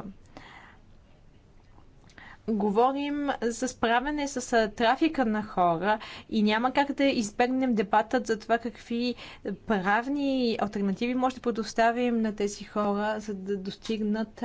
говорим за справяне с трафика на хора и няма как да избегнем дебатът за това какви правни альтернативи може да предоставим на тези хора, за да достигнат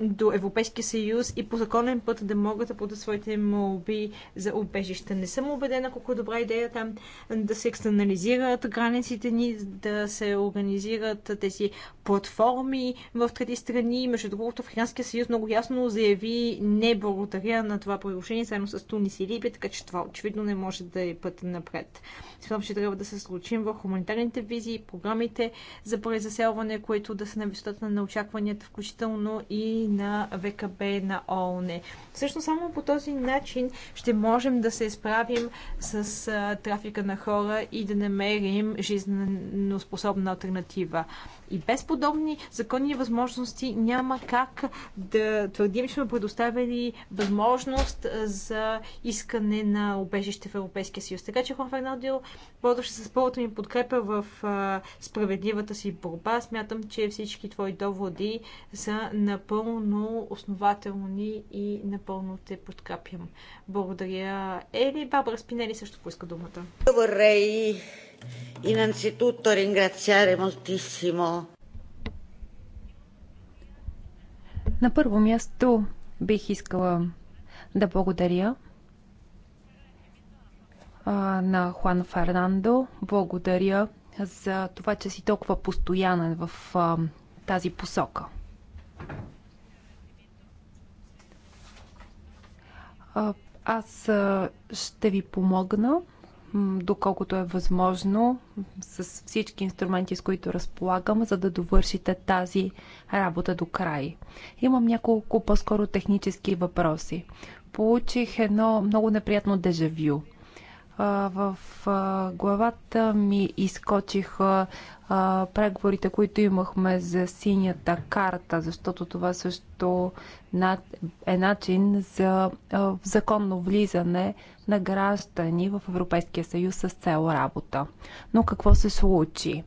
до Европейския съюз и по законен път да могат да подадат своите молби за убежище. Не съм убедена колко е добра идея там да се екстанализират границите ни, да се организират тези платформи в трети страни. Между другото, Африканския съюз много ясно заяви не благодаря на това приложение, заедно с Тунис и Либия, така че това очевидно не може да е път напред. Смятам, че трябва да се случим в хуманитарните визии, програмите за презаселване, които да са на висотата на очакванията, включително и на ВКБ на ООН. Всъщност само по този начин ще можем да се справим с трафика на хора и да намерим жизненоспособна альтернатива. И без подобни законни възможности няма как да твърдим, че сме предоставили възможност за искане на убежище в Европейския съюз. Така че Хуан Фернандио водеше с пълната ми подкрепа в справедливата си борба. Смятам, че всички твои доводи са напълно основателни и напълно те подкрепям. Благодаря. Ели, Бабара Спинели също поиска думата. Добре. Innanzitutto ringraziare moltissimo. На първо място бих искала да благодаря на Хуан Фернандо. Благодаря за това, че си толкова постоянен в а, тази посока. А, аз а, ще ви помогна доколкото е възможно, с всички инструменти, с които разполагам, за да довършите тази работа до край. Имам няколко по-скоро технически въпроси. Получих едно много неприятно дежавю. В главата ми изкочиха а, преговорите, които имахме за синята карта, защото това също е начин за а, законно влизане на граждани в Европейския съюз с цел работа. Но какво се случи?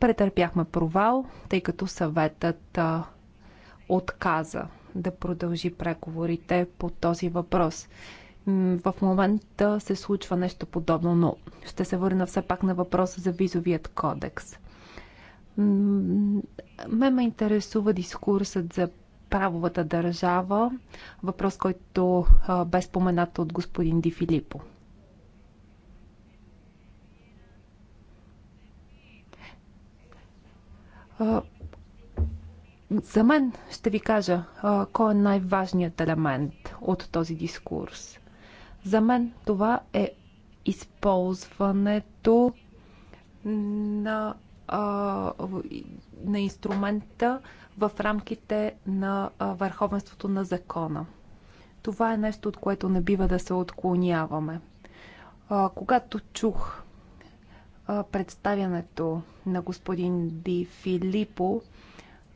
Претърпяхме провал, тъй като съветът а, отказа да продължи преговорите по този въпрос в момента се случва нещо подобно, но ще се върна все пак на въпроса за визовият кодекс. Ме ме интересува дискурсът за правовата държава, въпрос, който бе споменат от господин Ди Филипо. За мен ще ви кажа кой е най-важният елемент от този дискурс. За мен това е използването на, а, на инструмента в рамките на а, върховенството на закона. Това е нещо, от което не бива да се отклоняваме. А, когато чух а, представянето на господин Ди Филипо,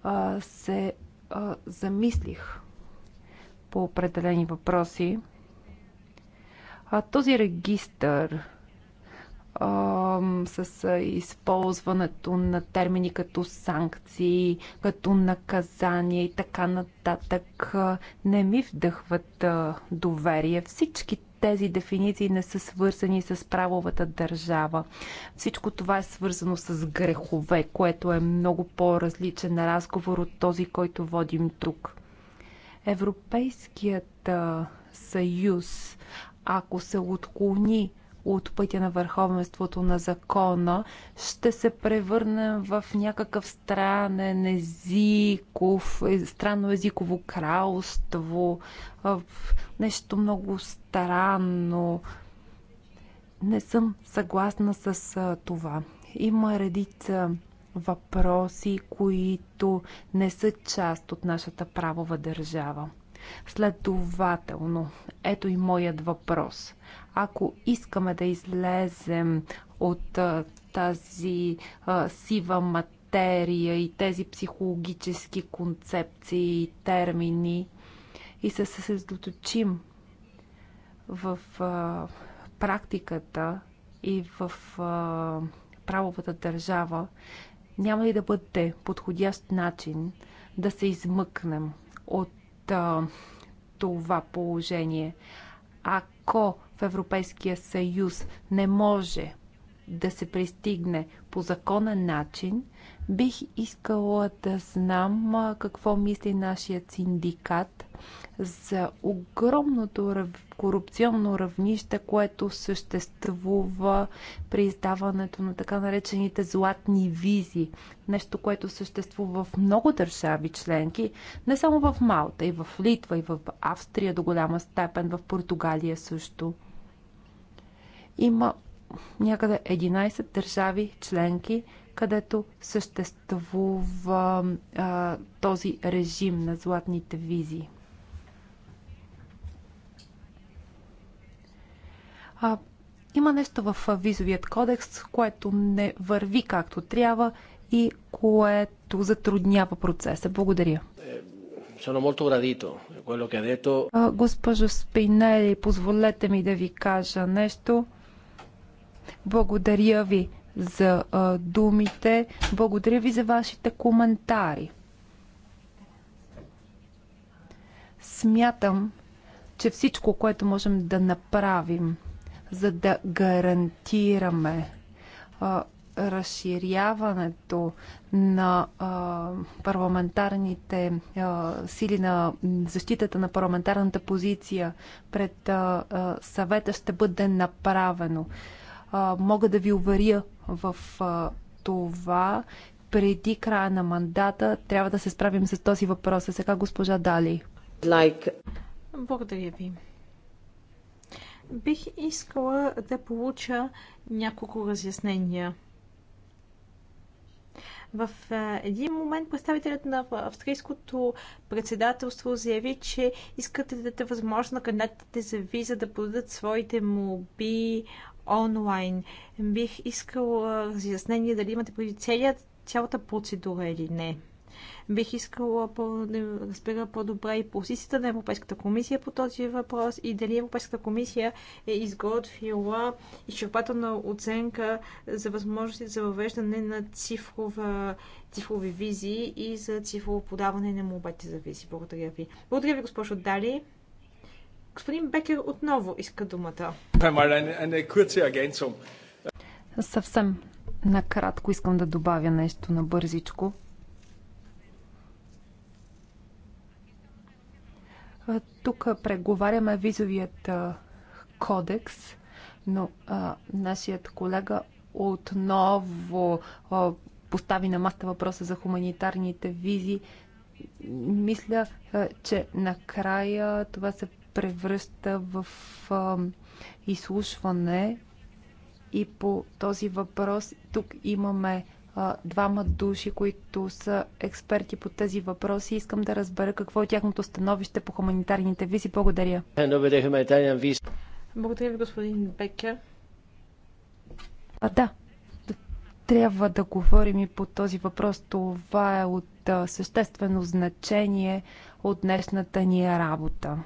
а, се а, замислих по определени въпроси. А, този регистър а, с използването на термини като санкции, като наказания и така нататък не ми вдъхват доверие. Всички тези дефиниции не са свързани с правовата държава. Всичко това е свързано с грехове, което е много по-различен разговор от този, който водим тук. Европейският съюз ако се отклони от пътя на върховенството на закона, ще се превърнем в някакъв странен езиков, е, странно езиково кралство, в нещо много странно. Не съм съгласна с това. Има редица въпроси, които не са част от нашата правова държава. Следователно, ето и моят въпрос. Ако искаме да излезем от тази а, сива материя и тези психологически концепции и термини и се съсредоточим в а, практиката и в а, правовата държава, няма ли да бъде подходящ начин да се измъкнем от а, това положение. Ако в Европейския съюз не може да се пристигне по законен начин Бих искала да знам какво мисли нашият синдикат за огромното корупционно равнище, което съществува при издаването на така наречените златни визи. Нещо, което съществува в много държави членки, не само в Малта, и в Литва, и в Австрия до голяма степен, в Португалия също. Има някъде 11 държави членки, където съществува а, този режим на златните визи. А, има нещо в визовият кодекс, което не върви както трябва и което затруднява процеса. Благодаря. Е, госпожо Спинели, позволете ми да ви кажа нещо. Благодаря ви за а, думите. Благодаря ви за вашите коментари. Смятам, че всичко, което можем да направим, за да гарантираме а, разширяването на а, парламентарните а, сили на защитата на парламентарната позиция пред а, а, съвета ще бъде направено. А, мога да ви уверя, в това преди края на мандата трябва да се справим с този въпрос. А сега госпожа Дали. Like. Благодаря ви. Бих искала да получа няколко разяснения. В един момент представителят на австрийското председателство заяви, че искате да дадете възможност на кандидатите за виза да подадат своите молби онлайн. Бих искала разяснение дали имате преди целият, цялата процедура или не. Бих искала по, да разбера по-добре и позицията на Европейската комисия по този въпрос и дали Европейската комисия е изготвила изчерпателна оценка за възможности за въвеждане на цифрова, цифрови визи и за цифрово подаване на мобайте за визи. Благодаря ви. Благодаря ви, госпожо Дали. Господин Бекер отново иска думата. Съвсем накратко искам да добавя нещо на бързичко. Тук преговаряме визовият кодекс, но а, нашият колега отново а, постави на маста въпроса за хуманитарните визи. Мисля, а, че накрая това се превръща в изслушване и по този въпрос тук имаме двама души, които са експерти по тези въпроси. Искам да разбера какво е тяхното становище по хуманитарните визи. Благодаря. Благодаря ви, господин Бекер. А, да, трябва да говорим и по този въпрос. Това е от съществено значение от днешната ни работа.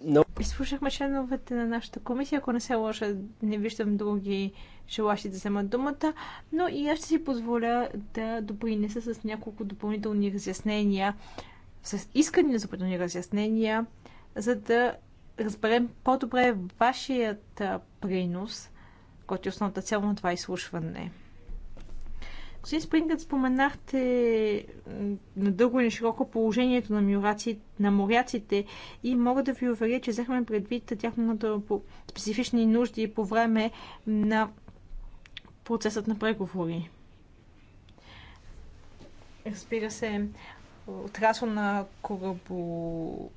No. Изслушахме членовете на нашата комисия. Ако не се лоша, не виждам други желащи да вземат думата, но и аз ще си позволя да допринеса с няколко допълнителни разяснения, с искания за допълнителни разяснения, за да разберем по-добре вашият принос, който е основната цел на това изслушване. Господин Спрингът, споменахте надълго и на широко положението на, мюраци, на моряците и мога да ви уверя, че взехме предвид тяхната специфични нужди по време на процесът на преговори. Разбира се, отрасъл на корабо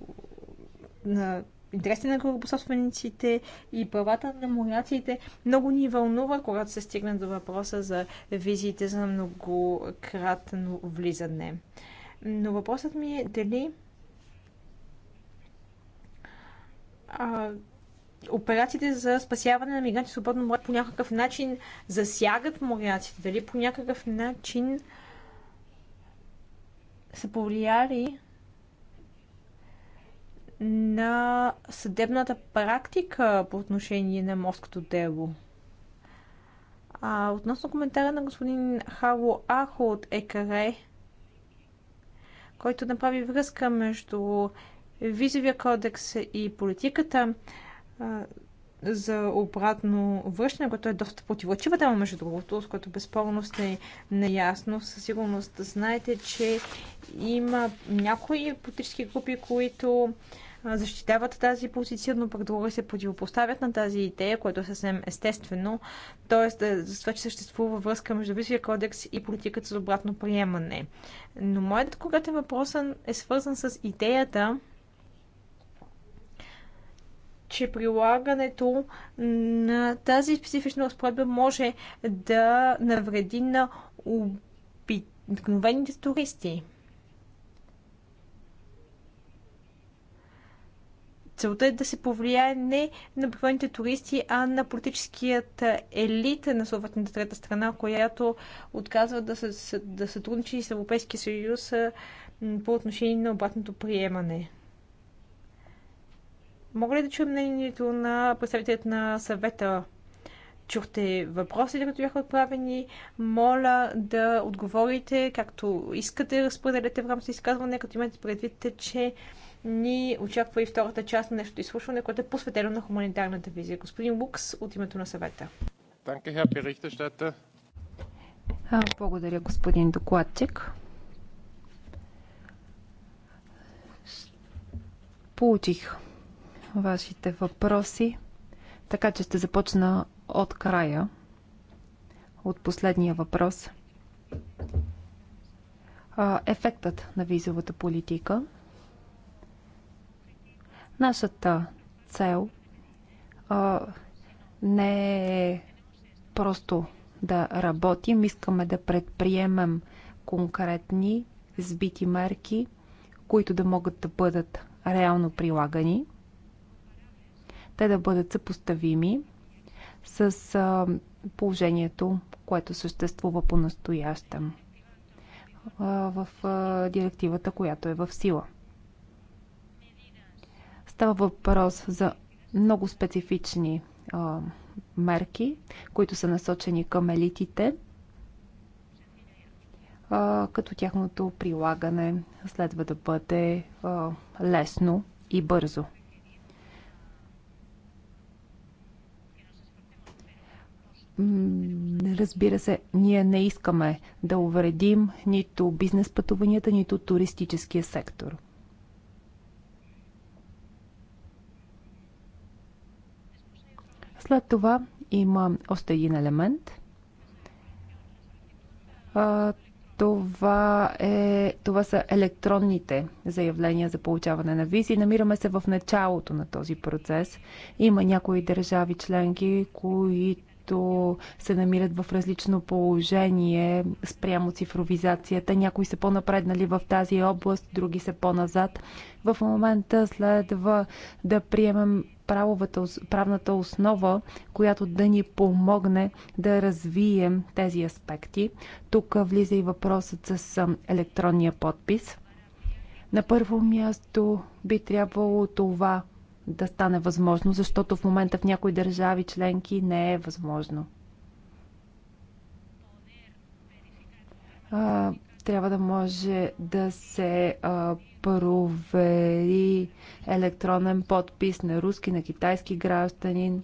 на интересите на корабособствениците и правата на моряците много ни вълнува, когато се стигне до въпроса за визиите за многократно влизане. Но въпросът ми е дали а, операциите за спасяване на мигранти свободно море по някакъв начин засягат моряците, дали по някакъв начин са повлияли на съдебната практика по отношение на морското дело. А относно коментара на господин Хало Ахо от ЕКРЕ, който направи връзка между визовия кодекс и политиката а, за обратно връщане, което е доста противоречива тема, между другото, с което безспорно сте неясно. Със сигурност знаете, че има някои политически групи, които а, защитават тази позиция, но пък други се противопоставят на тази идея, което е съвсем естествено. Тоест, е, за това, че съществува връзка между Висшия кодекс и политиката за обратно приемане. Но моят конкретен въпрос е свързан с идеята, че прилагането на тази специфична разпоредба може да навреди на обикновените туристи. Целта е да се повлияе не на обикновените туристи, а на политическият елит на съответната трета страна, която отказва да, се, да сътрудничи с Европейския съюз по отношение на обратното приемане. Мога ли да чуя мнението на представителят на съвета? Чухте въпроси, които бяха отправени. Моля да отговорите както искате, разпределете в рамките изказване, като имате предвид, че ни очаква и втората част на нещото изслушване, което е посветено на хуманитарната визия. Господин Лукс, от името на съвета. Благодаря, господин докладчик. Получих вашите въпроси, така че ще започна от края, от последния въпрос. Ефектът на визовата политика – Нашата цел а, не е просто да работим, искаме да предприемем конкретни сбити мерки, които да могат да бъдат реално прилагани, те да бъдат съпоставими с а, положението, което съществува по настоящем в а, директивата, която е в сила. Става въпрос за много специфични а, мерки, които са насочени към елитите, а, като тяхното прилагане следва да бъде а, лесно и бързо. Разбира се, ние не искаме да увредим нито бизнес пътуванията, нито туристическия сектор. След това има още един елемент. Това, е, това са електронните заявления за получаване на визи. Намираме се в началото на този процес. Има някои държави членки, които които се намират в различно положение спрямо цифровизацията. Някои са по-напреднали в тази област, други са по-назад. В момента следва да приемем правовата, правната основа, която да ни помогне да развием тези аспекти. Тук влиза и въпросът с електронния подпис. На първо място би трябвало това да стане възможно, защото в момента в някои държави членки не е възможно. трябва да може да се провери електронен подпис на руски, на китайски гражданин.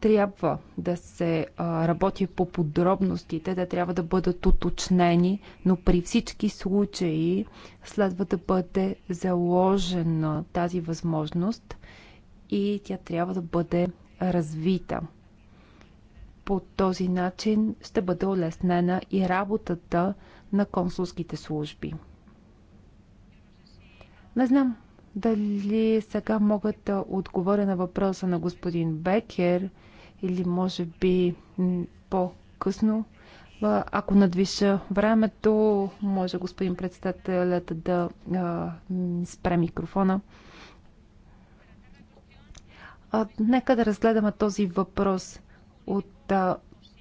Трябва да се работи по подробностите, да трябва да бъдат уточнени, но при всички случаи следва да бъде заложена тази възможност и тя трябва да бъде развита. По този начин ще бъде улеснена и работата на консулските служби. Не знам дали сега мога да отговоря на въпроса на господин Бекер или може би по-късно. Ако надвиша времето, може господин председателят да а, спре микрофона. А, нека да разгледаме този въпрос от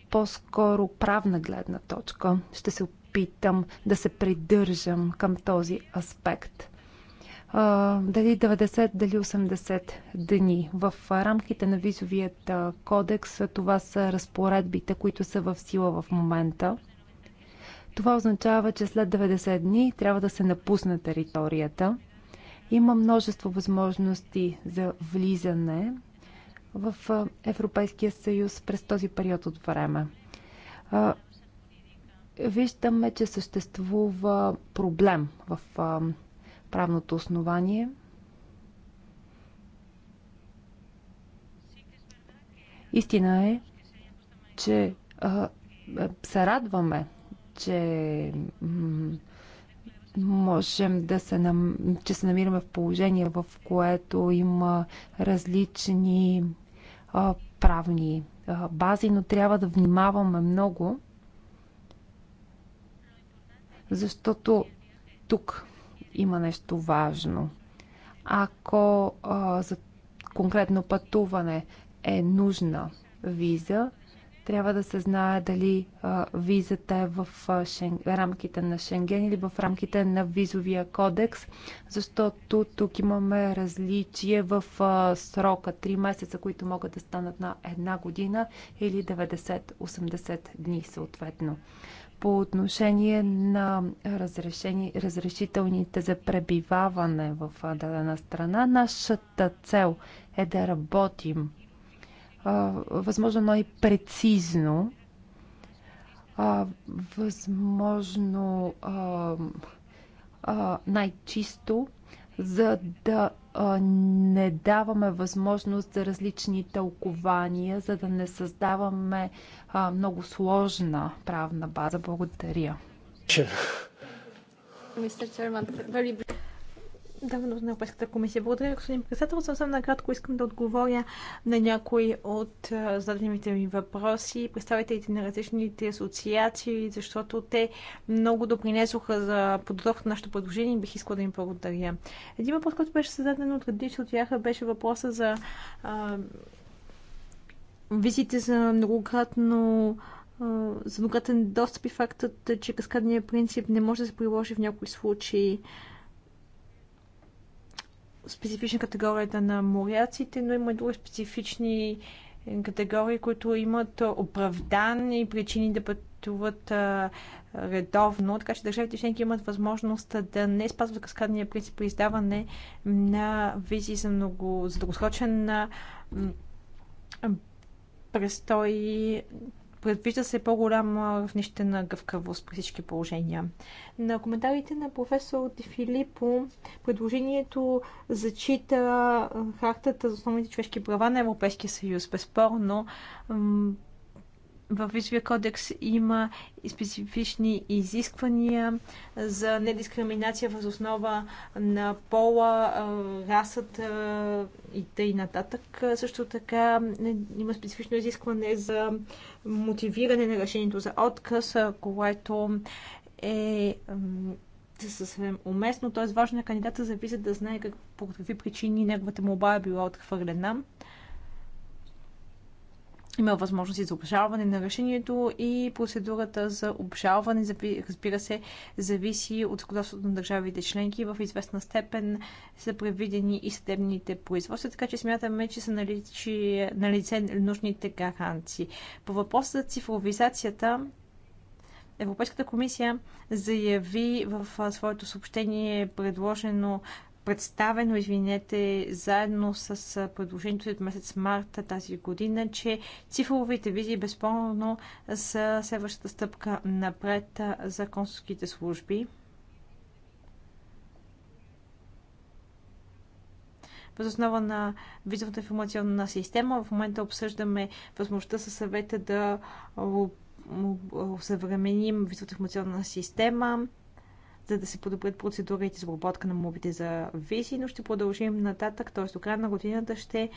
по-скоро правна гледна точка. Ще се опитам да се придържам към този аспект дали 90, дали 80 дни. В рамките на визовият кодекс това са разпоредбите, които са в сила в момента. Това означава, че след 90 дни трябва да се напусне територията. Има множество възможности за влизане в Европейския съюз през този период от време. Виждаме, че съществува проблем в правното основание. Истина е, че а, се радваме, че можем да се, нам... че се намираме в положение, в което има различни а, правни а, бази, но трябва да внимаваме много, защото тук има нещо важно. Ако а, за конкретно пътуване е нужна виза, трябва да се знае дали а, визата е в а, шен, рамките на Шенген или в рамките на визовия кодекс, защото тук имаме различие в а, срока 3 месеца, които могат да станат на една година или 90-80 дни съответно по отношение на разрешени, разрешителните за пребиваване в дадена страна, нашата цел е да работим а, възможно най-прецизно, възможно най-чисто за да не даваме възможност за различни тълкования, за да не създаваме много сложна правна база. Благодаря давано на Европейската комисия. Благодаря, господин председател. Съвсем накратко искам да отговоря на някои от зададените ми въпроси, представителите на различните асоциации, защото те много допринесоха за подготовка на нашето предложение и бих искал да им благодаря. Един въпрос, който беше зададен от различни от тях, беше въпроса за а, визите за многократно за многократен достъп и фактът, че каскадният принцип не може да се приложи в някои случаи. А, специфична категорията на моряците, но има и други специфични е, категории, които имат оправдани причини да пътуват редовно, така че държавите членки имат възможност да не спазват каскадния принцип при издаване на визи за, много, за дългосрочен престой Предвижда се по в нищите на гъвкавост при всички положения. На коментарите на професор Филипо предложението зачита хартата за основните човешки права на Европейския съюз. Безспорно, във Визовия кодекс има специфични изисквания за недискриминация въз основа на пола, расата и тъй нататък. Също така има специфично изискване за мотивиране на решението за отказ, което е съвсем уместно, т.е. важно е кандидата за виза да знае как, по какви причини неговата молба е била отхвърлена. Има възможности за обжалване на решението и процедурата за обжалване, разбира се, зависи от съгласството на държавите членки. В известна степен са предвидени и съдебните производства, така че смятаме, че са наличи, е налице нужните гаранции. По въпроса за цифровизацията, Европейската комисия заяви в своето съобщение, предложено представено, извинете, заедно с предложението от месец марта тази година, че цифровите визи безспорно са следващата стъпка напред за консулските служби. Въз основа на визовата информационна система в момента обсъждаме възможността със съвета да съвременим визовата информационна система за да се подобрят процедурите за обработка на мобите за визи, но ще продължим нататък, т.е. до края на годината ще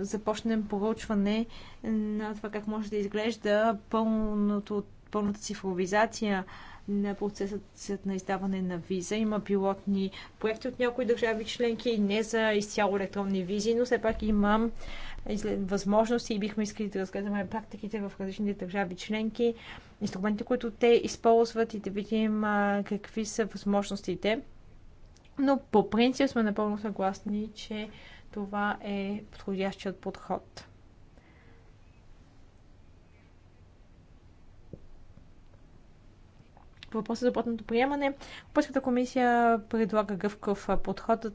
започнем проучване на това как може да изглежда пълното, пълната цифровизация на процесът на издаване на виза. Има пилотни проекти от някои държави членки, не за изцяло електронни визи, но все пак имам възможности и бихме искали да разгледаме практиките в различните държави членки, инструментите, които те използват и да видим какви са възможностите. Но по принцип сме напълно съгласни, че това е подходящият подход. въпроса за платното приемане. Европейската комисия предлага гъвкав подход,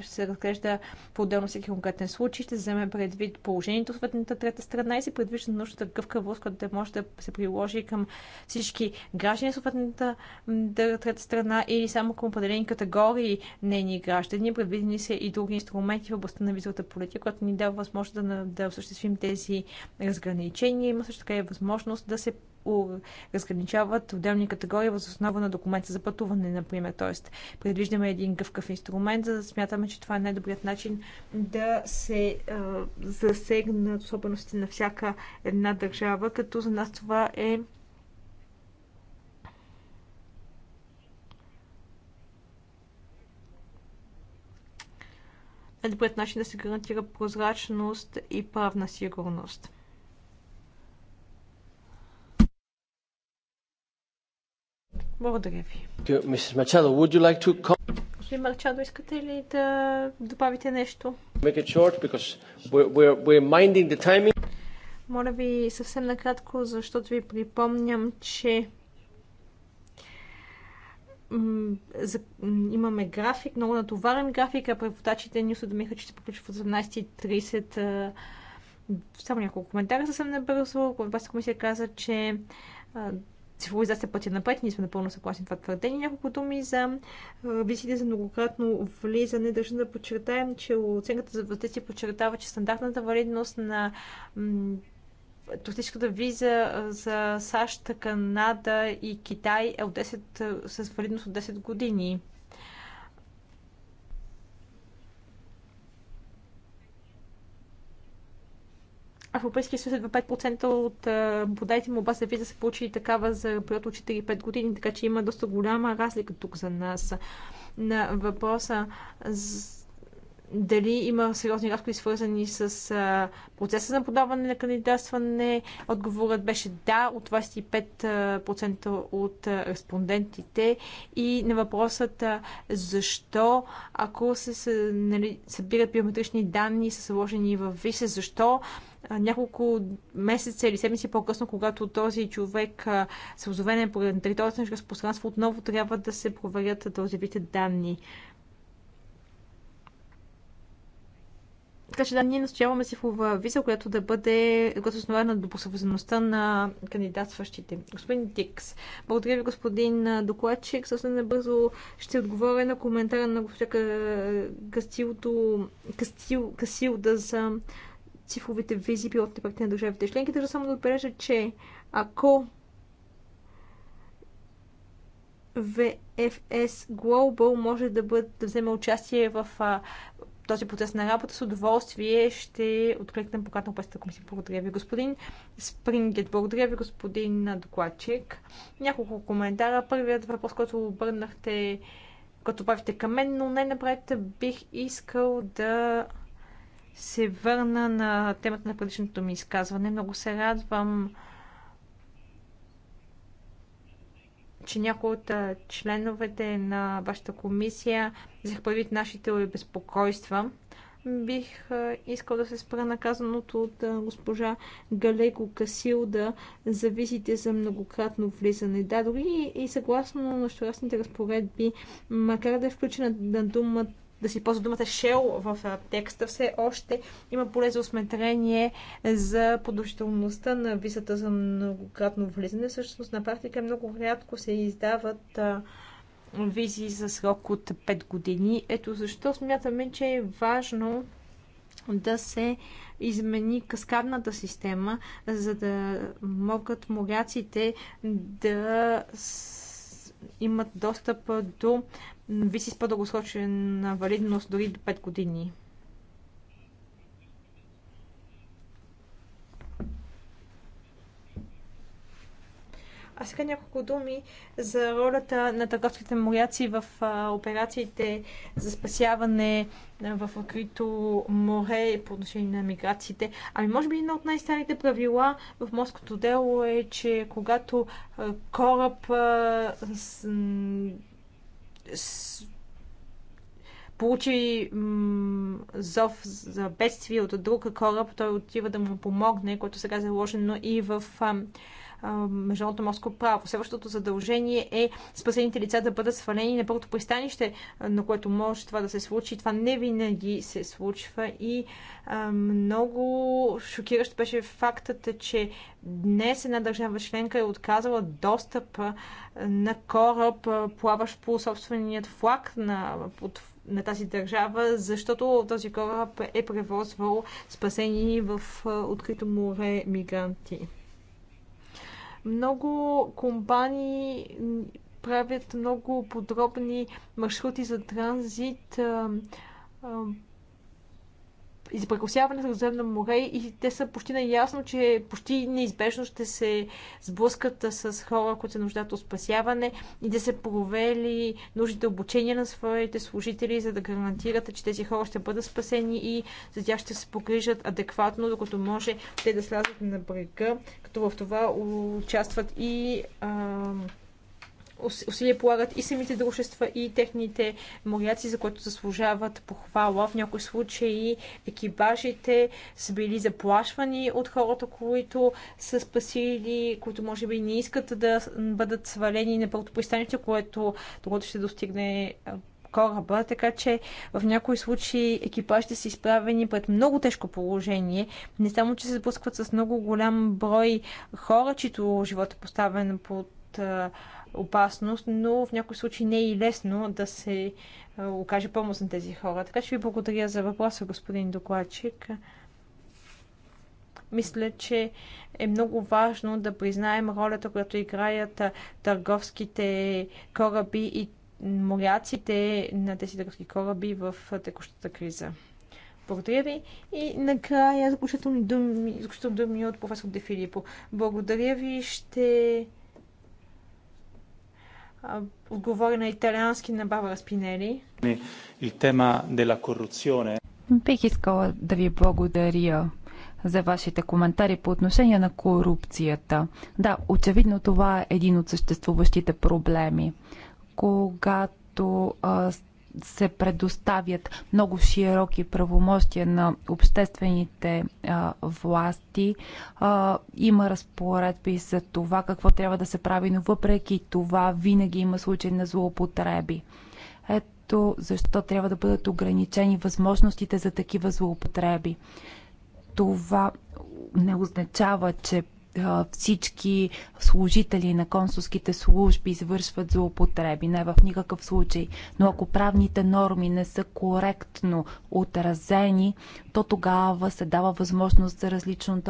ще се разглежда по-отделно всеки конкретен случай, ще вземе предвид положението в съответната трета страна и се предвижда нужната гъвкавост, която да може да се приложи към всички граждани в съответната трета страна или само към определени категории нейни граждани. Предвидени са и други инструменти в областта на визовата политика, която ни дава възможност да, да осъществим тези разграничения. Има също така и възможност да се разграничават отделни категории въз основа на документа за пътуване, например. Тоест, предвиждаме един гъвкав инструмент, за да смятаме, че това е най-добрият начин да се а, засегнат особености на всяка една държава, като за нас това е е добрият начин да се гарантира прозрачност и правна сигурност. Благодаря ви. Господин Марчадо, искате ли да добавите нещо? Моля ви съвсем накратко, защото ви припомням, че имаме график, много натоварен график, а преводачите ни осъдомиха, че ще приключва в 18.30. Само няколко коментара съвсем набързо. вас комисия каза, че цифровизация пътя пъти, Ние сме напълно съгласни това твърдение. Няколко думи за визите за многократно влизане. Държа да подчертаем, че оценката за въздействие подчертава, че стандартната валидност на туристическата виза за САЩ, Канада и Китай е от 10, с валидност от 10 години. Европейския съюз едва 5% от подайте му оба виза са получили такава за период от 4-5 години, така че има доста голяма разлика тук за нас. На въпроса за дали има сериозни разходи, свързани с а, процеса на подаване на кандидатстване. Отговорът беше да от 25% от а, респондентите. И на въпросът а, защо, ако се, с, нали, събират биометрични данни, са сложени в ВИСЕ, защо няколко месеца или седмици по-късно, когато този човек се озове по територията на пространство, отново трябва да се проверят този вид данни. Така че да, ние настояваме цифрова виза, която да бъде, е основана на добросъвестността на кандидатстващите. Господин Дикс, благодаря ви, господин докладчик. Съвсем набързо ще отговоря на коментара на госпожа Кастилто, Кастил, да за цифровите визи, пилотните проекти на държавите членки. Държа само да отбележа, че ако VFS Global може да, бъде, да вземе участие в този процес на работа. С удоволствие ще откликнем поката на Опестата комисия. Благодаря ви, господин Спрингет. Благодаря ви, господин докладчик. Няколко коментара. Първият въпрос, който обърнахте, като правите към мен, но не напред бих искал да се върна на темата на предишното ми изказване. Много се радвам, че някои от членовете на вашата комисия взех предвид нашите безпокойства. Бих искал да се спра на казаното от госпожа Галеко Касил да зависите за многократно влизане. Да, дори и съгласно на разпоредби, макар да е включена на думата да си ползва думата shell в текста, все още има поле за осметрение за подушителността на визата за многократно влизане. Всъщност на практика много рядко се издават визи за срок от 5 години. Ето защо смятаме, че е важно да се измени каскадната система, за да могат моряците да имат достъп до виси с по-дългосрочна валидност дори до 5 години. А сега няколко думи за ролята на търговските моряци в операциите за спасяване в открито море по отношение на миграциите. Ами може би едно от най-старите правила в морското дело е, че когато кораб с, с, получи зов за бедствие от друг кораб, той отива да му помогне, което сега е заложено и в международното морско право. Следващото задължение е спасените лица да бъдат свалени на първото пристанище, на което може това да се случи. Това не винаги се случва и много шокиращ беше фактът, че днес една държава членка е отказала достъп на кораб, плаващ по собственият флаг на, под на тази държава, защото този кораб е превозвал спасени в открито море мигранти. Много компании правят много подробни маршрути за транзит и запрекосяване с Средиземно море и те са почти наясно, че почти неизбежно ще се сблъскат с хора, които се нуждат от спасяване и да се провели нужните обучения на своите служители, за да гарантират, че тези хора ще бъдат спасени и за тях ще се погрижат адекватно, докато може те да слязат на брега, като в това участват и а, усилия полагат и самите дружества, и техните моряци, за които заслужават похвала. В някои случаи екипажите са били заплашвани от хората, които са спасили, които може би не искат да бъдат свалени на първото пристанище, което другото ще достигне кораба, така че в някои случаи екипажите са изправени пред много тежко положение. Не само, че се сблъскват с много голям брой хора, чието живот е поставен под опасност, но в някои случаи не е и лесно да се е, окаже помощ на тези хора. Така че ви благодаря за въпроса, господин докладчик. Мисля, че е много важно да признаем ролята, която играят търговските кораби и моряците на тези търговски кораби в текущата криза. Благодаря ви. И накрая заключително думи, думи от професор Дефилипо. Благодаря ви. Ще отговори на италиански на Барбара Спинели. Бих искала да ви благодаря за вашите коментари по отношение на корупцията. Да, очевидно това е един от съществуващите проблеми. Когато а, се предоставят много широки правомощия на обществените а, власти. А, има разпоредби за това какво трябва да се прави, но въпреки това винаги има случаи на злоупотреби. Ето защо трябва да бъдат ограничени възможностите за такива злоупотреби. Това не означава, че всички служители на консулските служби извършват злоупотреби. Не в никакъв случай. Но ако правните норми не са коректно отразени, то тогава се дава възможност за различно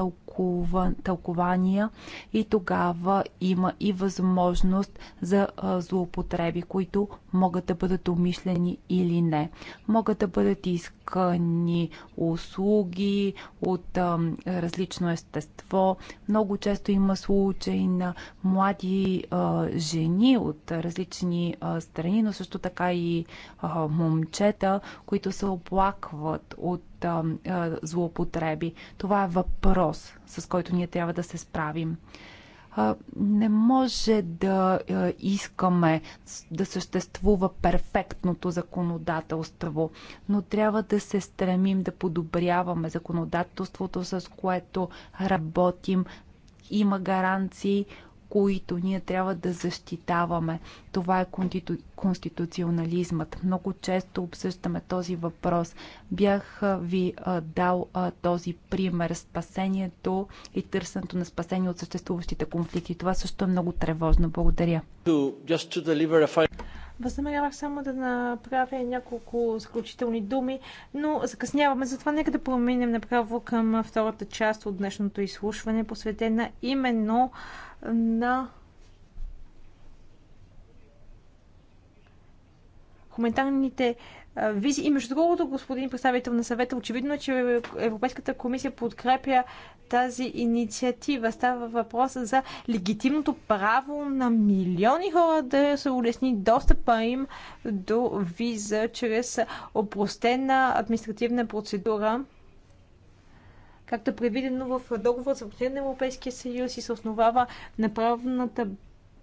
тълкования и тогава има и възможност за злоупотреби, които могат да бъдат умишлени или не. Могат да бъдат искани услуги от различно естество. Много много често има случаи на млади а, жени от различни а, страни, но също така и а, момчета, които се оплакват от а, а, злоупотреби. Това е въпрос, с който ние трябва да се справим не може да искаме да съществува перфектното законодателство, но трябва да се стремим да подобряваме законодателството, с което работим има гаранции които ние трябва да защитаваме. Това е конститу... конституционализмът. Много често обсъждаме този въпрос. Бях ви дал този пример спасението и търсенето на спасение от съществуващите конфликти. Това също е много тревожно. Благодаря. Възнамерявах само да направя няколко заключителни думи, но закъсняваме. Затова нека да проминем направо към втората част от днешното изслушване, посветена именно на хуманитарните визи. И между другото, господин представител на съвета, очевидно е, че Европейската комисия подкрепя тази инициатива. Става въпрос за легитимното право на милиони хора да се улесни достъпа им до виза чрез опростена административна процедура както е предвидено в договор за на Европейския съюз и се основава на правната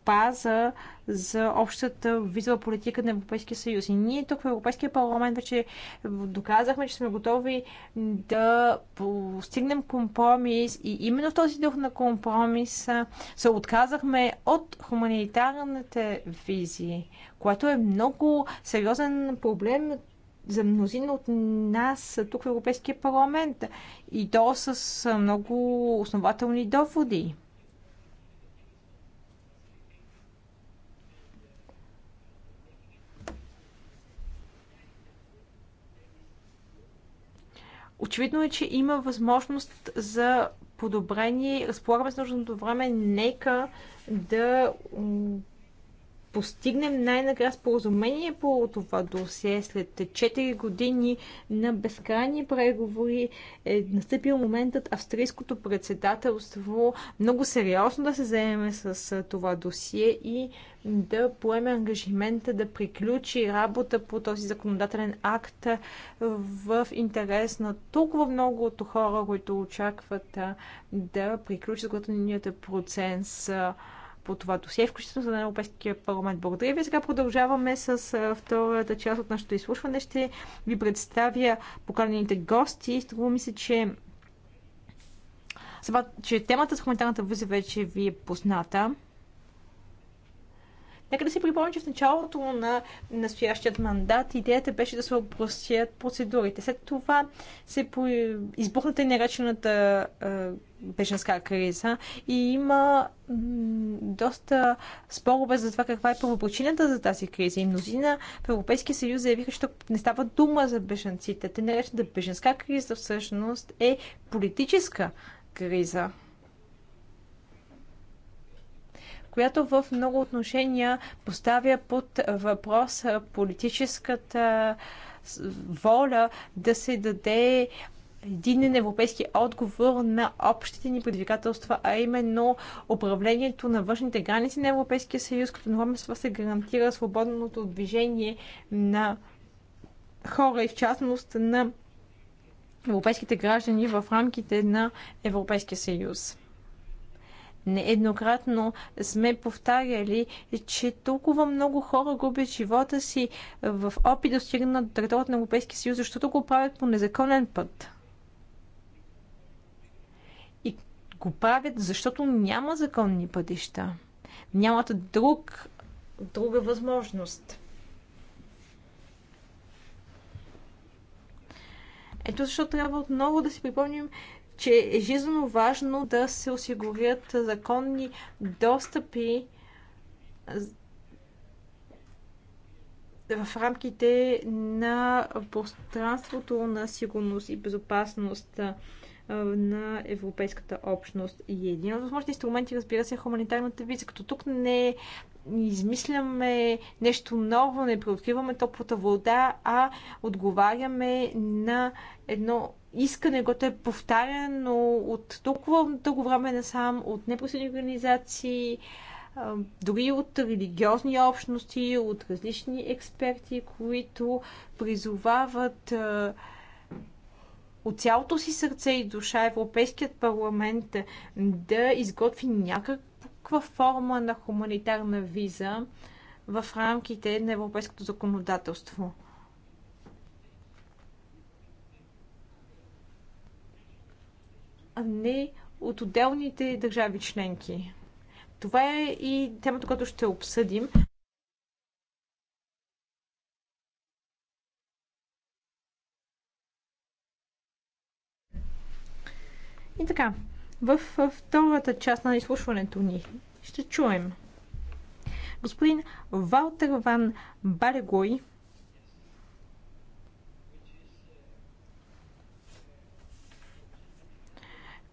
база за общата визова политика на Европейския съюз. И ние тук в Европейския парламент вече доказахме, че сме готови да постигнем компромис и именно в този дух на компромис се отказахме от хуманитарните визии, което е много сериозен проблем, за мнозина от нас тук в Европейския парламент и то с много основателни доводи. Очевидно е, че има възможност за подобрение. Разполагаме с нужното време. Нека да постигнем най-накрая споразумение по това досие след 4 години на безкрайни преговори е настъпил моментът австрийското председателство много сериозно да се заеме с това досие и да поеме ангажимента да приключи работа по този законодателен акт в интерес на толкова много от хора, които очакват да приключи законодателният процес по това досие, включително за Европейския парламент. Благодаря ви. Сега продължаваме с втората част от нашето изслушване. Ще ви представя поканените гости. Струва ми се, че Сега, че темата с хуманитарната виза вече ви е позната. Нека да си припомня, че в началото на настоящият мандат идеята беше да се опростят процедурите. След това се по... избухната наречената беженска криза и има доста спорове за това каква е първопричината за тази криза. И мнозина в Европейския съюз заявиха, че тук не става дума за беженците. Те да беженска криза всъщност е политическа криза която в много отношения поставя под въпрос политическата воля да се даде единен европейски отговор на общите ни предизвикателства, а именно управлението на външните граници на Европейския съюз, като норма това се гарантира свободното движение на хора и в частност на европейските граждани в рамките на Европейския съюз. Нееднократно сме повтаряли, че толкова много хора губят живота си в опит да стигнат до територията на Европейския съюз, защото го правят по незаконен път. го правят, защото няма законни пътища. Нямат друг, друга възможност. Ето защо трябва отново да си припомним, че е жизненно важно да се осигурят законни достъпи в рамките на пространството на сигурност и безопасност на Европейската общност. И един от възможните инструменти, разбира се, е хуманитарната виза. Като тук не измисляме нещо ново, не преоткриваме топлата вода, а отговаряме на едно искане, което е повтаряно от толкова дълго време насам, от непросъдни организации, дори от религиозни общности, от различни експерти, които призовават от цялото си сърце и душа Европейският парламент да изготви някаква форма на хуманитарна виза в рамките на европейското законодателство. А не от отделните държави членки. Това е и темата, която ще обсъдим. И така, в втората част на изслушването ни ще чуем господин Валтер Ван Барегой,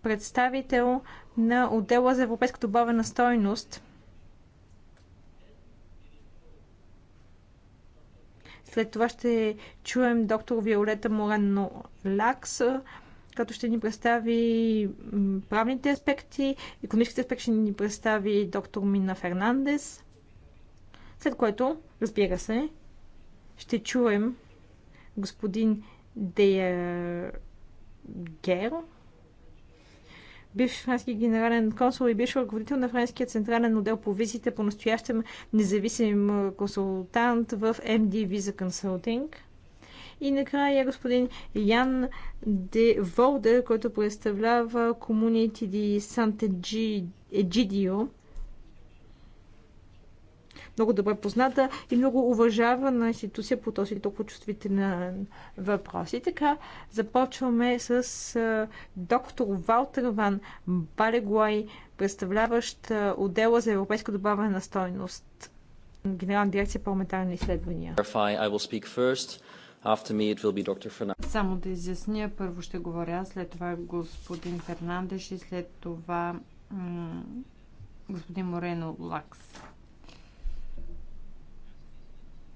представител на отдела за европейска добавена стойност След това ще чуем доктор Виолета Морено Лакс, като ще ни представи правните аспекти, економическите аспекти ще ни представи доктор Мина Фернандес, след което, разбира се, ще чуем господин Дея Гер, бивш френски генерален консул и бивш ръководител на френския централен отдел по визите, по-настоящем независим консултант в MD Visa консултинг. И накрая господин Ян Де Волдер, който представлява Community Сант Sant'Egidio. Много добре позната и много уважавана институция по този толкова чувствителен въпрос. И така, започваме с доктор Валтер Ван Балегуай, представляващ отдела за европейска добавена стойност Генерална дирекция парламентарни изследвания. After me it will be Dr. Fernandez. Само да изясня, първо ще говоря, след това господин Фернандеш и след това господин Морено Лакс.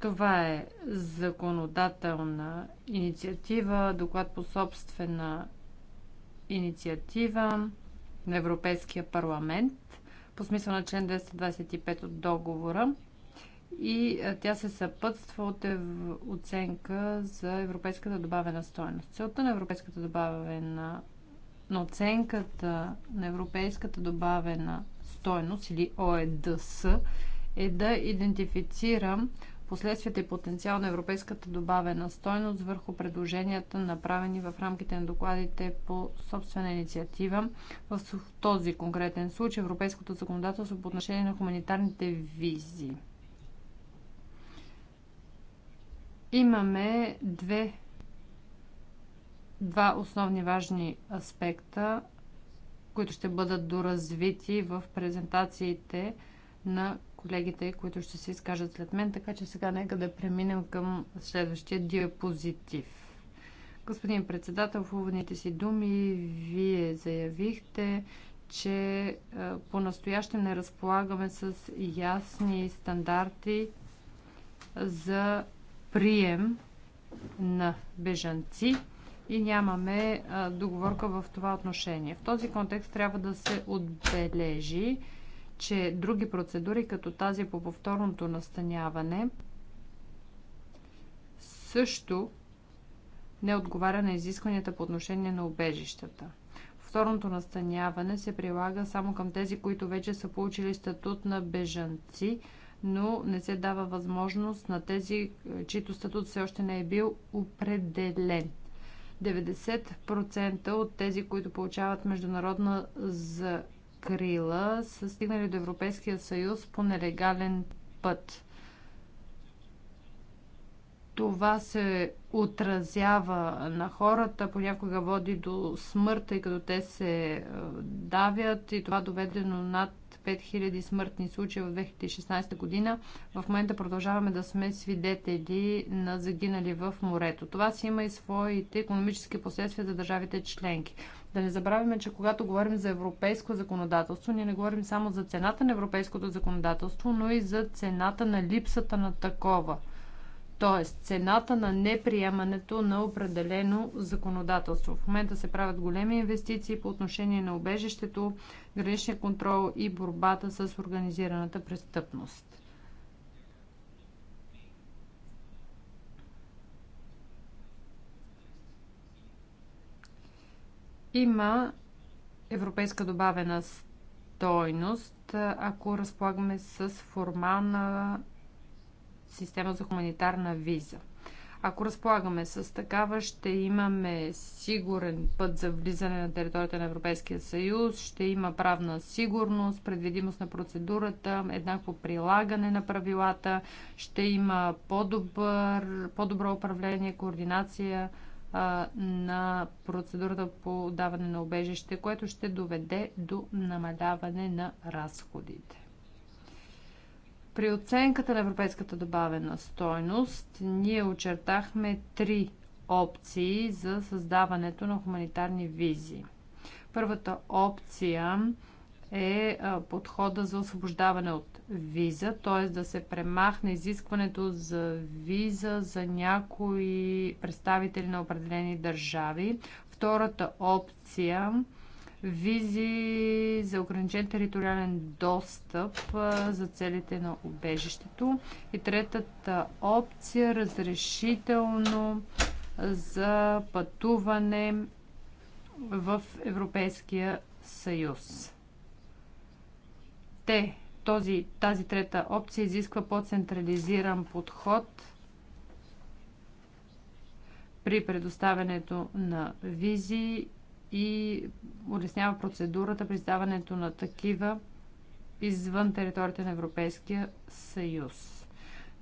Това е законодателна инициатива, доклад по собствена инициатива на Европейския парламент по смисъл на член 225 от договора и тя се съпътства от оценка за европейската добавена стоеност. Целта на европейската добавена на оценката на европейската добавена стоеност или ОЕДС е да идентифицира последствията и потенциал на европейската добавена стоеност върху предложенията, направени в рамките на докладите по собствена инициатива. В този конкретен случай европейското законодателство по отношение на хуманитарните визи. Имаме две, два основни важни аспекта, които ще бъдат доразвити в презентациите на колегите, които ще се изкажат след мен, така че сега нека да преминем към следващия диапозитив. Господин председател, в уводните си думи вие заявихте, че по-настоящем не разполагаме с ясни стандарти за прием на бежанци и нямаме договорка в това отношение. В този контекст трябва да се отбележи, че други процедури, като тази по повторното настаняване, също не отговаря на изискванията по отношение на убежищата. Повторното настаняване се прилага само към тези, които вече са получили статут на бежанци – но не се дава възможност на тези, чието статут все още не е бил определен. 90% от тези, които получават международна закрила, са стигнали до Европейския съюз по нелегален път. Това се отразява на хората, понякога води до смърт, тъй като те се давят и това доведено над 5000 смъртни случая в 2016 година. В момента продължаваме да сме свидетели на загинали в морето. Това си има и своите економически последствия за държавите членки. Да не забравяме, че когато говорим за европейско законодателство, ние не говорим само за цената на европейското законодателство, но и за цената на липсата на такова – т.е. цената на неприемането на определено законодателство. В момента се правят големи инвестиции по отношение на убежището, граничния контрол и борбата с организираната престъпност. Има европейска добавена стойност, ако разполагаме с формална система за хуманитарна виза. Ако разполагаме с такава, ще имаме сигурен път за влизане на територията на Европейския съюз, ще има правна сигурност, предвидимост на процедурата, еднакво прилагане на правилата, ще има по-добър, по-добро управление, координация а, на процедурата по даване на обежище, което ще доведе до намаляване на разходите. При оценката на европейската добавена стойност ние очертахме три опции за създаването на хуманитарни визи. Първата опция е подхода за освобождаване от виза, т.е. да се премахне изискването за виза за някои представители на определени държави. Втората опция е визи за ограничен териториален достъп за целите на убежището. И третата опция разрешително за пътуване в Европейския съюз. Те, този, тази трета опция изисква по-централизиран подход при предоставянето на визи и улеснява процедурата при издаването на такива извън територията на Европейския съюз.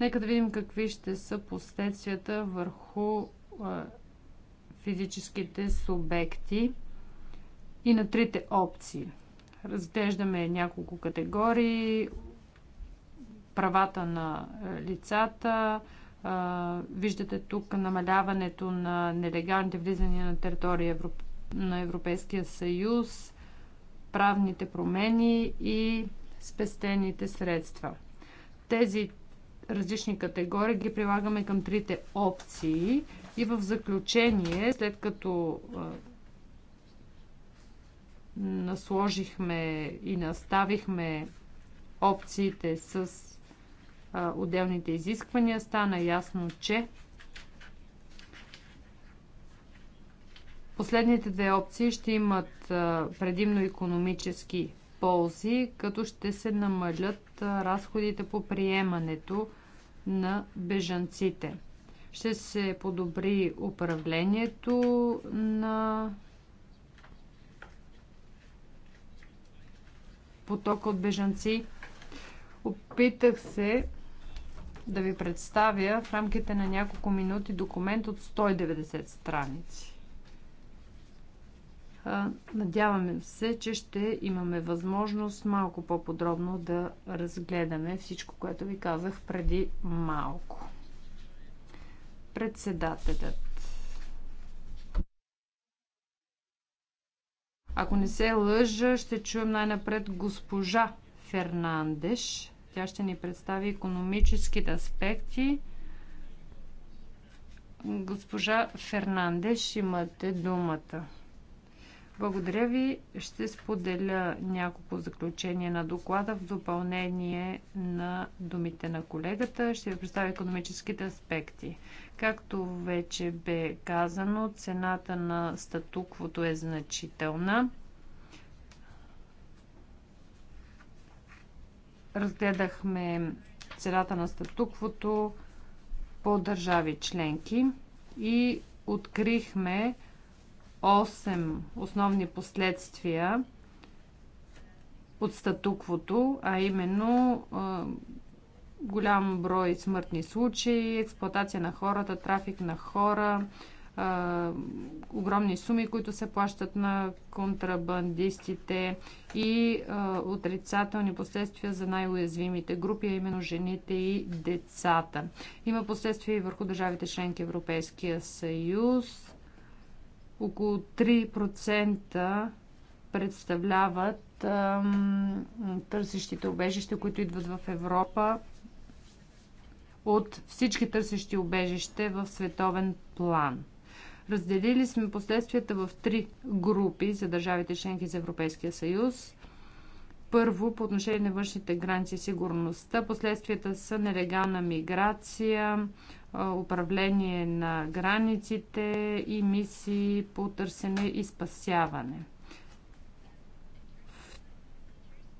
Нека да видим какви ще са последствията върху физическите субекти и на трите опции. Разглеждаме няколко категории правата на лицата. Виждате тук намаляването на нелегалните влизания на територия Европейския на Европейския съюз, правните промени и спестените средства. Тези различни категории ги прилагаме към трите опции и в заключение, след като насложихме и наставихме опциите с отделните изисквания, стана ясно, че Последните две опции ще имат предимно економически ползи, като ще се намалят разходите по приемането на бежанците. Ще се подобри управлението на потока от бежанци. Опитах се да ви представя в рамките на няколко минути документ от 190 страници. Надяваме се, че ще имаме възможност малко по-подробно да разгледаме всичко, което ви казах преди малко. Председателят. Ако не се лъжа, ще чуем най-напред госпожа Фернандеш. Тя ще ни представи економическите аспекти. Госпожа Фернандеш, имате думата. Благодаря ви. Ще споделя няколко заключения на доклада в допълнение на думите на колегата. Ще ви представя економическите аспекти. Както вече бе казано, цената на статуквото е значителна. Разгледахме цената на статуквото по държави членки и открихме, 8 основни последствия от статуквото, а именно голям брой смъртни случаи, експлоатация на хората, трафик на хора, огромни суми, които се плащат на контрабандистите и отрицателни последствия за най-уязвимите групи, а именно жените и децата. Има последствия и върху държавите членки Европейския съюз около 3% представляват ам, търсещите обежище, които идват в Европа от всички търсещи обежище в световен план. Разделили сме последствията в три групи за държавите членки за Европейския съюз. Първо, по отношение на външните граници и сигурността, последствията са нелегална миграция, управление на границите и мисии по търсене и спасяване.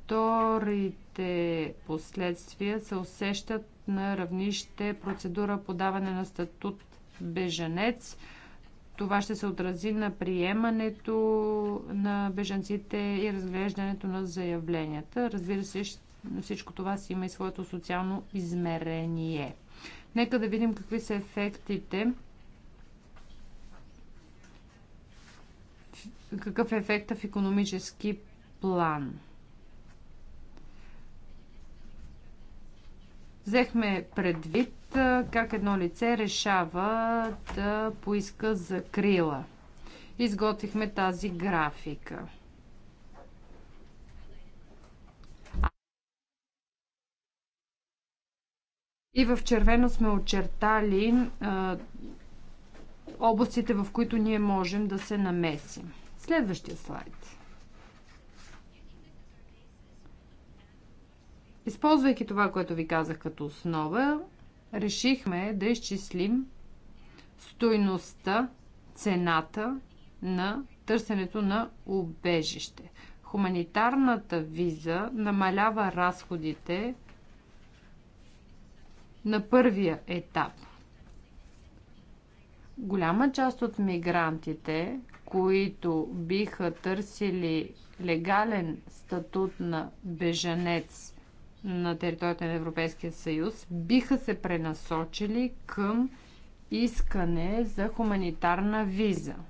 Вторите последствия се усещат на равнище процедура подаване на статут беженец. Това ще се отрази на приемането на беженците и разглеждането на заявленията. Разбира се, всичко това си има и своето социално измерение. Нека да видим какви са ефектите. Какъв е ефекта в економически план? Взехме предвид как едно лице решава да поиска закрила. Изготвихме тази графика. И в червено сме очертали а, областите, в които ние можем да се намесим. Следващия слайд. Използвайки това, което ви казах като основа, решихме да изчислим стойността, цената на търсенето на убежище. Хуманитарната виза намалява разходите на първия етап. Голяма част от мигрантите, които биха търсили легален статут на бежанец на територията на Европейския съюз, биха се пренасочили към искане за хуманитарна виза –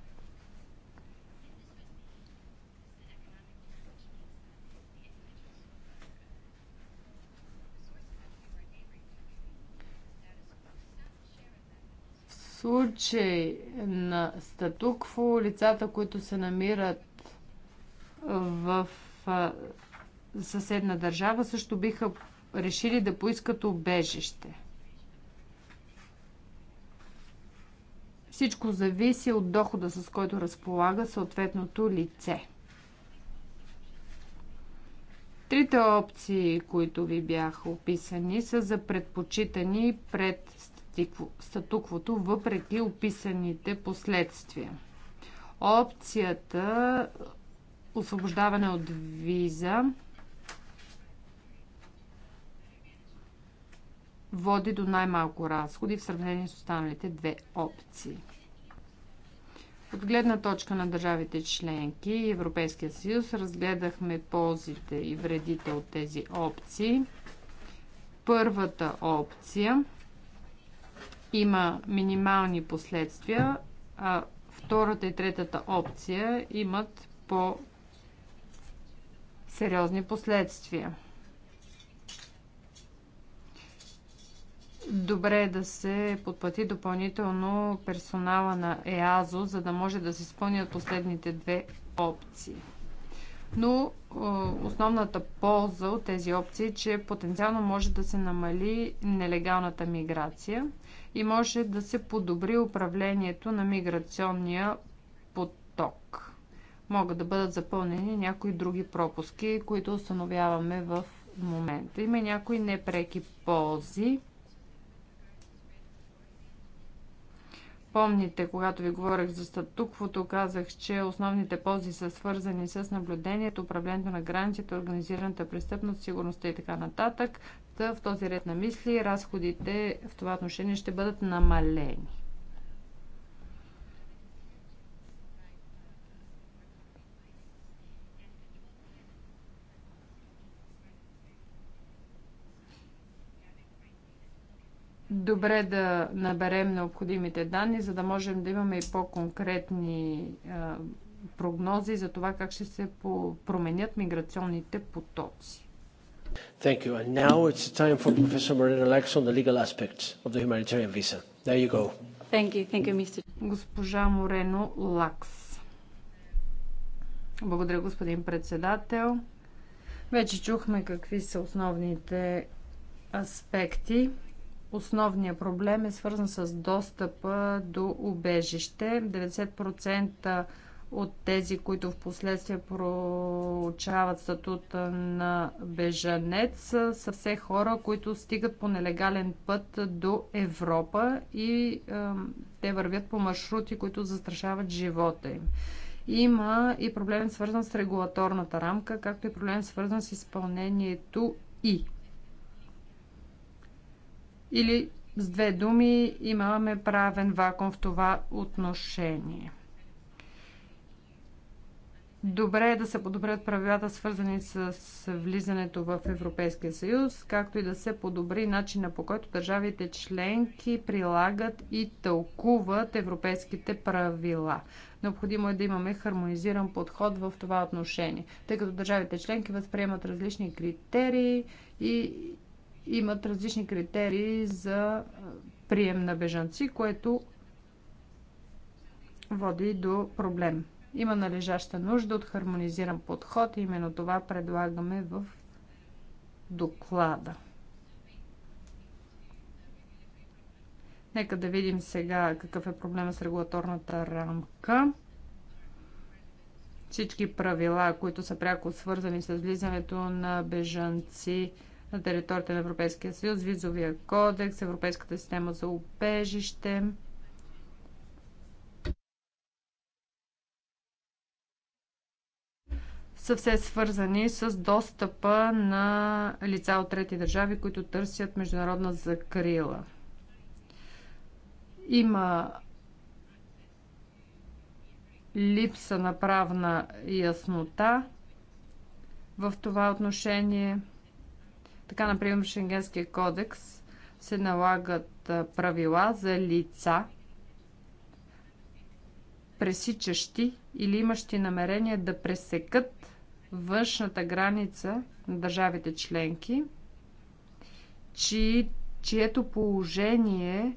случай на статукво, лицата, които се намират в съседна държава, също биха решили да поискат обежище. Всичко зависи от дохода, с който разполага съответното лице. Трите опции, които ви бяха описани, са за предпочитани пред статуквото, въпреки описаните последствия. Опцията освобождаване от виза води до най-малко разходи в сравнение с останалите две опции. От гледна точка на държавите членки и Европейския съюз разгледахме ползите и вредите от тези опции. Първата опция – има минимални последствия, а втората и третата опция имат по сериозни последствия. Добре е да се подплати допълнително персонала на ЕАЗО, за да може да се изпълнят последните две опции. Но основната полза от тези опции е, че потенциално може да се намали нелегалната миграция – и може да се подобри управлението на миграционния поток. Могат да бъдат запълнени някои други пропуски, които установяваме в момента. Има някои непреки ползи Помните, когато ви говорих за статуквото, казах, че основните ползи са свързани с наблюдението, управлението на границите, организираната престъпност, сигурността и така нататък. Та в този ред на мисли разходите в това отношение ще бъдат намалени. добре да наберем необходимите данни, за да можем да имаме и по-конкретни прогнози за това как ще се променят миграционните потоци. Thank you. And now it's time for Professor on the legal aspects of the humanitarian visa. There you go. Thank you. Thank you, Mr. Госпожа Морено Лакс. Благодаря, господин председател. Вече чухме какви са основните аспекти Основният проблем е свързан с достъпа до убежище. 90% от тези, които в последствие проучават статута на бежанец, са все хора, които стигат по нелегален път до Европа и е, те вървят по маршрути, които застрашават живота им. Има и проблем свързан с регулаторната рамка, както и проблем свързан с изпълнението и или с две думи имаме правен вакуум в това отношение. Добре е да се подобрят правилата, свързани с влизането в Европейския съюз, както и да се подобри начина по който държавите членки прилагат и тълкуват европейските правила. Необходимо е да имаме хармонизиран подход в това отношение, тъй като държавите членки възприемат различни критерии и имат различни критерии за прием на бежанци, което води до проблем. Има належаща нужда от хармонизиран подход и именно това предлагаме в доклада. Нека да видим сега какъв е проблема с регулаторната рамка. Всички правила, които са пряко свързани с влизането на бежанци, на територията на Европейския съюз, визовия кодекс, Европейската система за убежище. са все свързани с достъпа на лица от трети държави, които търсят международна закрила. Има липса на правна яснота в това отношение – така, например, в Шенгенския кодекс се налагат правила за лица, пресичащи или имащи намерение да пресекат външната граница на държавите членки, чи, чието положение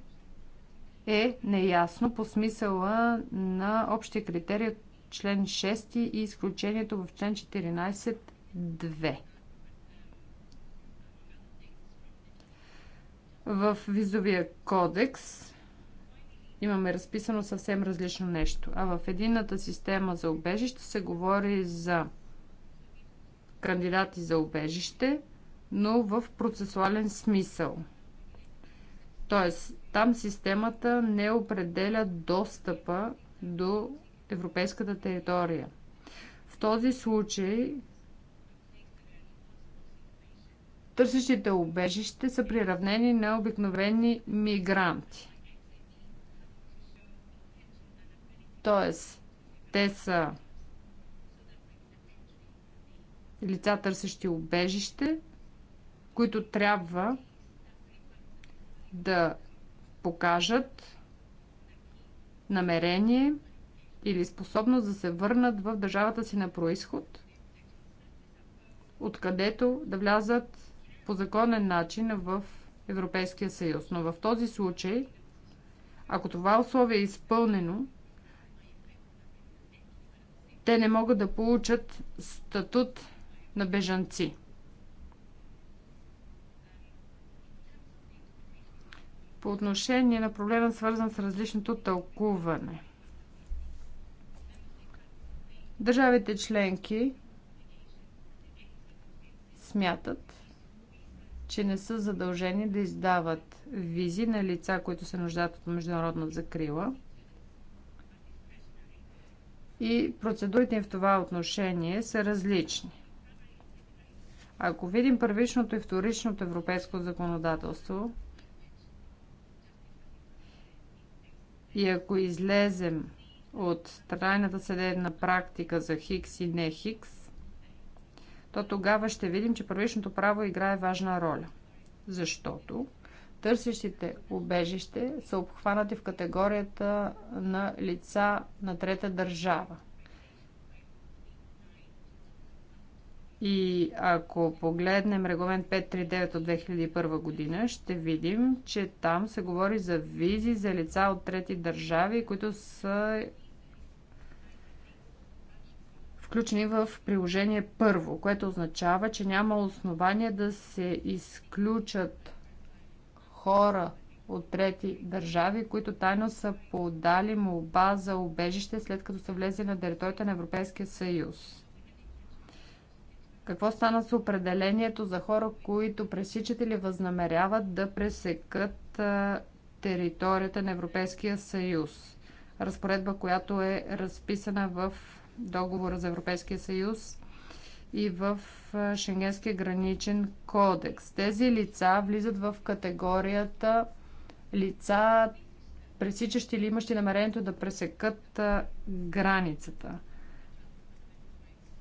е неясно по смисъла на общия критерий член 6 и изключението в член 2. В визовия кодекс имаме разписано съвсем различно нещо. А в едината система за убежище се говори за кандидати за убежище, но в процесуален смисъл. Тоест, там системата не определя достъпа до европейската територия. В този случай Търсещите убежище са приравнени на обикновени мигранти. Тоест, те са лица търсещи убежище, които трябва да покажат намерение или способност да се върнат в държавата си на происход, откъдето да влязат по законен начин в Европейския съюз. Но в този случай, ако това условие е изпълнено, те не могат да получат статут на бежанци. По отношение на проблема, свързан с различното тълкуване. Държавите членки смятат, че не са задължени да издават визи на лица, които се нуждаят от международна закрила. И процедурите им в това отношение са различни. Ако видим първичното и вторичното европейско законодателство и ако излезем от трайната съдебна практика за Хикс и не Хикс, то тогава ще видим, че първичното право играе важна роля. Защото търсещите убежище са обхванати в категорията на лица на трета държава. И ако погледнем регламент 539 от 2001 година, ще видим, че там се говори за визи за лица от трети държави, които са включени в приложение първо, което означава, че няма основание да се изключат хора от трети държави, които тайно са подали молба за убежище след като са влезли на територията на Европейския съюз. Какво стана с определението за хора, които пресичат или възнамеряват да пресекат територията на Европейския съюз? Разпоредба, която е разписана в договора за Европейския съюз и в Шенгенския граничен кодекс. Тези лица влизат в категорията лица, пресичащи или имащи намерението да пресекат границата.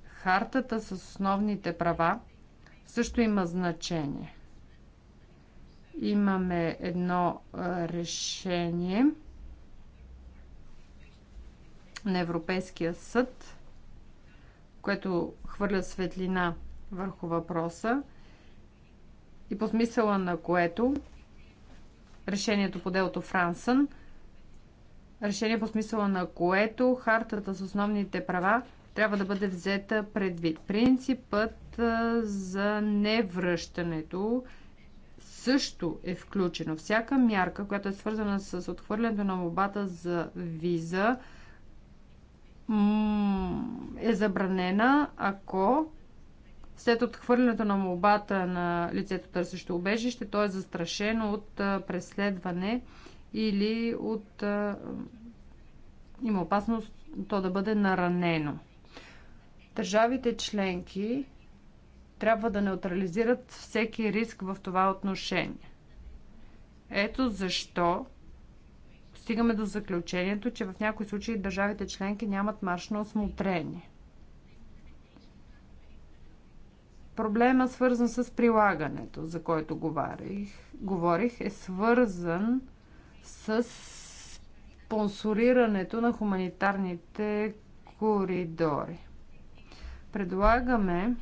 Хартата с основните права също има значение. Имаме едно решение – на Европейския съд, което хвърля светлина върху въпроса и по смисъла на което решението по делото Франсън, решение по смисъла на което хартата с основните права трябва да бъде взета предвид. Принципът за невръщането също е включено. Всяка мярка, която е свързана с отхвърлянето на мобата за виза, е забранена, ако след отхвърлянето на молбата на лицето търсещо убежище, то е застрашено от преследване или от... има опасност то да бъде наранено. Държавите членки трябва да неутрализират всеки риск в това отношение. Ето защо стигаме до заключението, че в някои случаи държавите членки нямат маршно на осмотрение. Проблема, свързан с прилагането, за който говорих, говорих е свързан с спонсорирането на хуманитарните коридори. Предлагаме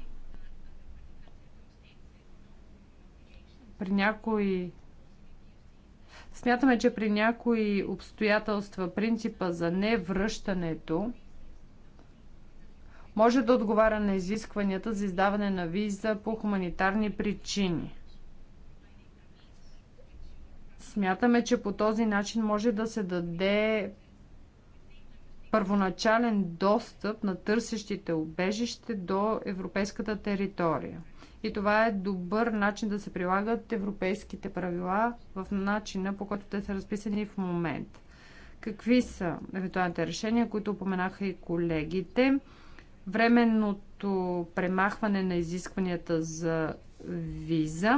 при някои Смятаме, че при някои обстоятелства принципа за невръщането може да отговаря на изискванията за издаване на виза по хуманитарни причини. Смятаме, че по този начин може да се даде първоначален достъп на търсещите убежище до европейската територия. И това е добър начин да се прилагат европейските правила в начина, по който те са разписани в момент. Какви са евентуалните решения, които упоменаха и колегите? Временното премахване на изискванията за виза,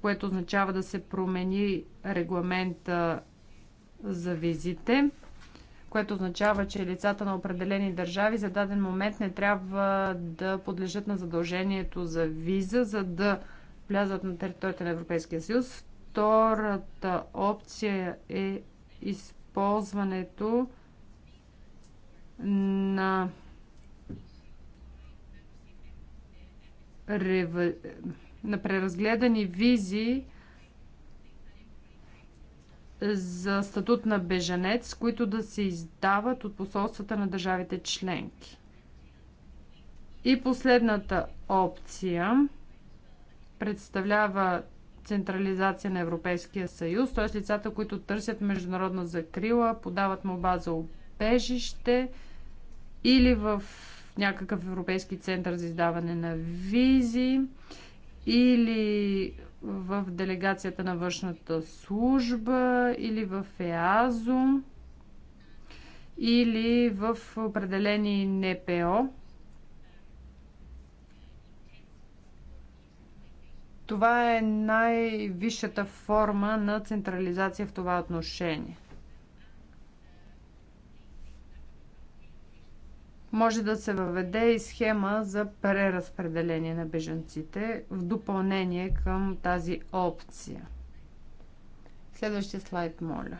което означава да се промени регламента за визите което означава, че лицата на определени държави за даден момент не трябва да подлежат на задължението за виза, за да влязат на територията на Европейския съюз. Втората опция е използването на на преразгледани визи за статут на беженец, които да се издават от посолствата на държавите членки. И последната опция представлява централизация на Европейския съюз, т.е. лицата, които търсят международна закрила, подават молба за обежище или в някакъв европейски център за издаване на визи или в делегацията на външната служба, или в ЕАЗО, или в определени НПО. Това е най-висшата форма на централизация в това отношение. може да се въведе и схема за преразпределение на бежанците в допълнение към тази опция. Следващия слайд, моля.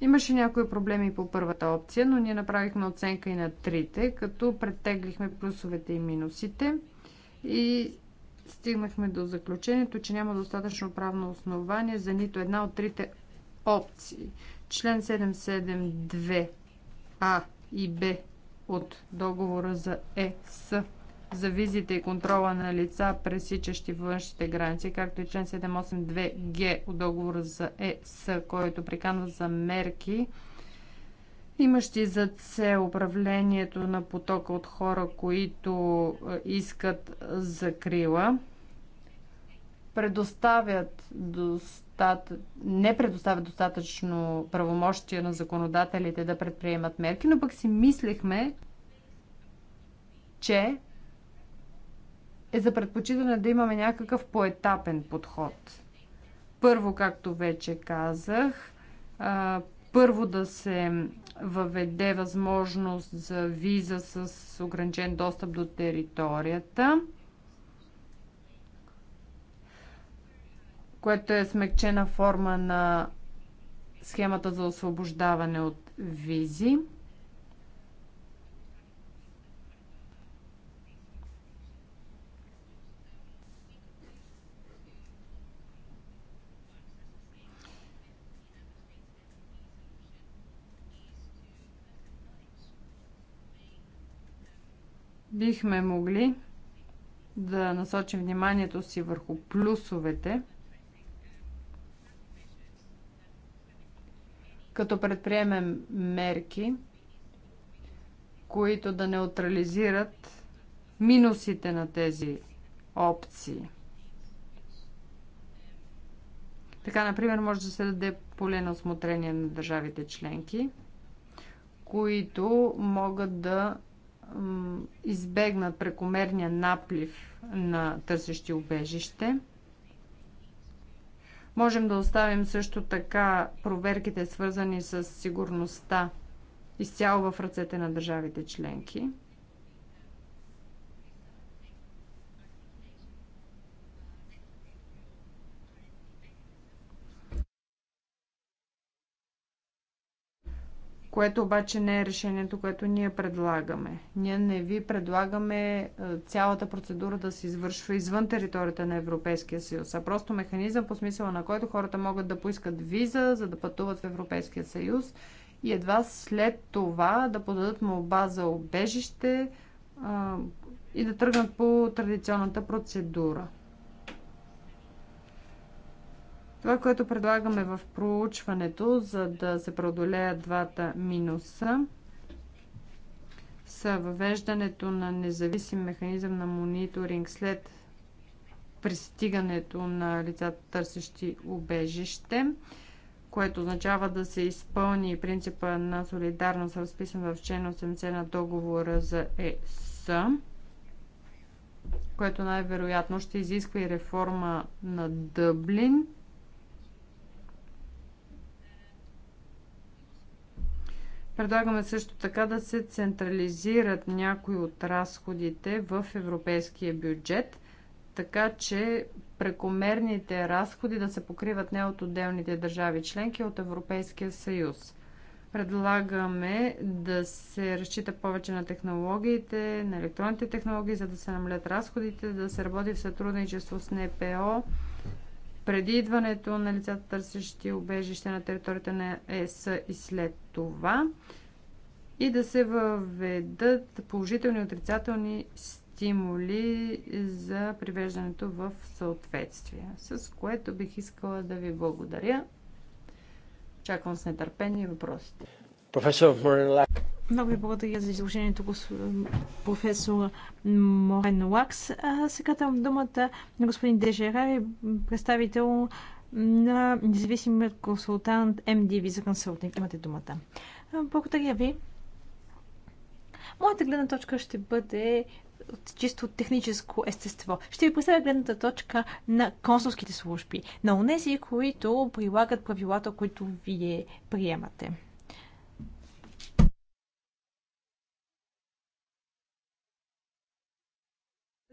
Имаше някои проблеми по първата опция, но ние направихме оценка и на трите, като претеглихме плюсовете и минусите и стигнахме до заключението, че няма достатъчно правно основание за нито една от трите опции. Член 772А и Б от договора за ЕС за визите и контрола на лица, пресичащи външните граници, както и член 782Г от договора за ЕС, който приканва за мерки имащи за цел управлението на потока от хора, които е, искат закрила, предоставят достат... не предоставят достатъчно правомощия на законодателите да предприемат мерки, но пък си мислехме, че е за предпочитане да имаме някакъв поетапен подход. Първо, както вече казах, първо да се въведе възможност за виза с ограничен достъп до територията, което е смекчена форма на схемата за освобождаване от визи. бихме могли да насочим вниманието си върху плюсовете, като предприемем мерки, които да неутрализират минусите на тези опции. Така, например, може да се даде поле на осмотрение на държавите членки, които могат да избегнат прекомерния наплив на търсещи убежище. Можем да оставим също така проверките, свързани с сигурността, изцяло в ръцете на държавите членки. което обаче не е решението, което ние предлагаме. Ние не ви предлагаме е, цялата процедура да се извършва извън територията на Европейския съюз, а просто механизъм по смисъла на който хората могат да поискат виза, за да пътуват в Европейския съюз и едва след това да подадат молба за обежище и да тръгнат по традиционната процедура. Това, което предлагаме в проучването, за да се преодолеят двата минуса, са въвеждането на независим механизъм на мониторинг след пристигането на лицата търсещи убежище, което означава да се изпълни принципа на солидарност, разписан в член 80 на договора за ЕС, което най-вероятно ще изисква и реформа на Дъблин – Предлагаме също така да се централизират някои от разходите в европейския бюджет, така че прекомерните разходи да се покриват не от отделните държави членки, от Европейския съюз. Предлагаме да се разчита повече на технологиите, на електронните технологии, за да се намалят разходите, да се работи в сътрудничество с НПО преди идването на лицата търсещи убежище на територията на ЕС и след това и да се въведат положителни и отрицателни стимули за привеждането в съответствие, с което бих искала да ви благодаря. Чакам с нетърпение въпросите. Професор Лак, много ви благодаря за изложението, професор Морен Лакс. А сега там думата на господин Дежера, представител на независимият консултант MDV за консултинг. Имате думата. Благодаря ви. Моята гледна точка ще бъде от чисто техническо естество. Ще ви представя гледната точка на консулските служби, на онези, които прилагат правилата, които вие приемате.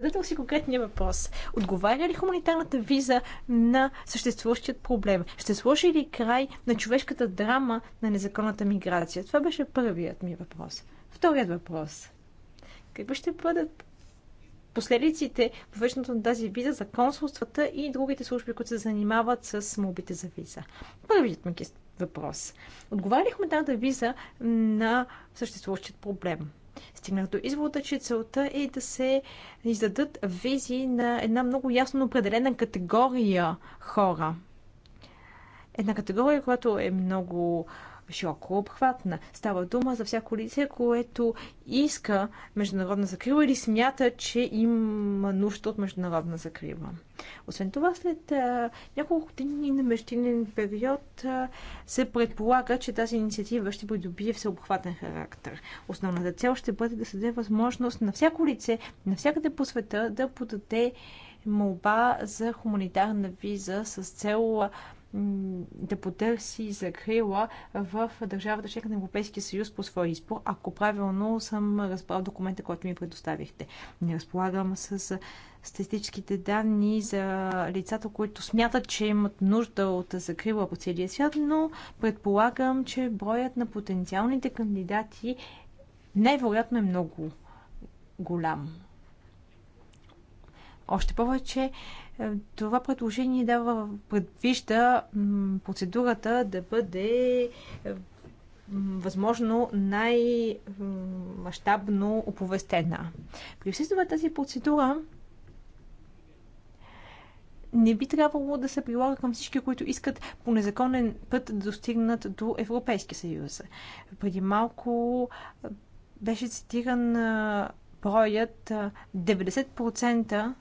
Задал си конкретния въпрос. Отговаря ли хуманитарната виза на съществуващият проблем? Ще сложи ли край на човешката драма на незаконната миграция? Това беше първият ми въпрос. Вторият въпрос. Какви ще бъдат последиците в връщането на тази виза за консулствата и другите служби, които се занимават с мобите за виза? Първият ми въпрос. Отговаря ли хуманитарната виза на съществуващият проблем? Стигнах до извода, че целта е да се издадат визи на една много ясно определена категория хора. Една категория, която е много широко обхватна. Става дума за всяко лице, което иска международна закрива или смята, че има нужда от международна закрива. Освен това, след а, няколко дни на междинен период а, се предполага, че тази инициатива ще придобие всеобхватен характер. Основната цел ще бъде да се даде възможност на всяко лице, навсякъде по света да подаде молба за хуманитарна виза с цел да потърси закрила в държавата членка на Европейския съюз по своя избор, ако правилно съм разбрал документа, който ми предоставихте. Не разполагам с статистическите данни за лицата, които смятат, че имат нужда от закрила по целия свят, но предполагам, че броят на потенциалните кандидати най-вероятно е много голям. Още повече е, това предложение дава, предвижда процедурата да бъде е, възможно най-мащабно оповестена. При всичко тази процедура не би трябвало да се прилага към всички, които искат по незаконен път да достигнат до Европейския съюз. Преди малко е, беше цитиран броят 90%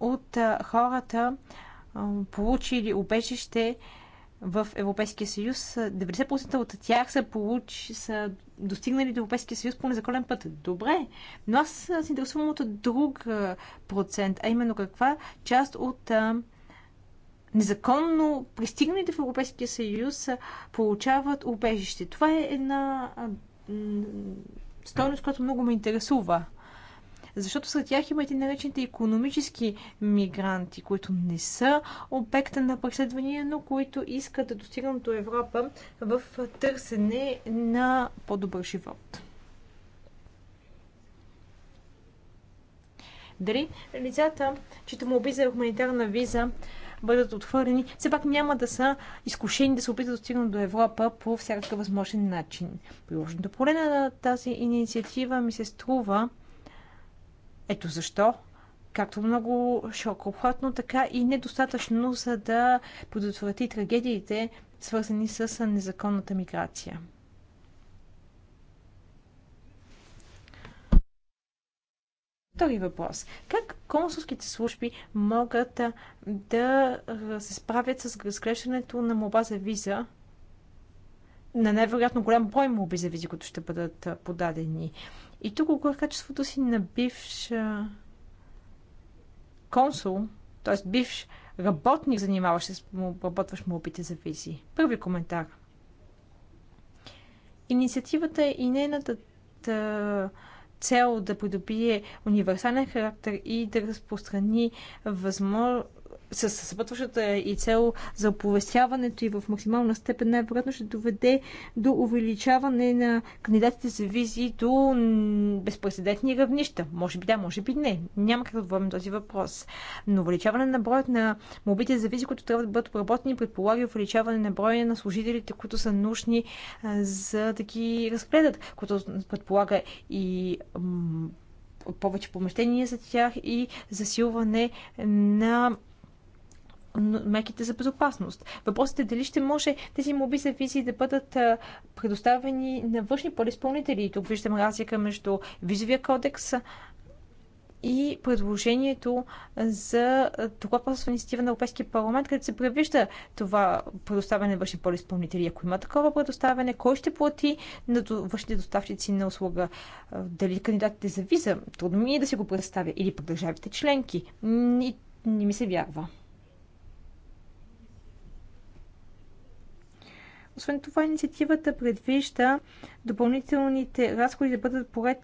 от хората, получили обежище в Европейския съюз. 90% от тях са, получ... са достигнали до Европейския съюз по незаконен път. Добре, но аз се интересувам от друг процент, а именно каква част от незаконно пристигналите в Европейския съюз получават убежище. Това е една стойност, която много ме интересува защото сред тях има и наречените економически мигранти, които не са обекта на преследвания, но които искат да достигнат до Европа в търсене на по-добър живот. Дали лицата, чието му за хуманитарна виза, бъдат отхвърлени, все пак няма да са изкушени да се опитат да достигнат до Европа по всякакъв възможен начин. Приложното поле на тази инициатива ми се струва ето защо както много широкообхватно, така и недостатъчно, за да предотврати трагедиите, свързани с незаконната миграция. Втори въпрос. Как консулските служби могат да се справят с разглеждането на моба за виза на най-вероятно голям брой моби за визи, които ще бъдат подадени? И тук, в качеството си на бивш консул, т.е. бивш работник, занимаващ се с обработваш му опите за визи. Първи коментар. Инициативата и нейната цел да придобие универсален характер и да разпространи възможно с съпътващата и цел за оповестяването и в максимална степен най-вероятно ще доведе до увеличаване на кандидатите за визи до безпредседентни равнища. Може би да, може би не. Няма как да отговорим този въпрос. Но увеличаване на броят на мобите за визи, които трябва да бъдат обработени, предполага увеличаване на броя на служителите, които са нужни за да ги разгледат, което предполага и повече помещения за тях и засилване на Меките за безопасност. Въпросът е дали ще може тези моби за визи да бъдат предоставени на външни подизпълнители. И тук виждам разлика между визовия кодекс и предложението за това докладвателство инициатива на Европейския парламент, където се превижда това предоставяне на външни подизпълнители. Ако има такова предоставяне, кой ще плати на външните доставчици на услуга? Дали кандидатите за виза? Трудно ми е да си го представя. Или пък държавите членки. не ми се вярва. Освен това, инициативата предвижда допълнителните разходи да бъдат поред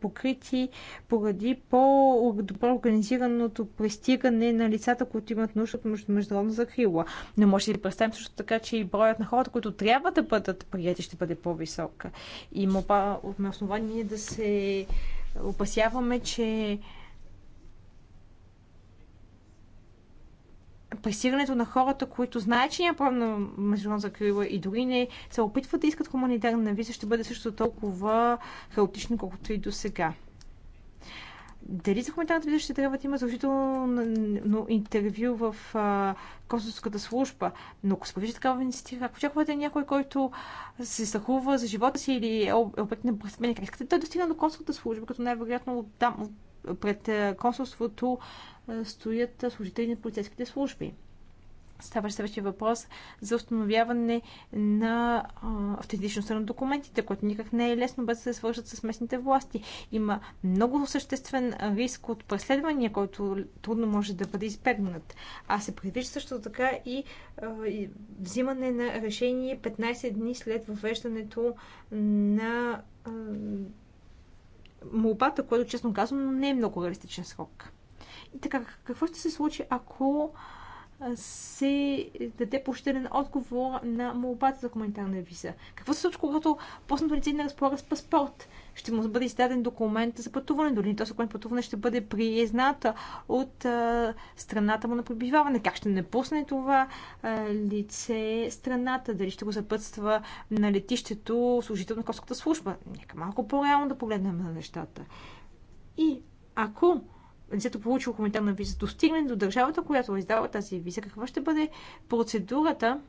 покрити поради по-добро организираното пристигане на лицата, които имат нужда от международна закрила. Но може да представим също така, че и броят на хората, които трябва да бъдат прияти, ще бъде по-висок. от основание да се опасяваме, че пресирането на хората, които знаят, че няма правна международна крила и дори не се опитват да искат хуманитарна виза, ще бъде също толкова хаотично, колкото и до сега. Дали за хуманитарната виза ще трябва да има задължително интервю в а, консулската служба? Но ако се повижда такава инициатива, ако очаквате някой, който се страхува за живота си или е, е обект на престъпление, как искате той достигна до консулската служба, като най-вероятно пред консулството е, стоят служители на полицейските служби. Ставаше следващия въпрос за установяване на автентичността на документите, което никак не е лесно без да се свържат с местните власти. Има много съществен риск от преследвания, който трудно може да бъде избегнат. А се предвижда също така и, а, и взимане на решение 15 дни след въвеждането на а, молбата, което честно казвам, не е много реалистичен срок. Така, какво ще се случи, ако се даде пощерен отговор на молбата за коментарна виза. Какво се случва, когато постното лице не разполага с паспорт? Ще му бъде издаден документ за пътуване, дори този документ пътуване ще бъде призната от а, страната му на пребиваване. Как ще напусне това а, лице страната? Дали ще го запътства на летището служител на Коската служба? Нека малко по-реално да погледнем на нещата. И ако лицето получило хуманитарна виза достигне до държавата, която издава тази виза, каква ще бъде процедурата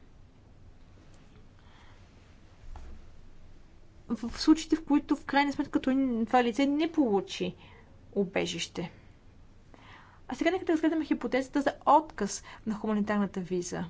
в случаите, в които в крайна сметка това лице не получи убежище. А сега нека да разгледаме хипотезата за отказ на хуманитарната виза.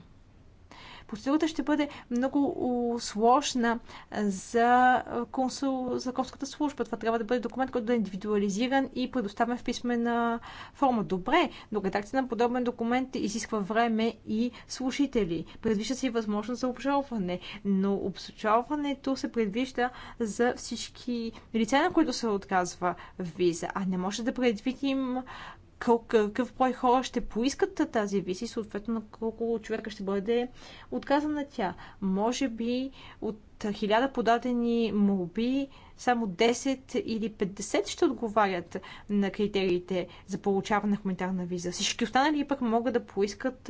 Процедурата ще бъде много сложна за, консул, за консулската служба. Това трябва да бъде документ, който да е индивидуализиран и предоставен в писмена форма. Добре, но редакция на подобен документ изисква време и слушатели. Предвижда се и възможност за обжалване, но обжалването се предвижда за всички лица, на които се отказва виза. А не може да предвидим какъв брой хора ще поискат тази виза и съответно на колко човека ще бъде отказана тя. Може би от хиляда подадени молби само 10 или 50 ще отговарят на критериите за получаване на хуманитарна виза. Всички останали пък могат да поискат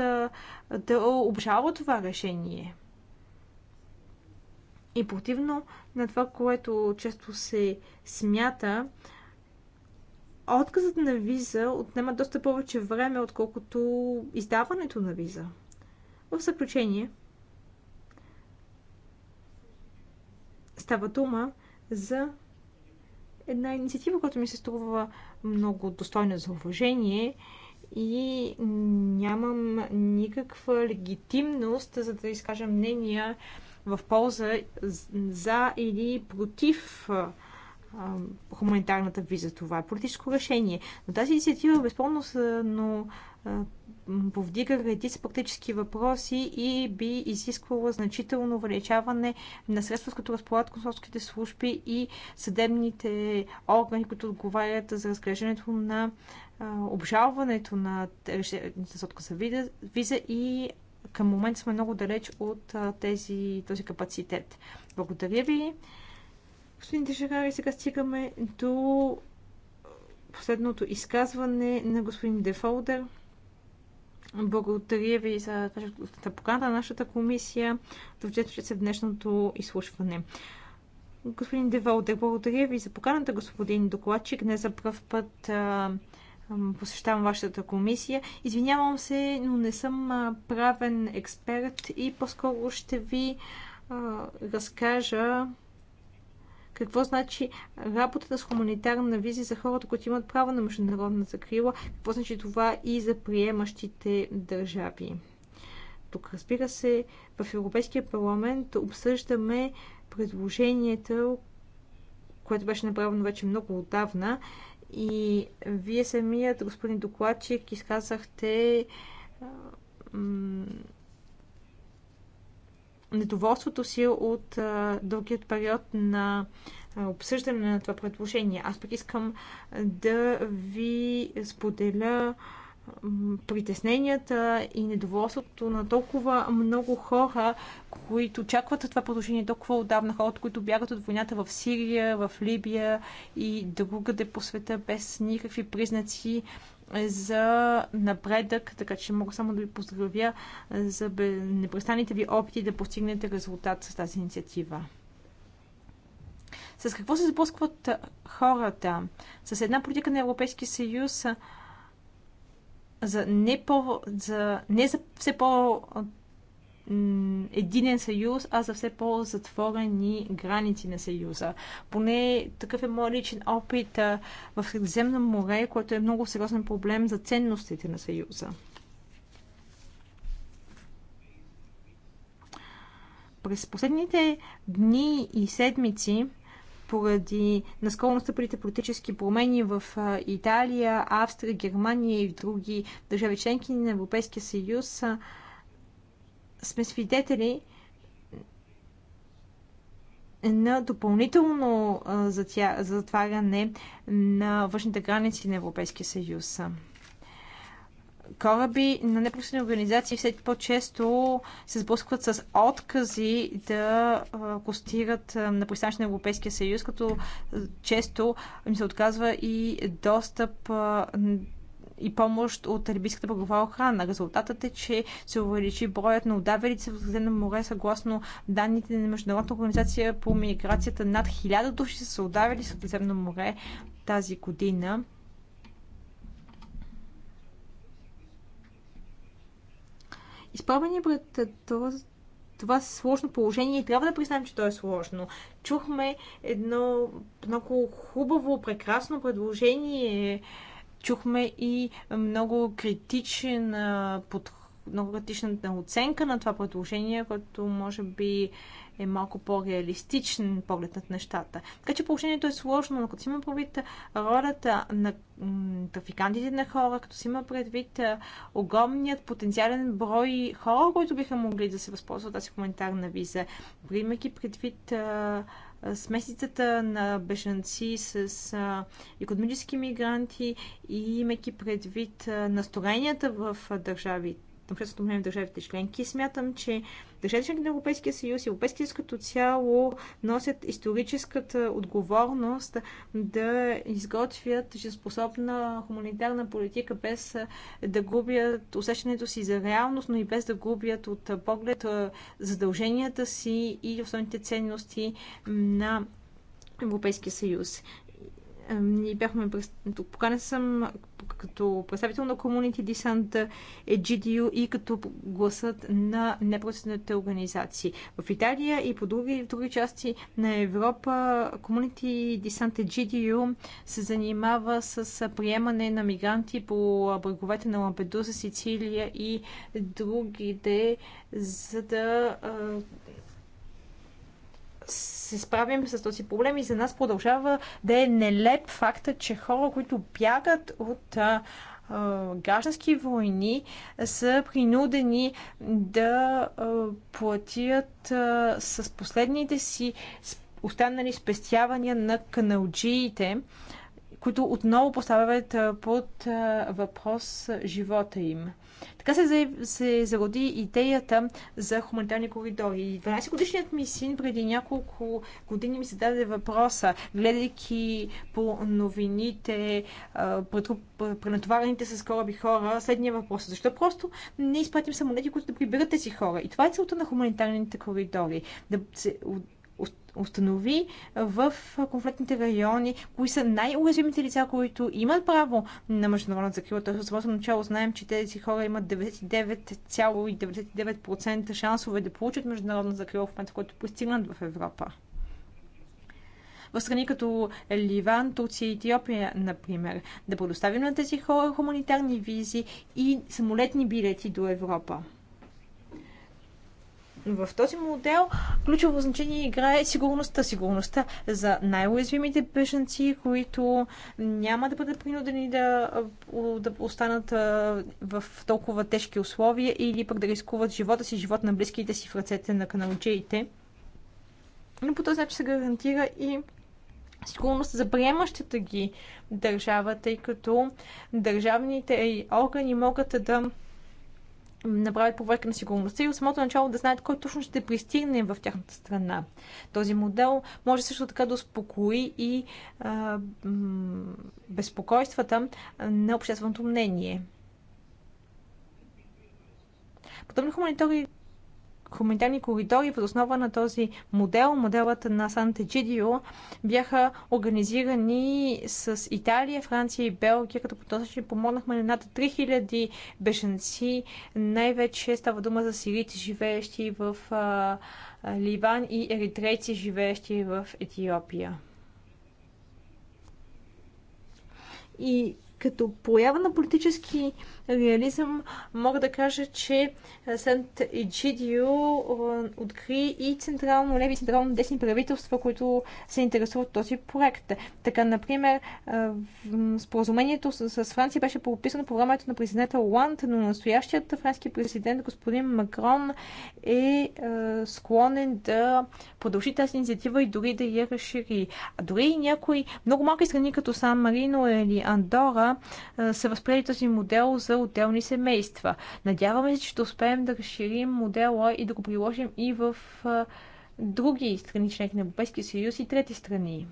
да обжалват това решение. И противно на това, което често се смята, отказът на виза отнема доста повече време, отколкото издаването на виза. В заключение, става дума за една инициатива, която ми се струва много достойна за уважение и нямам никаква легитимност, за да изкажа мнения в полза за или против хуманитарната виза. Това е политическо решение. Но тази инициатива безпълно но повдига редица практически въпроси и би изисквала значително увеличаване на средства, с които разполагат консулските служби и съдебните органи, които отговарят за разглеждането на обжалването на решението за отказ за виза и към момента сме много далеч от тези, този капацитет. Благодаря ви. Господин Дежарари, сега стигаме до последното изказване на господин Дефолдер. Благодаря ви за тази поканата на нашата комисия, да участвате в днешното изслушване. Господин Деволдер, благодаря ви за поканата, господин докладчик. Не за пръв път а, посещавам вашата комисия. Извинявам се, но не съм правен експерт и по-скоро ще ви а, разкажа какво значи работата с хуманитарна виза за хората, които имат право на международна закрила, какво значи това и за приемащите държави. Тук, разбира се, в Европейския парламент обсъждаме предложението, което беше направено вече много отдавна. И вие самият, господин докладчик, изказахте недоволството си от а, дългият период на обсъждане на това предложение. Аз пък искам да ви споделя притесненията и недоволството на толкова много хора, които очакват това предложение, толкова отдавна, хората, които бягат от войната в Сирия, в Либия и другаде по света без никакви признаци за напредък, така че мога само да ви поздравя за непрестаните ви опити да постигнете резултат с тази инициатива. С какво се сблъскват хората? С една политика на Европейския съюз за не, по, за, не за все по единен съюз, а за все по-затворени граници на съюза. Поне такъв е мой личен опит в Средиземно море, което е много сериозен проблем за ценностите на съюза. През последните дни и седмици поради наскоро настъпилите политически промени в Италия, Австрия, Германия и в други държави членки на Европейския съюз, сме свидетели на допълнително затваряне на външните граници на Европейския съюз. Кораби на непрофесионални организации все по-често се сблъскват с откази да костират на пристанище на Европейския съюз, като често им се отказва и достъп и помощ от Рибийската брегова охрана. Резултатът е, че се увеличи броят на удавелици в Средно море, съгласно данните на Международната организация по миграцията. Над хиляда души са се удавили в Средиземно море тази година. Изправени пред това сложно положение и трябва да признаем, че то е сложно. Чухме едно много хубаво, прекрасно предложение Чухме и много критичен подход много критичната оценка на това предложение, което може би е малко по-реалистичен поглед над нещата. Така че положението е сложно, но като си има предвид ролята на трафикантите на хора, като си има предвид огромният потенциален брой хора, които биха могли да се възползват тази хуманитарна виза, приемайки предвид а, смесицата на бежанци с економически мигранти и имайки предвид настроенията в държавите конкретно в държавите членки. Смятам, че държавите членки на Европейския съюз и Европейския съюз като цяло носят историческата отговорност да изготвят способна хуманитарна политика без да губят усещането си за реалност, но и без да губят от поглед задълженията си и основните ценности на Европейския съюз ние бяхме поканен съм като представител на Community Descent, е, GDU и като гласът на непроцедните организации. В Италия и по други, други части на Европа Community Descent е, GDU се занимава с приемане на мигранти по бреговете на Лампедуза, Сицилия и другите, за да се справим с този проблем и за нас продължава да е нелеп факта, че хора, които бягат от а, а, граждански войни, са принудени да а, платят а, с последните си останали спестявания на каналджиите. А, които отново поставят под въпрос живота им. Така се, се зароди идеята за хуманитарни коридори. 12-годишният ми син преди няколко години ми се даде въпроса, гледайки по новините пренатоварените с кораби хора, следния въпрос. Защо просто не изпратим самолети, които да прибират тези хора? И това е целта на хуманитарните коридори. Да се установи в конфликтните райони, кои са най-уязвимите лица, които имат право на международна закрила. Тоест, от самото начало знаем, че тези хора имат 99,99% ,99 шансове да получат международна закрила в момента, който постигнат в Европа. В страни като Ливан, Турция и Етиопия, например, да предоставим на тези хора хуманитарни визи и самолетни билети до Европа в този модел ключово значение играе сигурността. Сигурността за най-уязвимите бежанци, които няма да бъдат принудени да, да останат в толкова тежки условия или пък да рискуват живота си, живот на близките си в ръцете на каналчеите. Но по този начин се гарантира и сигурност за приемащата ги държава, тъй като държавните органи могат да направят проверка на сигурността и от самото начало да знаят кой точно ще пристигне в тяхната страна. Този модел може също така да успокои и а, безпокойствата на общественото мнение. Подобни хуманитари хуманитарни коридори в основа на този модел, моделът на Сант'Еджидио, бяха организирани с Италия, Франция и Белгия, като по този начин помогнахме на над 3000 беженци. Най-вече става дума за сирийци, живеещи в а, Ливан и еритрейци, живеещи в Етиопия. И като проява на политически реализъм мога да кажа, че Сент Иджидио откри и централно леви, централно десни правителства, които се интересуват от този проект. Така, например, споразумението с Франция беше подписано по времето на президента Оланд, но настоящият френски президент господин Макрон е склонен да продължи тази инициатива и дори да я разшири. А дори и някои много малки страни, като Сан Марино или Андора, са възприели този модел за са отделни семейства. Надяваме се, че ще успеем да разширим модела и да го приложим и в други страни, членки на Европейския съюз и трети страни.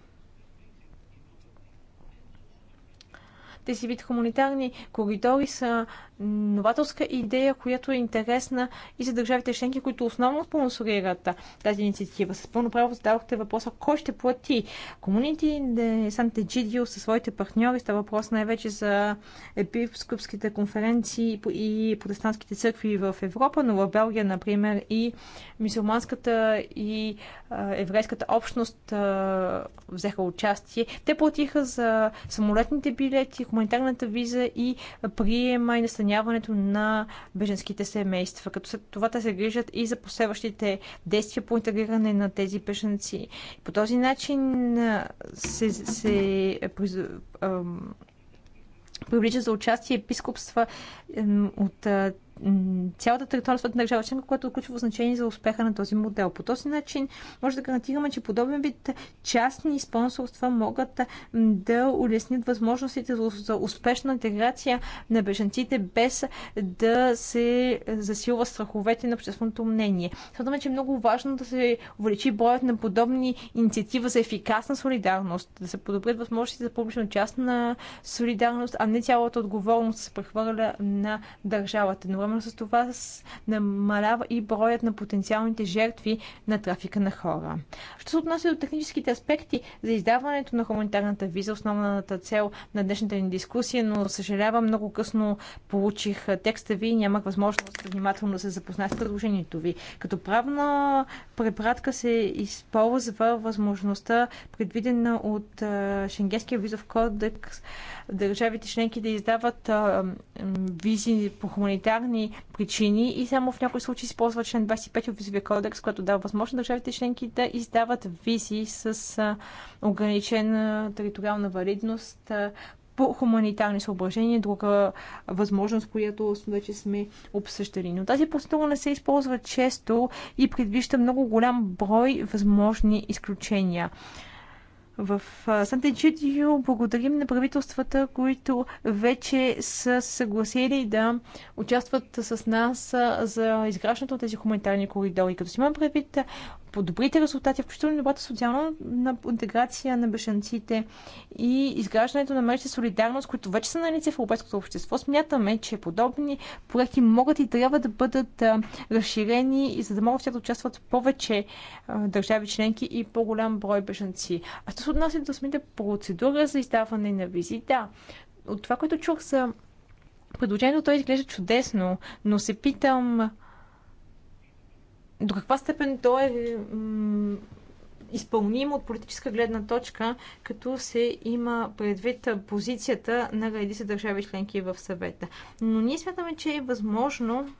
Тези вид хуманитарни коридори са новаторска идея, която е интересна и за държавите членки, които основно спонсорират тази инициатива. С пълно право зададохте въпроса кой ще плати. Комунити на Санте Джидио със своите партньори става въпрос най-вече за епископските конференции и протестантските църкви в Европа, но в Белгия, например, и мисулманската и еврейската общност взеха участие. Те платиха за самолетните билети, хуманитарната виза и приема и настаняване настаняването на беженските семейства, като след това те се грижат и за последващите действия по интегриране на тези беженци. По този начин се, се е, привлича за участие епископства от цялата територия на държава членка, което е ключово значение за успеха на този модел. По този начин може да гарантираме, че подобен вид частни спонсорства могат да улеснят възможностите за успешна интеграция на бежанците без да се засилва страховете на общественото мнение. Смятаме, че е много важно да се увеличи броят на подобни инициатива за ефикасна солидарност, да се подобрят възможностите за публично-частна солидарност, а не цялата отговорност да се прехвърля на държавата. Но Едновременно с това намалява и броят на потенциалните жертви на трафика на хора. Що се отнася до техническите аспекти за издаването на хуманитарната виза, основната цел на днешната ни дискусия, но съжалявам, много късно получих текста ви и нямах възможност внимателно да се запозная с предложението ви. Като правна препратка се използва възможността, предвидена от Шенгенския визов кодекс, държавите членки да издават а, визи по хуманитарни причини и само в някои случаи използва член 25 от визовия кодекс, което дава възможност държавите членки да издават визи с а, ограничена териториална валидност а, по хуманитарни съображения, друга възможност, която вече сме обсъждали. Но тази процедура не се използва често и предвижда много голям брой възможни изключения. В Сан-Джидио. благодарим на правителствата, които вече са съгласили да участват с нас за изграждането на тези хуманитарни коридори. Като си имам предвид подобрите резултати, включително добрата социална на интеграция на бешенците и изграждането на мрежите солидарност, които вече са на лице в европейското общество, смятаме, че подобни проекти могат и трябва да бъдат разширени и за да могат да участват повече държави членки и по-голям брой бежанци. А що се отнася до самите процедура за издаване на визи, да, от това, което чух за предложението, той изглежда чудесно, но се питам до каква степен то е изпълним от политическа гледна точка, като се има предвид позицията на редица държави членки в съвета. Но ние смятаме, че е възможно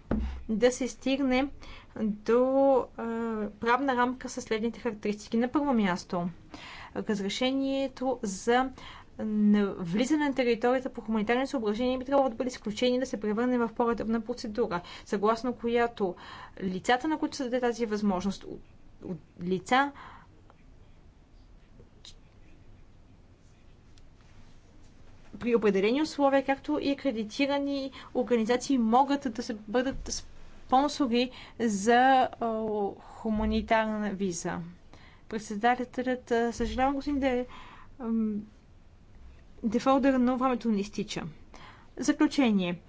да се стигне до е, правна рамка със следните характеристики. На първо място, разрешението за на влизане на територията по хуманитарни съображения би трябвало да бъде изключение да се превърне в по-редовна процедура, съгласно която лицата, на които се даде тази възможност, от, лица, при определени условия, както и акредитирани организации могат да се бъдат спонсори за хуманитарна виза. Председателят, съжалявам, господин Де, дефолдера, но времето не изтича. Заключение.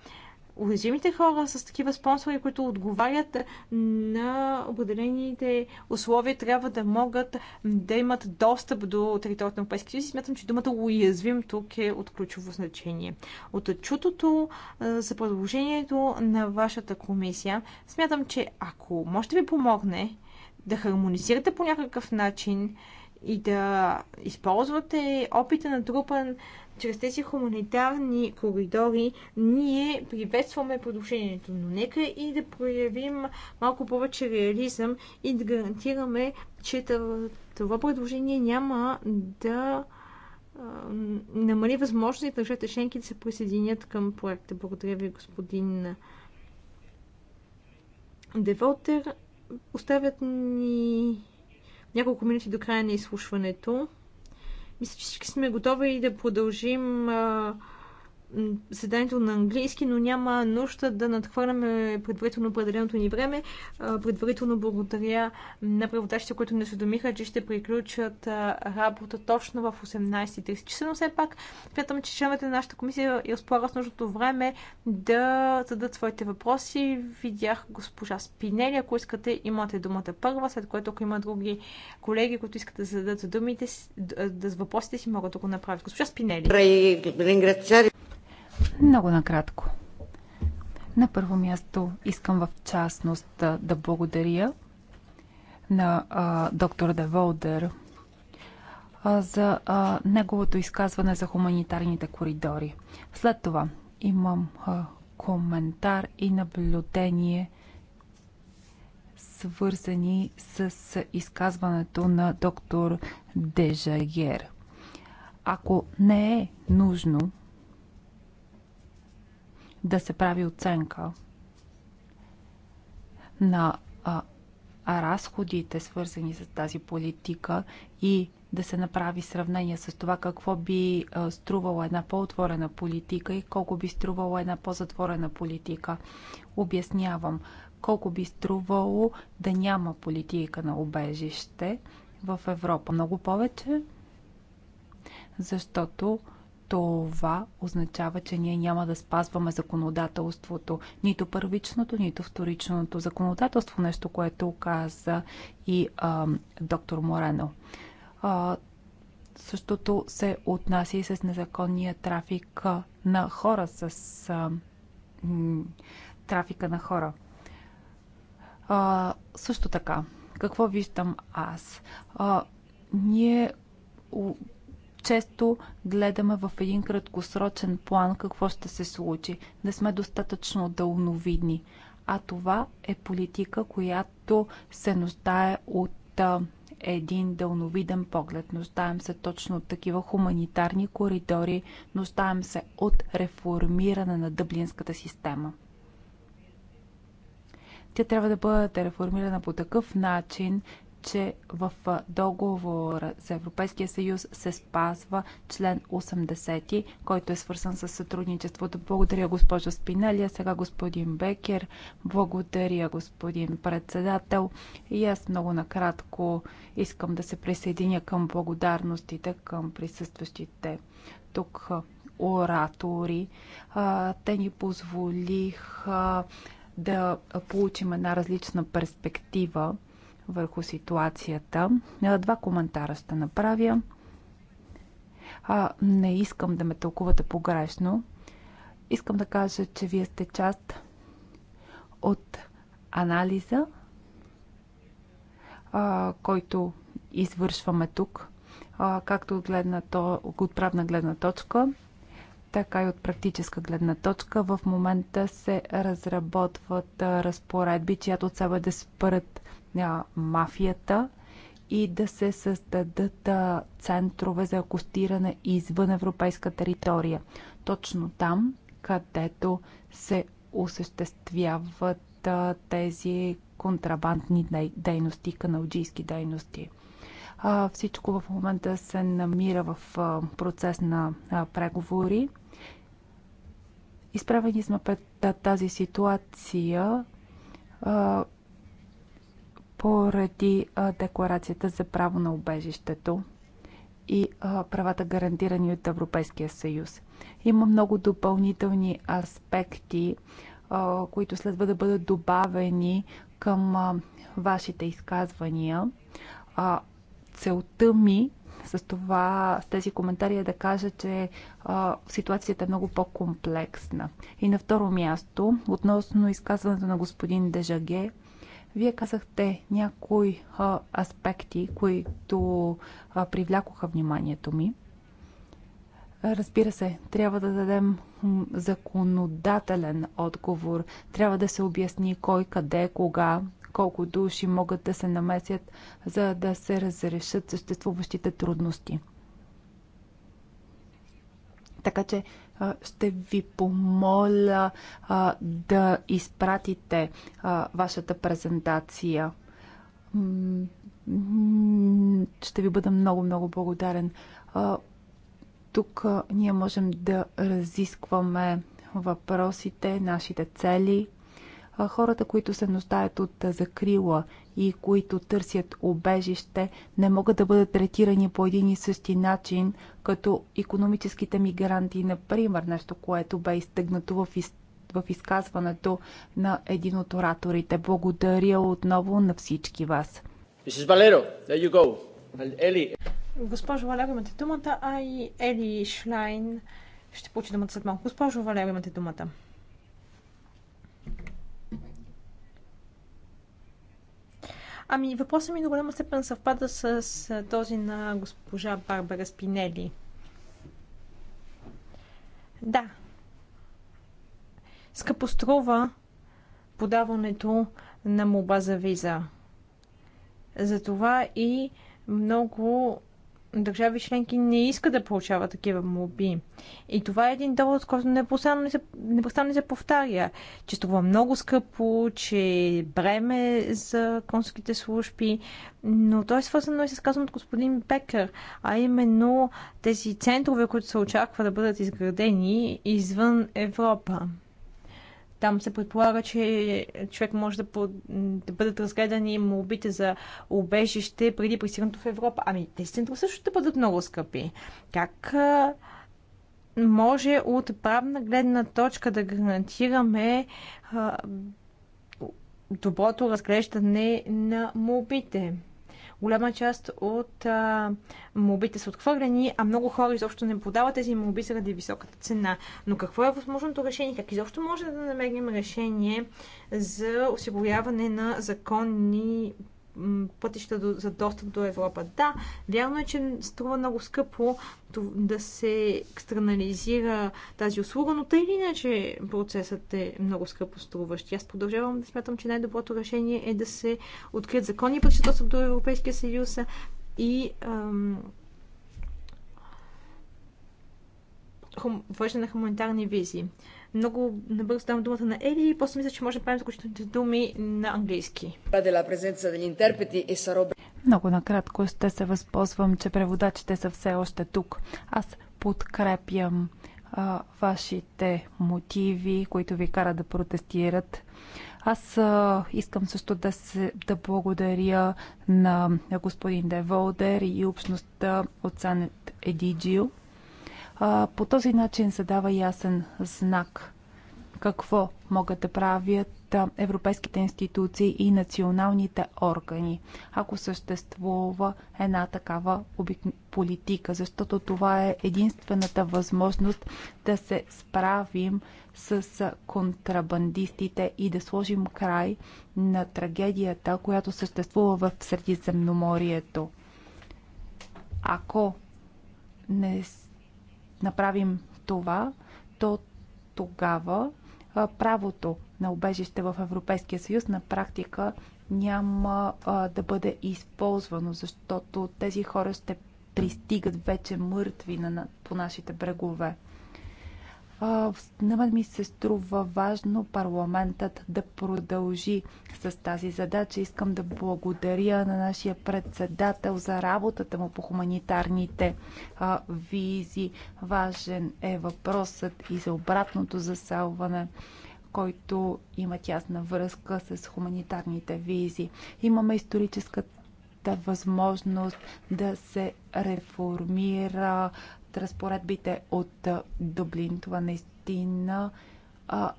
Уязвимите хора с такива спонсори, които отговарят на определените условия, трябва да могат да имат достъп до територията на Европейския съюз. Смятам, че думата уязвим тук е от ключово значение. От чутото за продължението на вашата комисия, смятам, че ако може да ви помогне да хармонизирате по някакъв начин и да използвате опита на трупан чрез тези хуманитарни коридори ние приветстваме продължението, но нека и да проявим малко повече реализъм и да гарантираме, че това предложение няма да намали възможност държавите членки да се присъединят към проекта. Благодаря ви, господин Девотер. Оставят ни няколко минути до края на изслушването. Мисля, че всички сме готови да продължим заседанието на английски, но няма нужда да надхвърляме предварително определеното ни време. Предварително благодаря на преводачите, които не съдомиха, че ще приключат работа точно в 18.30 часа, но все пак смятам, че членовете на нашата комисия и разполага с нужното време да зададат своите въпроси. Видях госпожа Спинели, ако искате, имате думата първа, след което ако има други колеги, които искат да зададат думите, да, да въпросите си, могат да го направят. Госпожа Спинели. Много накратко. На първо място искам в частност да, да благодаря на а, доктор Деволдер а, за а, неговото изказване за хуманитарните коридори. След това имам а, коментар и наблюдение свързани с изказването на доктор Дежагер. Ако не е нужно да се прави оценка на а, разходите, свързани с тази политика и да се направи сравнение с това какво би струвала една по-отворена политика и колко би струвала една по-затворена политика. Обяснявам колко би струвало да няма политика на убежище в Европа. Много повече, защото това означава, че ние няма да спазваме законодателството, нито първичното, нито вторичното законодателство, нещо, което каза и а, доктор Морено. А, същото се отнася и с незаконния трафик на хора, с а, трафика на хора. А, също така, какво виждам аз? А, ние често гледаме в един краткосрочен план какво ще се случи. Не сме достатъчно дълновидни. А това е политика, която се нуждае от един дълновиден поглед. Нуждаем се точно от такива хуманитарни коридори, нуждаем се от реформиране на дъблинската система. Тя трябва да бъде реформирана по такъв начин, че в договора за Европейския съюз се спазва член 80, който е свързан с сътрудничеството. Благодаря госпожо Спинелия, сега господин Бекер, благодаря господин председател и аз много накратко искам да се присъединя към благодарностите към присъстващите тук оратори. те ни позволиха да получим една различна перспектива върху ситуацията. Е, два коментара ще направя. А, не искам да ме тълкувате погрешно. Искам да кажа, че вие сте част от анализа, а, който извършваме тук, а, както от, гледна, то, от правна гледна точка, така и от практическа гледна точка. В момента се разработват разпоредби, чиято цел е да спрат мафията и да се създадат центрове за акустиране извън европейска територия. Точно там, където се осъществяват тези контрабандни дейности, каналджийски дейности. Всичко в момента се намира в процес на преговори. Изправени сме пред тази ситуация а, поради а, декларацията за право на убежището и а, правата гарантирани от Европейския съюз. Има много допълнителни аспекти, а, които следва да бъдат добавени към а, вашите изказвания. А, целта ми с това, с тези коментари е да кажа, че а, ситуацията е много по-комплексна. И на второ място, относно изказването на господин Дежаге, вие казахте някои а, аспекти, които а, привлякоха вниманието ми. Разбира се, трябва да дадем законодателен отговор. Трябва да се обясни кой, къде, кога колко души могат да се намесят, за да се разрешат съществуващите трудности. Така че ще ви помоля да изпратите вашата презентация. Ще ви бъда много-много благодарен. тук ние можем да разискваме въпросите, нашите цели, хората, които се нуждаят от закрила и които търсят обежище, не могат да бъдат третирани по един и същи начин, като економическите мигранти, например, нещо, което бе изтъгнато в в изказването на един от ораторите. Благодаря отново на всички вас. Госпожо Валеро, имате думата, а и Ели Шлайн ще получи думата след малко. Госпожо Валеро, имате думата. Ами, въпросът ми до голяма степен съвпада с този на госпожа Барбара Спинели. Да. Скъпострува подаването на моба за виза. Затова и много държави членки не иска да получава такива молби. И това е един довод, който не се, не се повтаря, че е много скъпо, че е бреме за конските служби, но то е свързано и с казвам от господин Бекър, а именно тези центрове, които се очаква да бъдат изградени извън Европа. Там се предполага, че човек може да, под... да бъдат разгледани молбите за убежище преди пристигането в Европа. Ами тези центрове също ще бъдат много скъпи. Как може от правна гледна точка да гарантираме доброто разглеждане на молбите? Голяма част от а, мобите са отхвърлени, а много хора изобщо не подават тези моби заради високата цена. Но какво е възможното решение? Как изобщо може да намерим решение за осигуряване на законни пътища за достъп до Европа. Да, вярно е, че струва много скъпо да се екстранализира тази услуга, но тъй или иначе процесът е много скъпо струващ. Аз продължавам да смятам, че най-доброто решение е да се открият законни пътища достъп до Европейския съюз и ам, хум, на хуманитарни визи. Много набързо давам думата на Ели и после мисля, че може да правим заключителните думи на английски. Много накратко ще се възползвам, че преводачите са все още тук. Аз подкрепям а, вашите мотиви, които ви карат да протестират. Аз а, искам също да, се, да благодаря на господин Деволдер и общността от Сан Едиджио. По този начин се дава ясен знак какво могат да правят европейските институции и националните органи, ако съществува една такава политика, защото това е единствената възможност да се справим с контрабандистите и да сложим край на трагедията, която съществува в Средиземноморието. Ако не направим това, то тогава правото на убежище в Европейския съюз на практика няма да бъде използвано, защото тези хора ще пристигат вече мъртви на, на, по нашите брегове. На мен ми се струва важно парламентът да продължи с тази задача. Искам да благодаря на нашия председател за работата му по хуманитарните визи. Важен е въпросът и за обратното заселване който има тясна връзка с хуманитарните визи. Имаме историческата възможност да се реформира разпоредбите от Дублин. Това наистина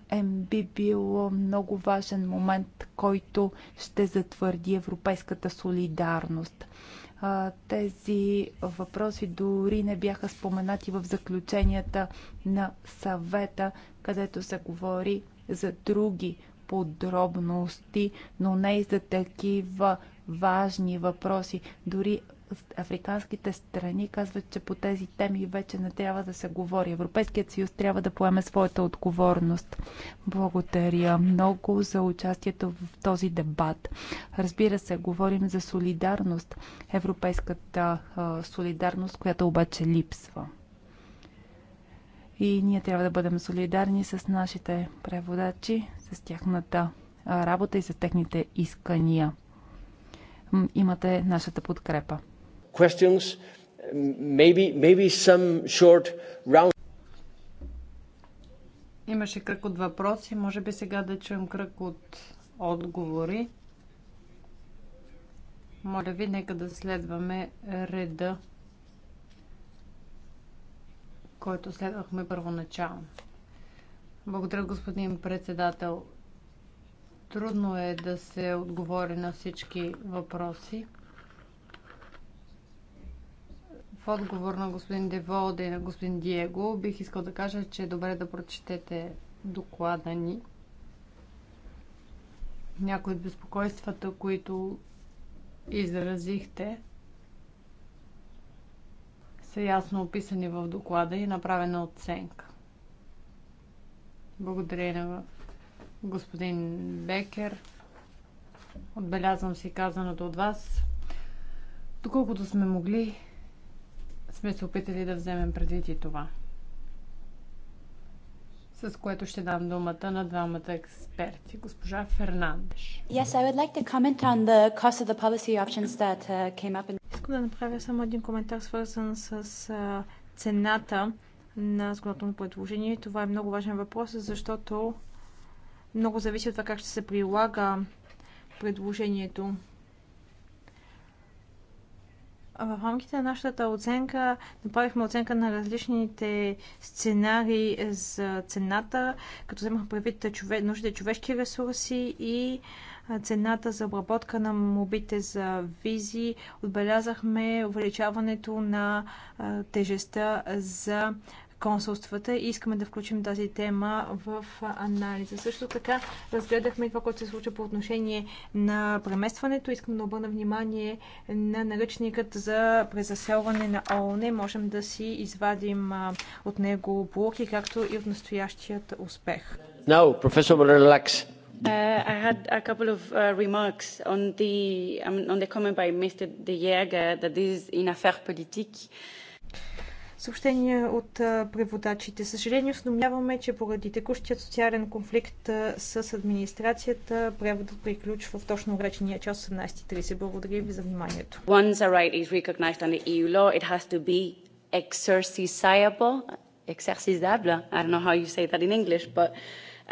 е би било много важен момент, който ще затвърди европейската солидарност. Тези въпроси дори не бяха споменати в заключенията на съвета, където се говори за други подробности, но не и за такива важни въпроси. Дори африканските страни казват, че по тези теми вече не трябва да се говори. Европейският съюз трябва да поеме своята отговорност. Благодаря много за участието в този дебат. Разбира се, говорим за солидарност, европейската солидарност, която обаче липсва. И ние трябва да бъдем солидарни с нашите преводачи, с тяхната работа и с техните искания имате нашата подкрепа questions, maybe, maybe some short round. Имаше кръг от въпроси, може би сега да чуем кръг от отговори. Моля ви, нека да следваме реда, който следвахме първоначално. Благодаря, господин председател. Трудно е да се отговори на всички въпроси. В отговор на господин Деволда и на господин Диего бих искал да кажа, че е добре да прочетете доклада ни. Някои от безпокойствата, които изразихте, са ясно описани в доклада и направена оценка. Благодаря на господин Бекер. Отбелязвам си казаното от вас. Доколкото сме могли, сме се опитали да вземем предвид и това. С което ще дам думата на двамата експерти. Госпожа Фернандеш. Yes, I would like to comment on the cost of the policy options that uh, came up. In... Искам да направя само един коментар, свързан с uh, цената на законодателно предложение. Това е много важен въпрос, защото много зависи от това как ще се прилага предложението в рамките на нашата оценка направихме оценка на различните сценарии за цената, като вземахме предвид чове, нужните човешки ресурси и цената за обработка на мобите за визи. Отбелязахме увеличаването на тежестта за консулствата и искаме да включим тази тема в анализа. Също така разгледахме това, което се случва по отношение на преместването. Искам да обърна внимание на наръчникът за презаселване на ООН. Можем да си извадим от него блоки, както и от настоящият успех. Now, Professor Relax. Uh, I had a couple of uh, remarks on the, um, on the comment by Mr. De Jager that this is an affaire politique съобщения от преводачите. Съжаление, основняваме, че поради текущият социален конфликт с администрацията, преводът приключва в точно речения час 18.30. Благодаря ви за вниманието. One's right is recognized under EU law. It has to be exercisable, exercisable. I don't know how you say that in English, but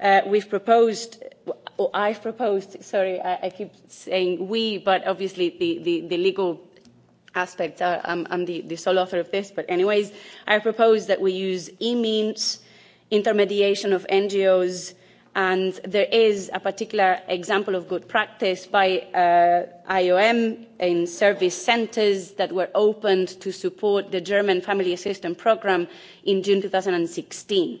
uh, we've proposed or I've proposed, sorry, I, I keep saying we, but obviously the, the, the legal aspects are, I'm, I'm the, the sole author of this, but anyways, I propose that we use e-means, intermediation of NGOs, and there is a particular example of good practice by uh, IOM in service centres that were opened to support the German family assistance programme in June 2016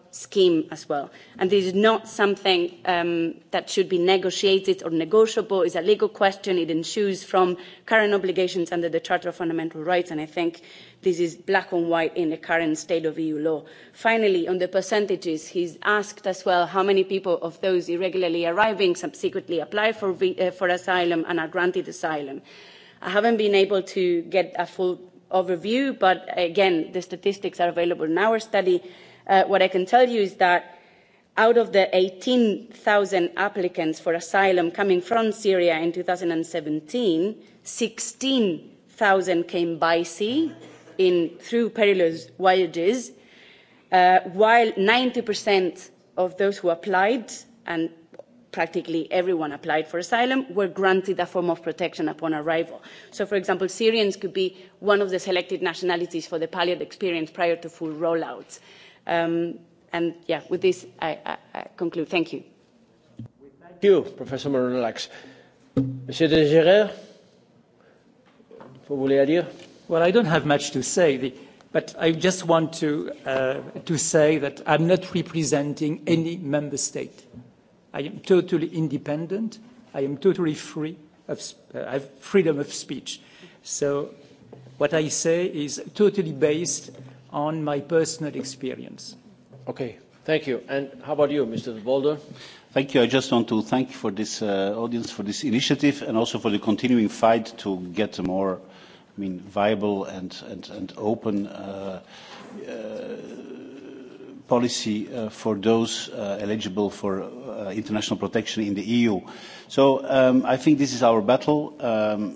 scheme as well. And this is not something um, that should be negotiated or negotiable. It's a legal question. It ensues from current obligations under the Charter of Fundamental Rights, and I think this is black and white in the current state of EU law. Finally, on the percentages, he's asked as well how many people of those irregularly arriving subsequently apply for, uh, for asylum and are granted asylum. I haven't been able to get a full overview, but again, the statistics are available in our study Uh, what I can tell you is that out of the 18,000 applicants for asylum coming from Syria in 2017, 16,000 came by sea in, through perilous voyages, uh, while 90% of those who applied, and practically everyone applied for asylum, were granted a form of protection upon arrival. So, for example, Syrians could be one of the selected nationalities for the palliative experience prior to full rollouts Um, and yeah, with this, I, I, I conclude. Thank you. Thank you, Professor Morinolax. Monsieur de Gérard, vous voulez dire? Well, I don't have much to say. The, But I just want to, uh, to say that I'm not representing any member state. I am totally independent. I am totally free of uh, I have freedom of speech. So what I say is totally based on my personal experience. Okay, thank you. And how about you, Mr. Bolder? Thank you. I just want to thank for this uh, audience for this initiative and also for the continuing fight to get a more, I mean, viable and and and open. Uh, uh, policy uh, for those uh, eligible for uh, international protection in the EU. So um, I think this is our battle. Um,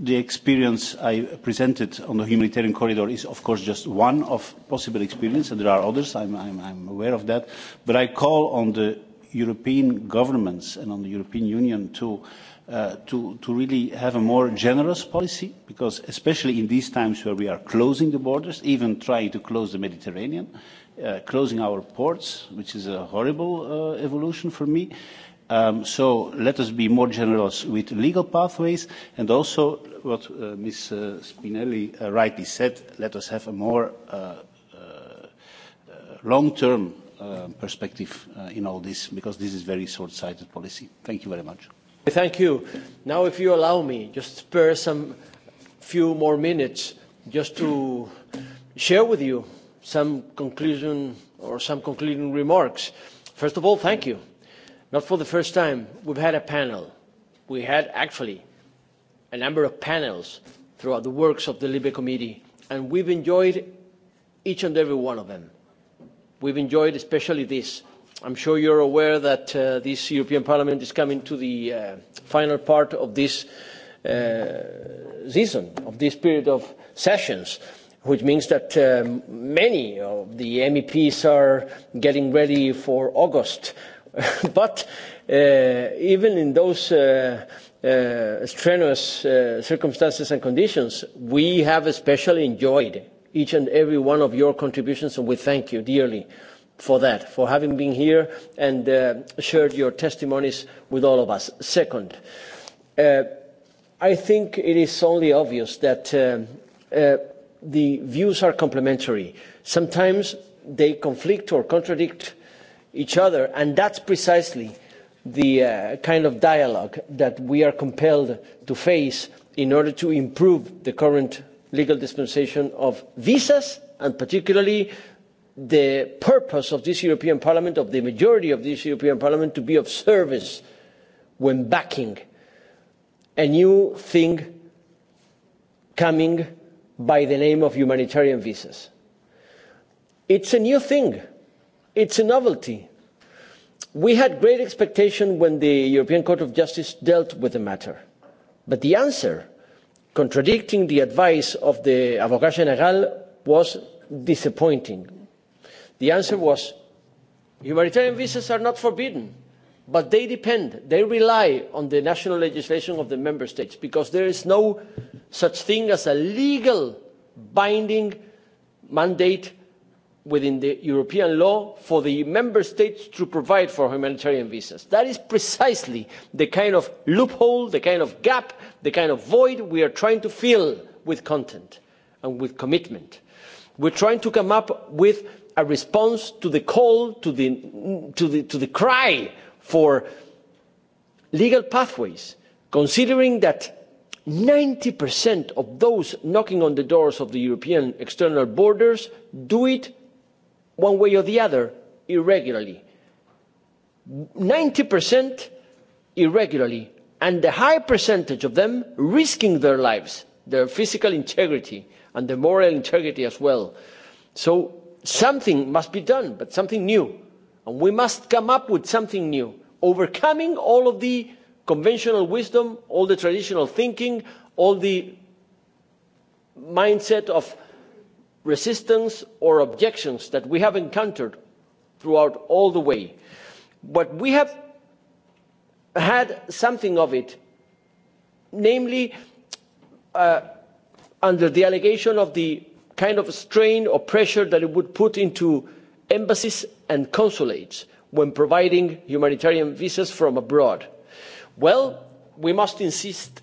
the experience I presented on the humanitarian corridor is, of course, just one of possible experiences, and there are others, I'm, I'm, I'm aware of that. But I call on the European governments and on the European Union to, uh, to, to really have a more generous policy, because especially in these times where we are closing the borders, even trying to close the Mediterranean, uh, closing our ports, which is a horrible uh, evolution for me, uh, Um, so let us be more generous with legal pathways and also what uh, Ms. Uh, Spinelli uh, rightly said, let us have a more uh, uh, long-term uh, perspective uh, in all this because this is very short-sighted policy. Thank you very much. Thank you. Now if you allow me, just spare some few more minutes just to share with you some conclusion or some concluding remarks. First of all, thank you Not for the first time, we've had a panel. We had actually a number of panels throughout the works of the Libe Committee, and we've enjoyed each and every one of them. We've enjoyed especially this. I'm sure you're aware that uh, this European Parliament is coming to the uh, final part of this uh, season, of this period of sessions which means that many of the MEPs are getting ready for August but uh, even in those uh, uh, strenuous uh, circumstances and conditions, we have especially enjoyed each and every one of your contributions, and we thank you dearly for that, for having been here and uh, shared your testimonies with all of us. Second, uh, I think it is only obvious that uh, uh, the views are complementary. Sometimes they conflict or contradict each other. And that's precisely the uh, kind of dialogue that we are compelled to face in order to improve the current legal dispensation of visas and particularly the purpose of this European Parliament, of the majority of this European Parliament, to be of service when backing a new thing coming by the name of humanitarian visas. It's a new thing It's a novelty. We had great expectation when the European Court of Justice dealt with the matter. But the answer, contradicting the advice of the Avocat General, was disappointing. The answer was humanitarian visas are not forbidden, but they depend, they rely on the national legislation of the member states because there is no such thing as a legal binding mandate within the European law for the member states to provide for humanitarian visas. That is precisely the kind of loophole, the kind of gap, the kind of void we are trying to fill with content and with commitment. We're trying to come up with a response to the call, to the, to the, to the cry for legal pathways, considering that 90% of those knocking on the doors of the European external borders do it one way or the other, irregularly. 90% irregularly, and a high percentage of them risking their lives, their physical integrity, and their moral integrity as well. So something must be done, but something new. And we must come up with something new, overcoming all of the conventional wisdom, all the traditional thinking, all the mindset of resistance or objections that we have encountered throughout all the way. But we have had something of it, namely uh, under the allegation of the kind of strain or pressure that it would put into embassies and consulates when providing humanitarian visas from abroad. Well, we must insist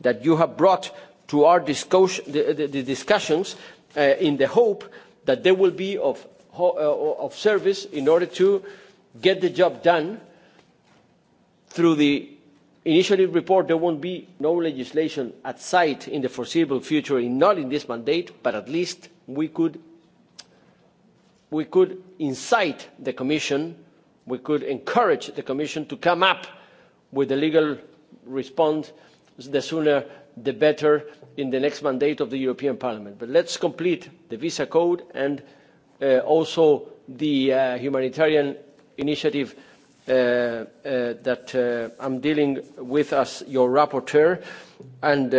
that you have brought to our discussions in the hope that they will be of, of service in order to get the job done. Through the initiative report, there won't be no legislation at sight in the foreseeable future, not in this mandate, but at least we could, we could incite the Commission, we could encourage the Commission to come up with a legal response the sooner the better in the next mandate of the European Parliament. But let's complete the visa code and also the humanitarian initiative that I am dealing with as your rapporteur. And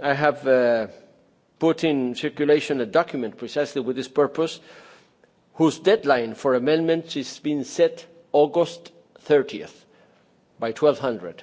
I have put in circulation a document precisely with this purpose, whose deadline for amendments is being set August 30th by 1200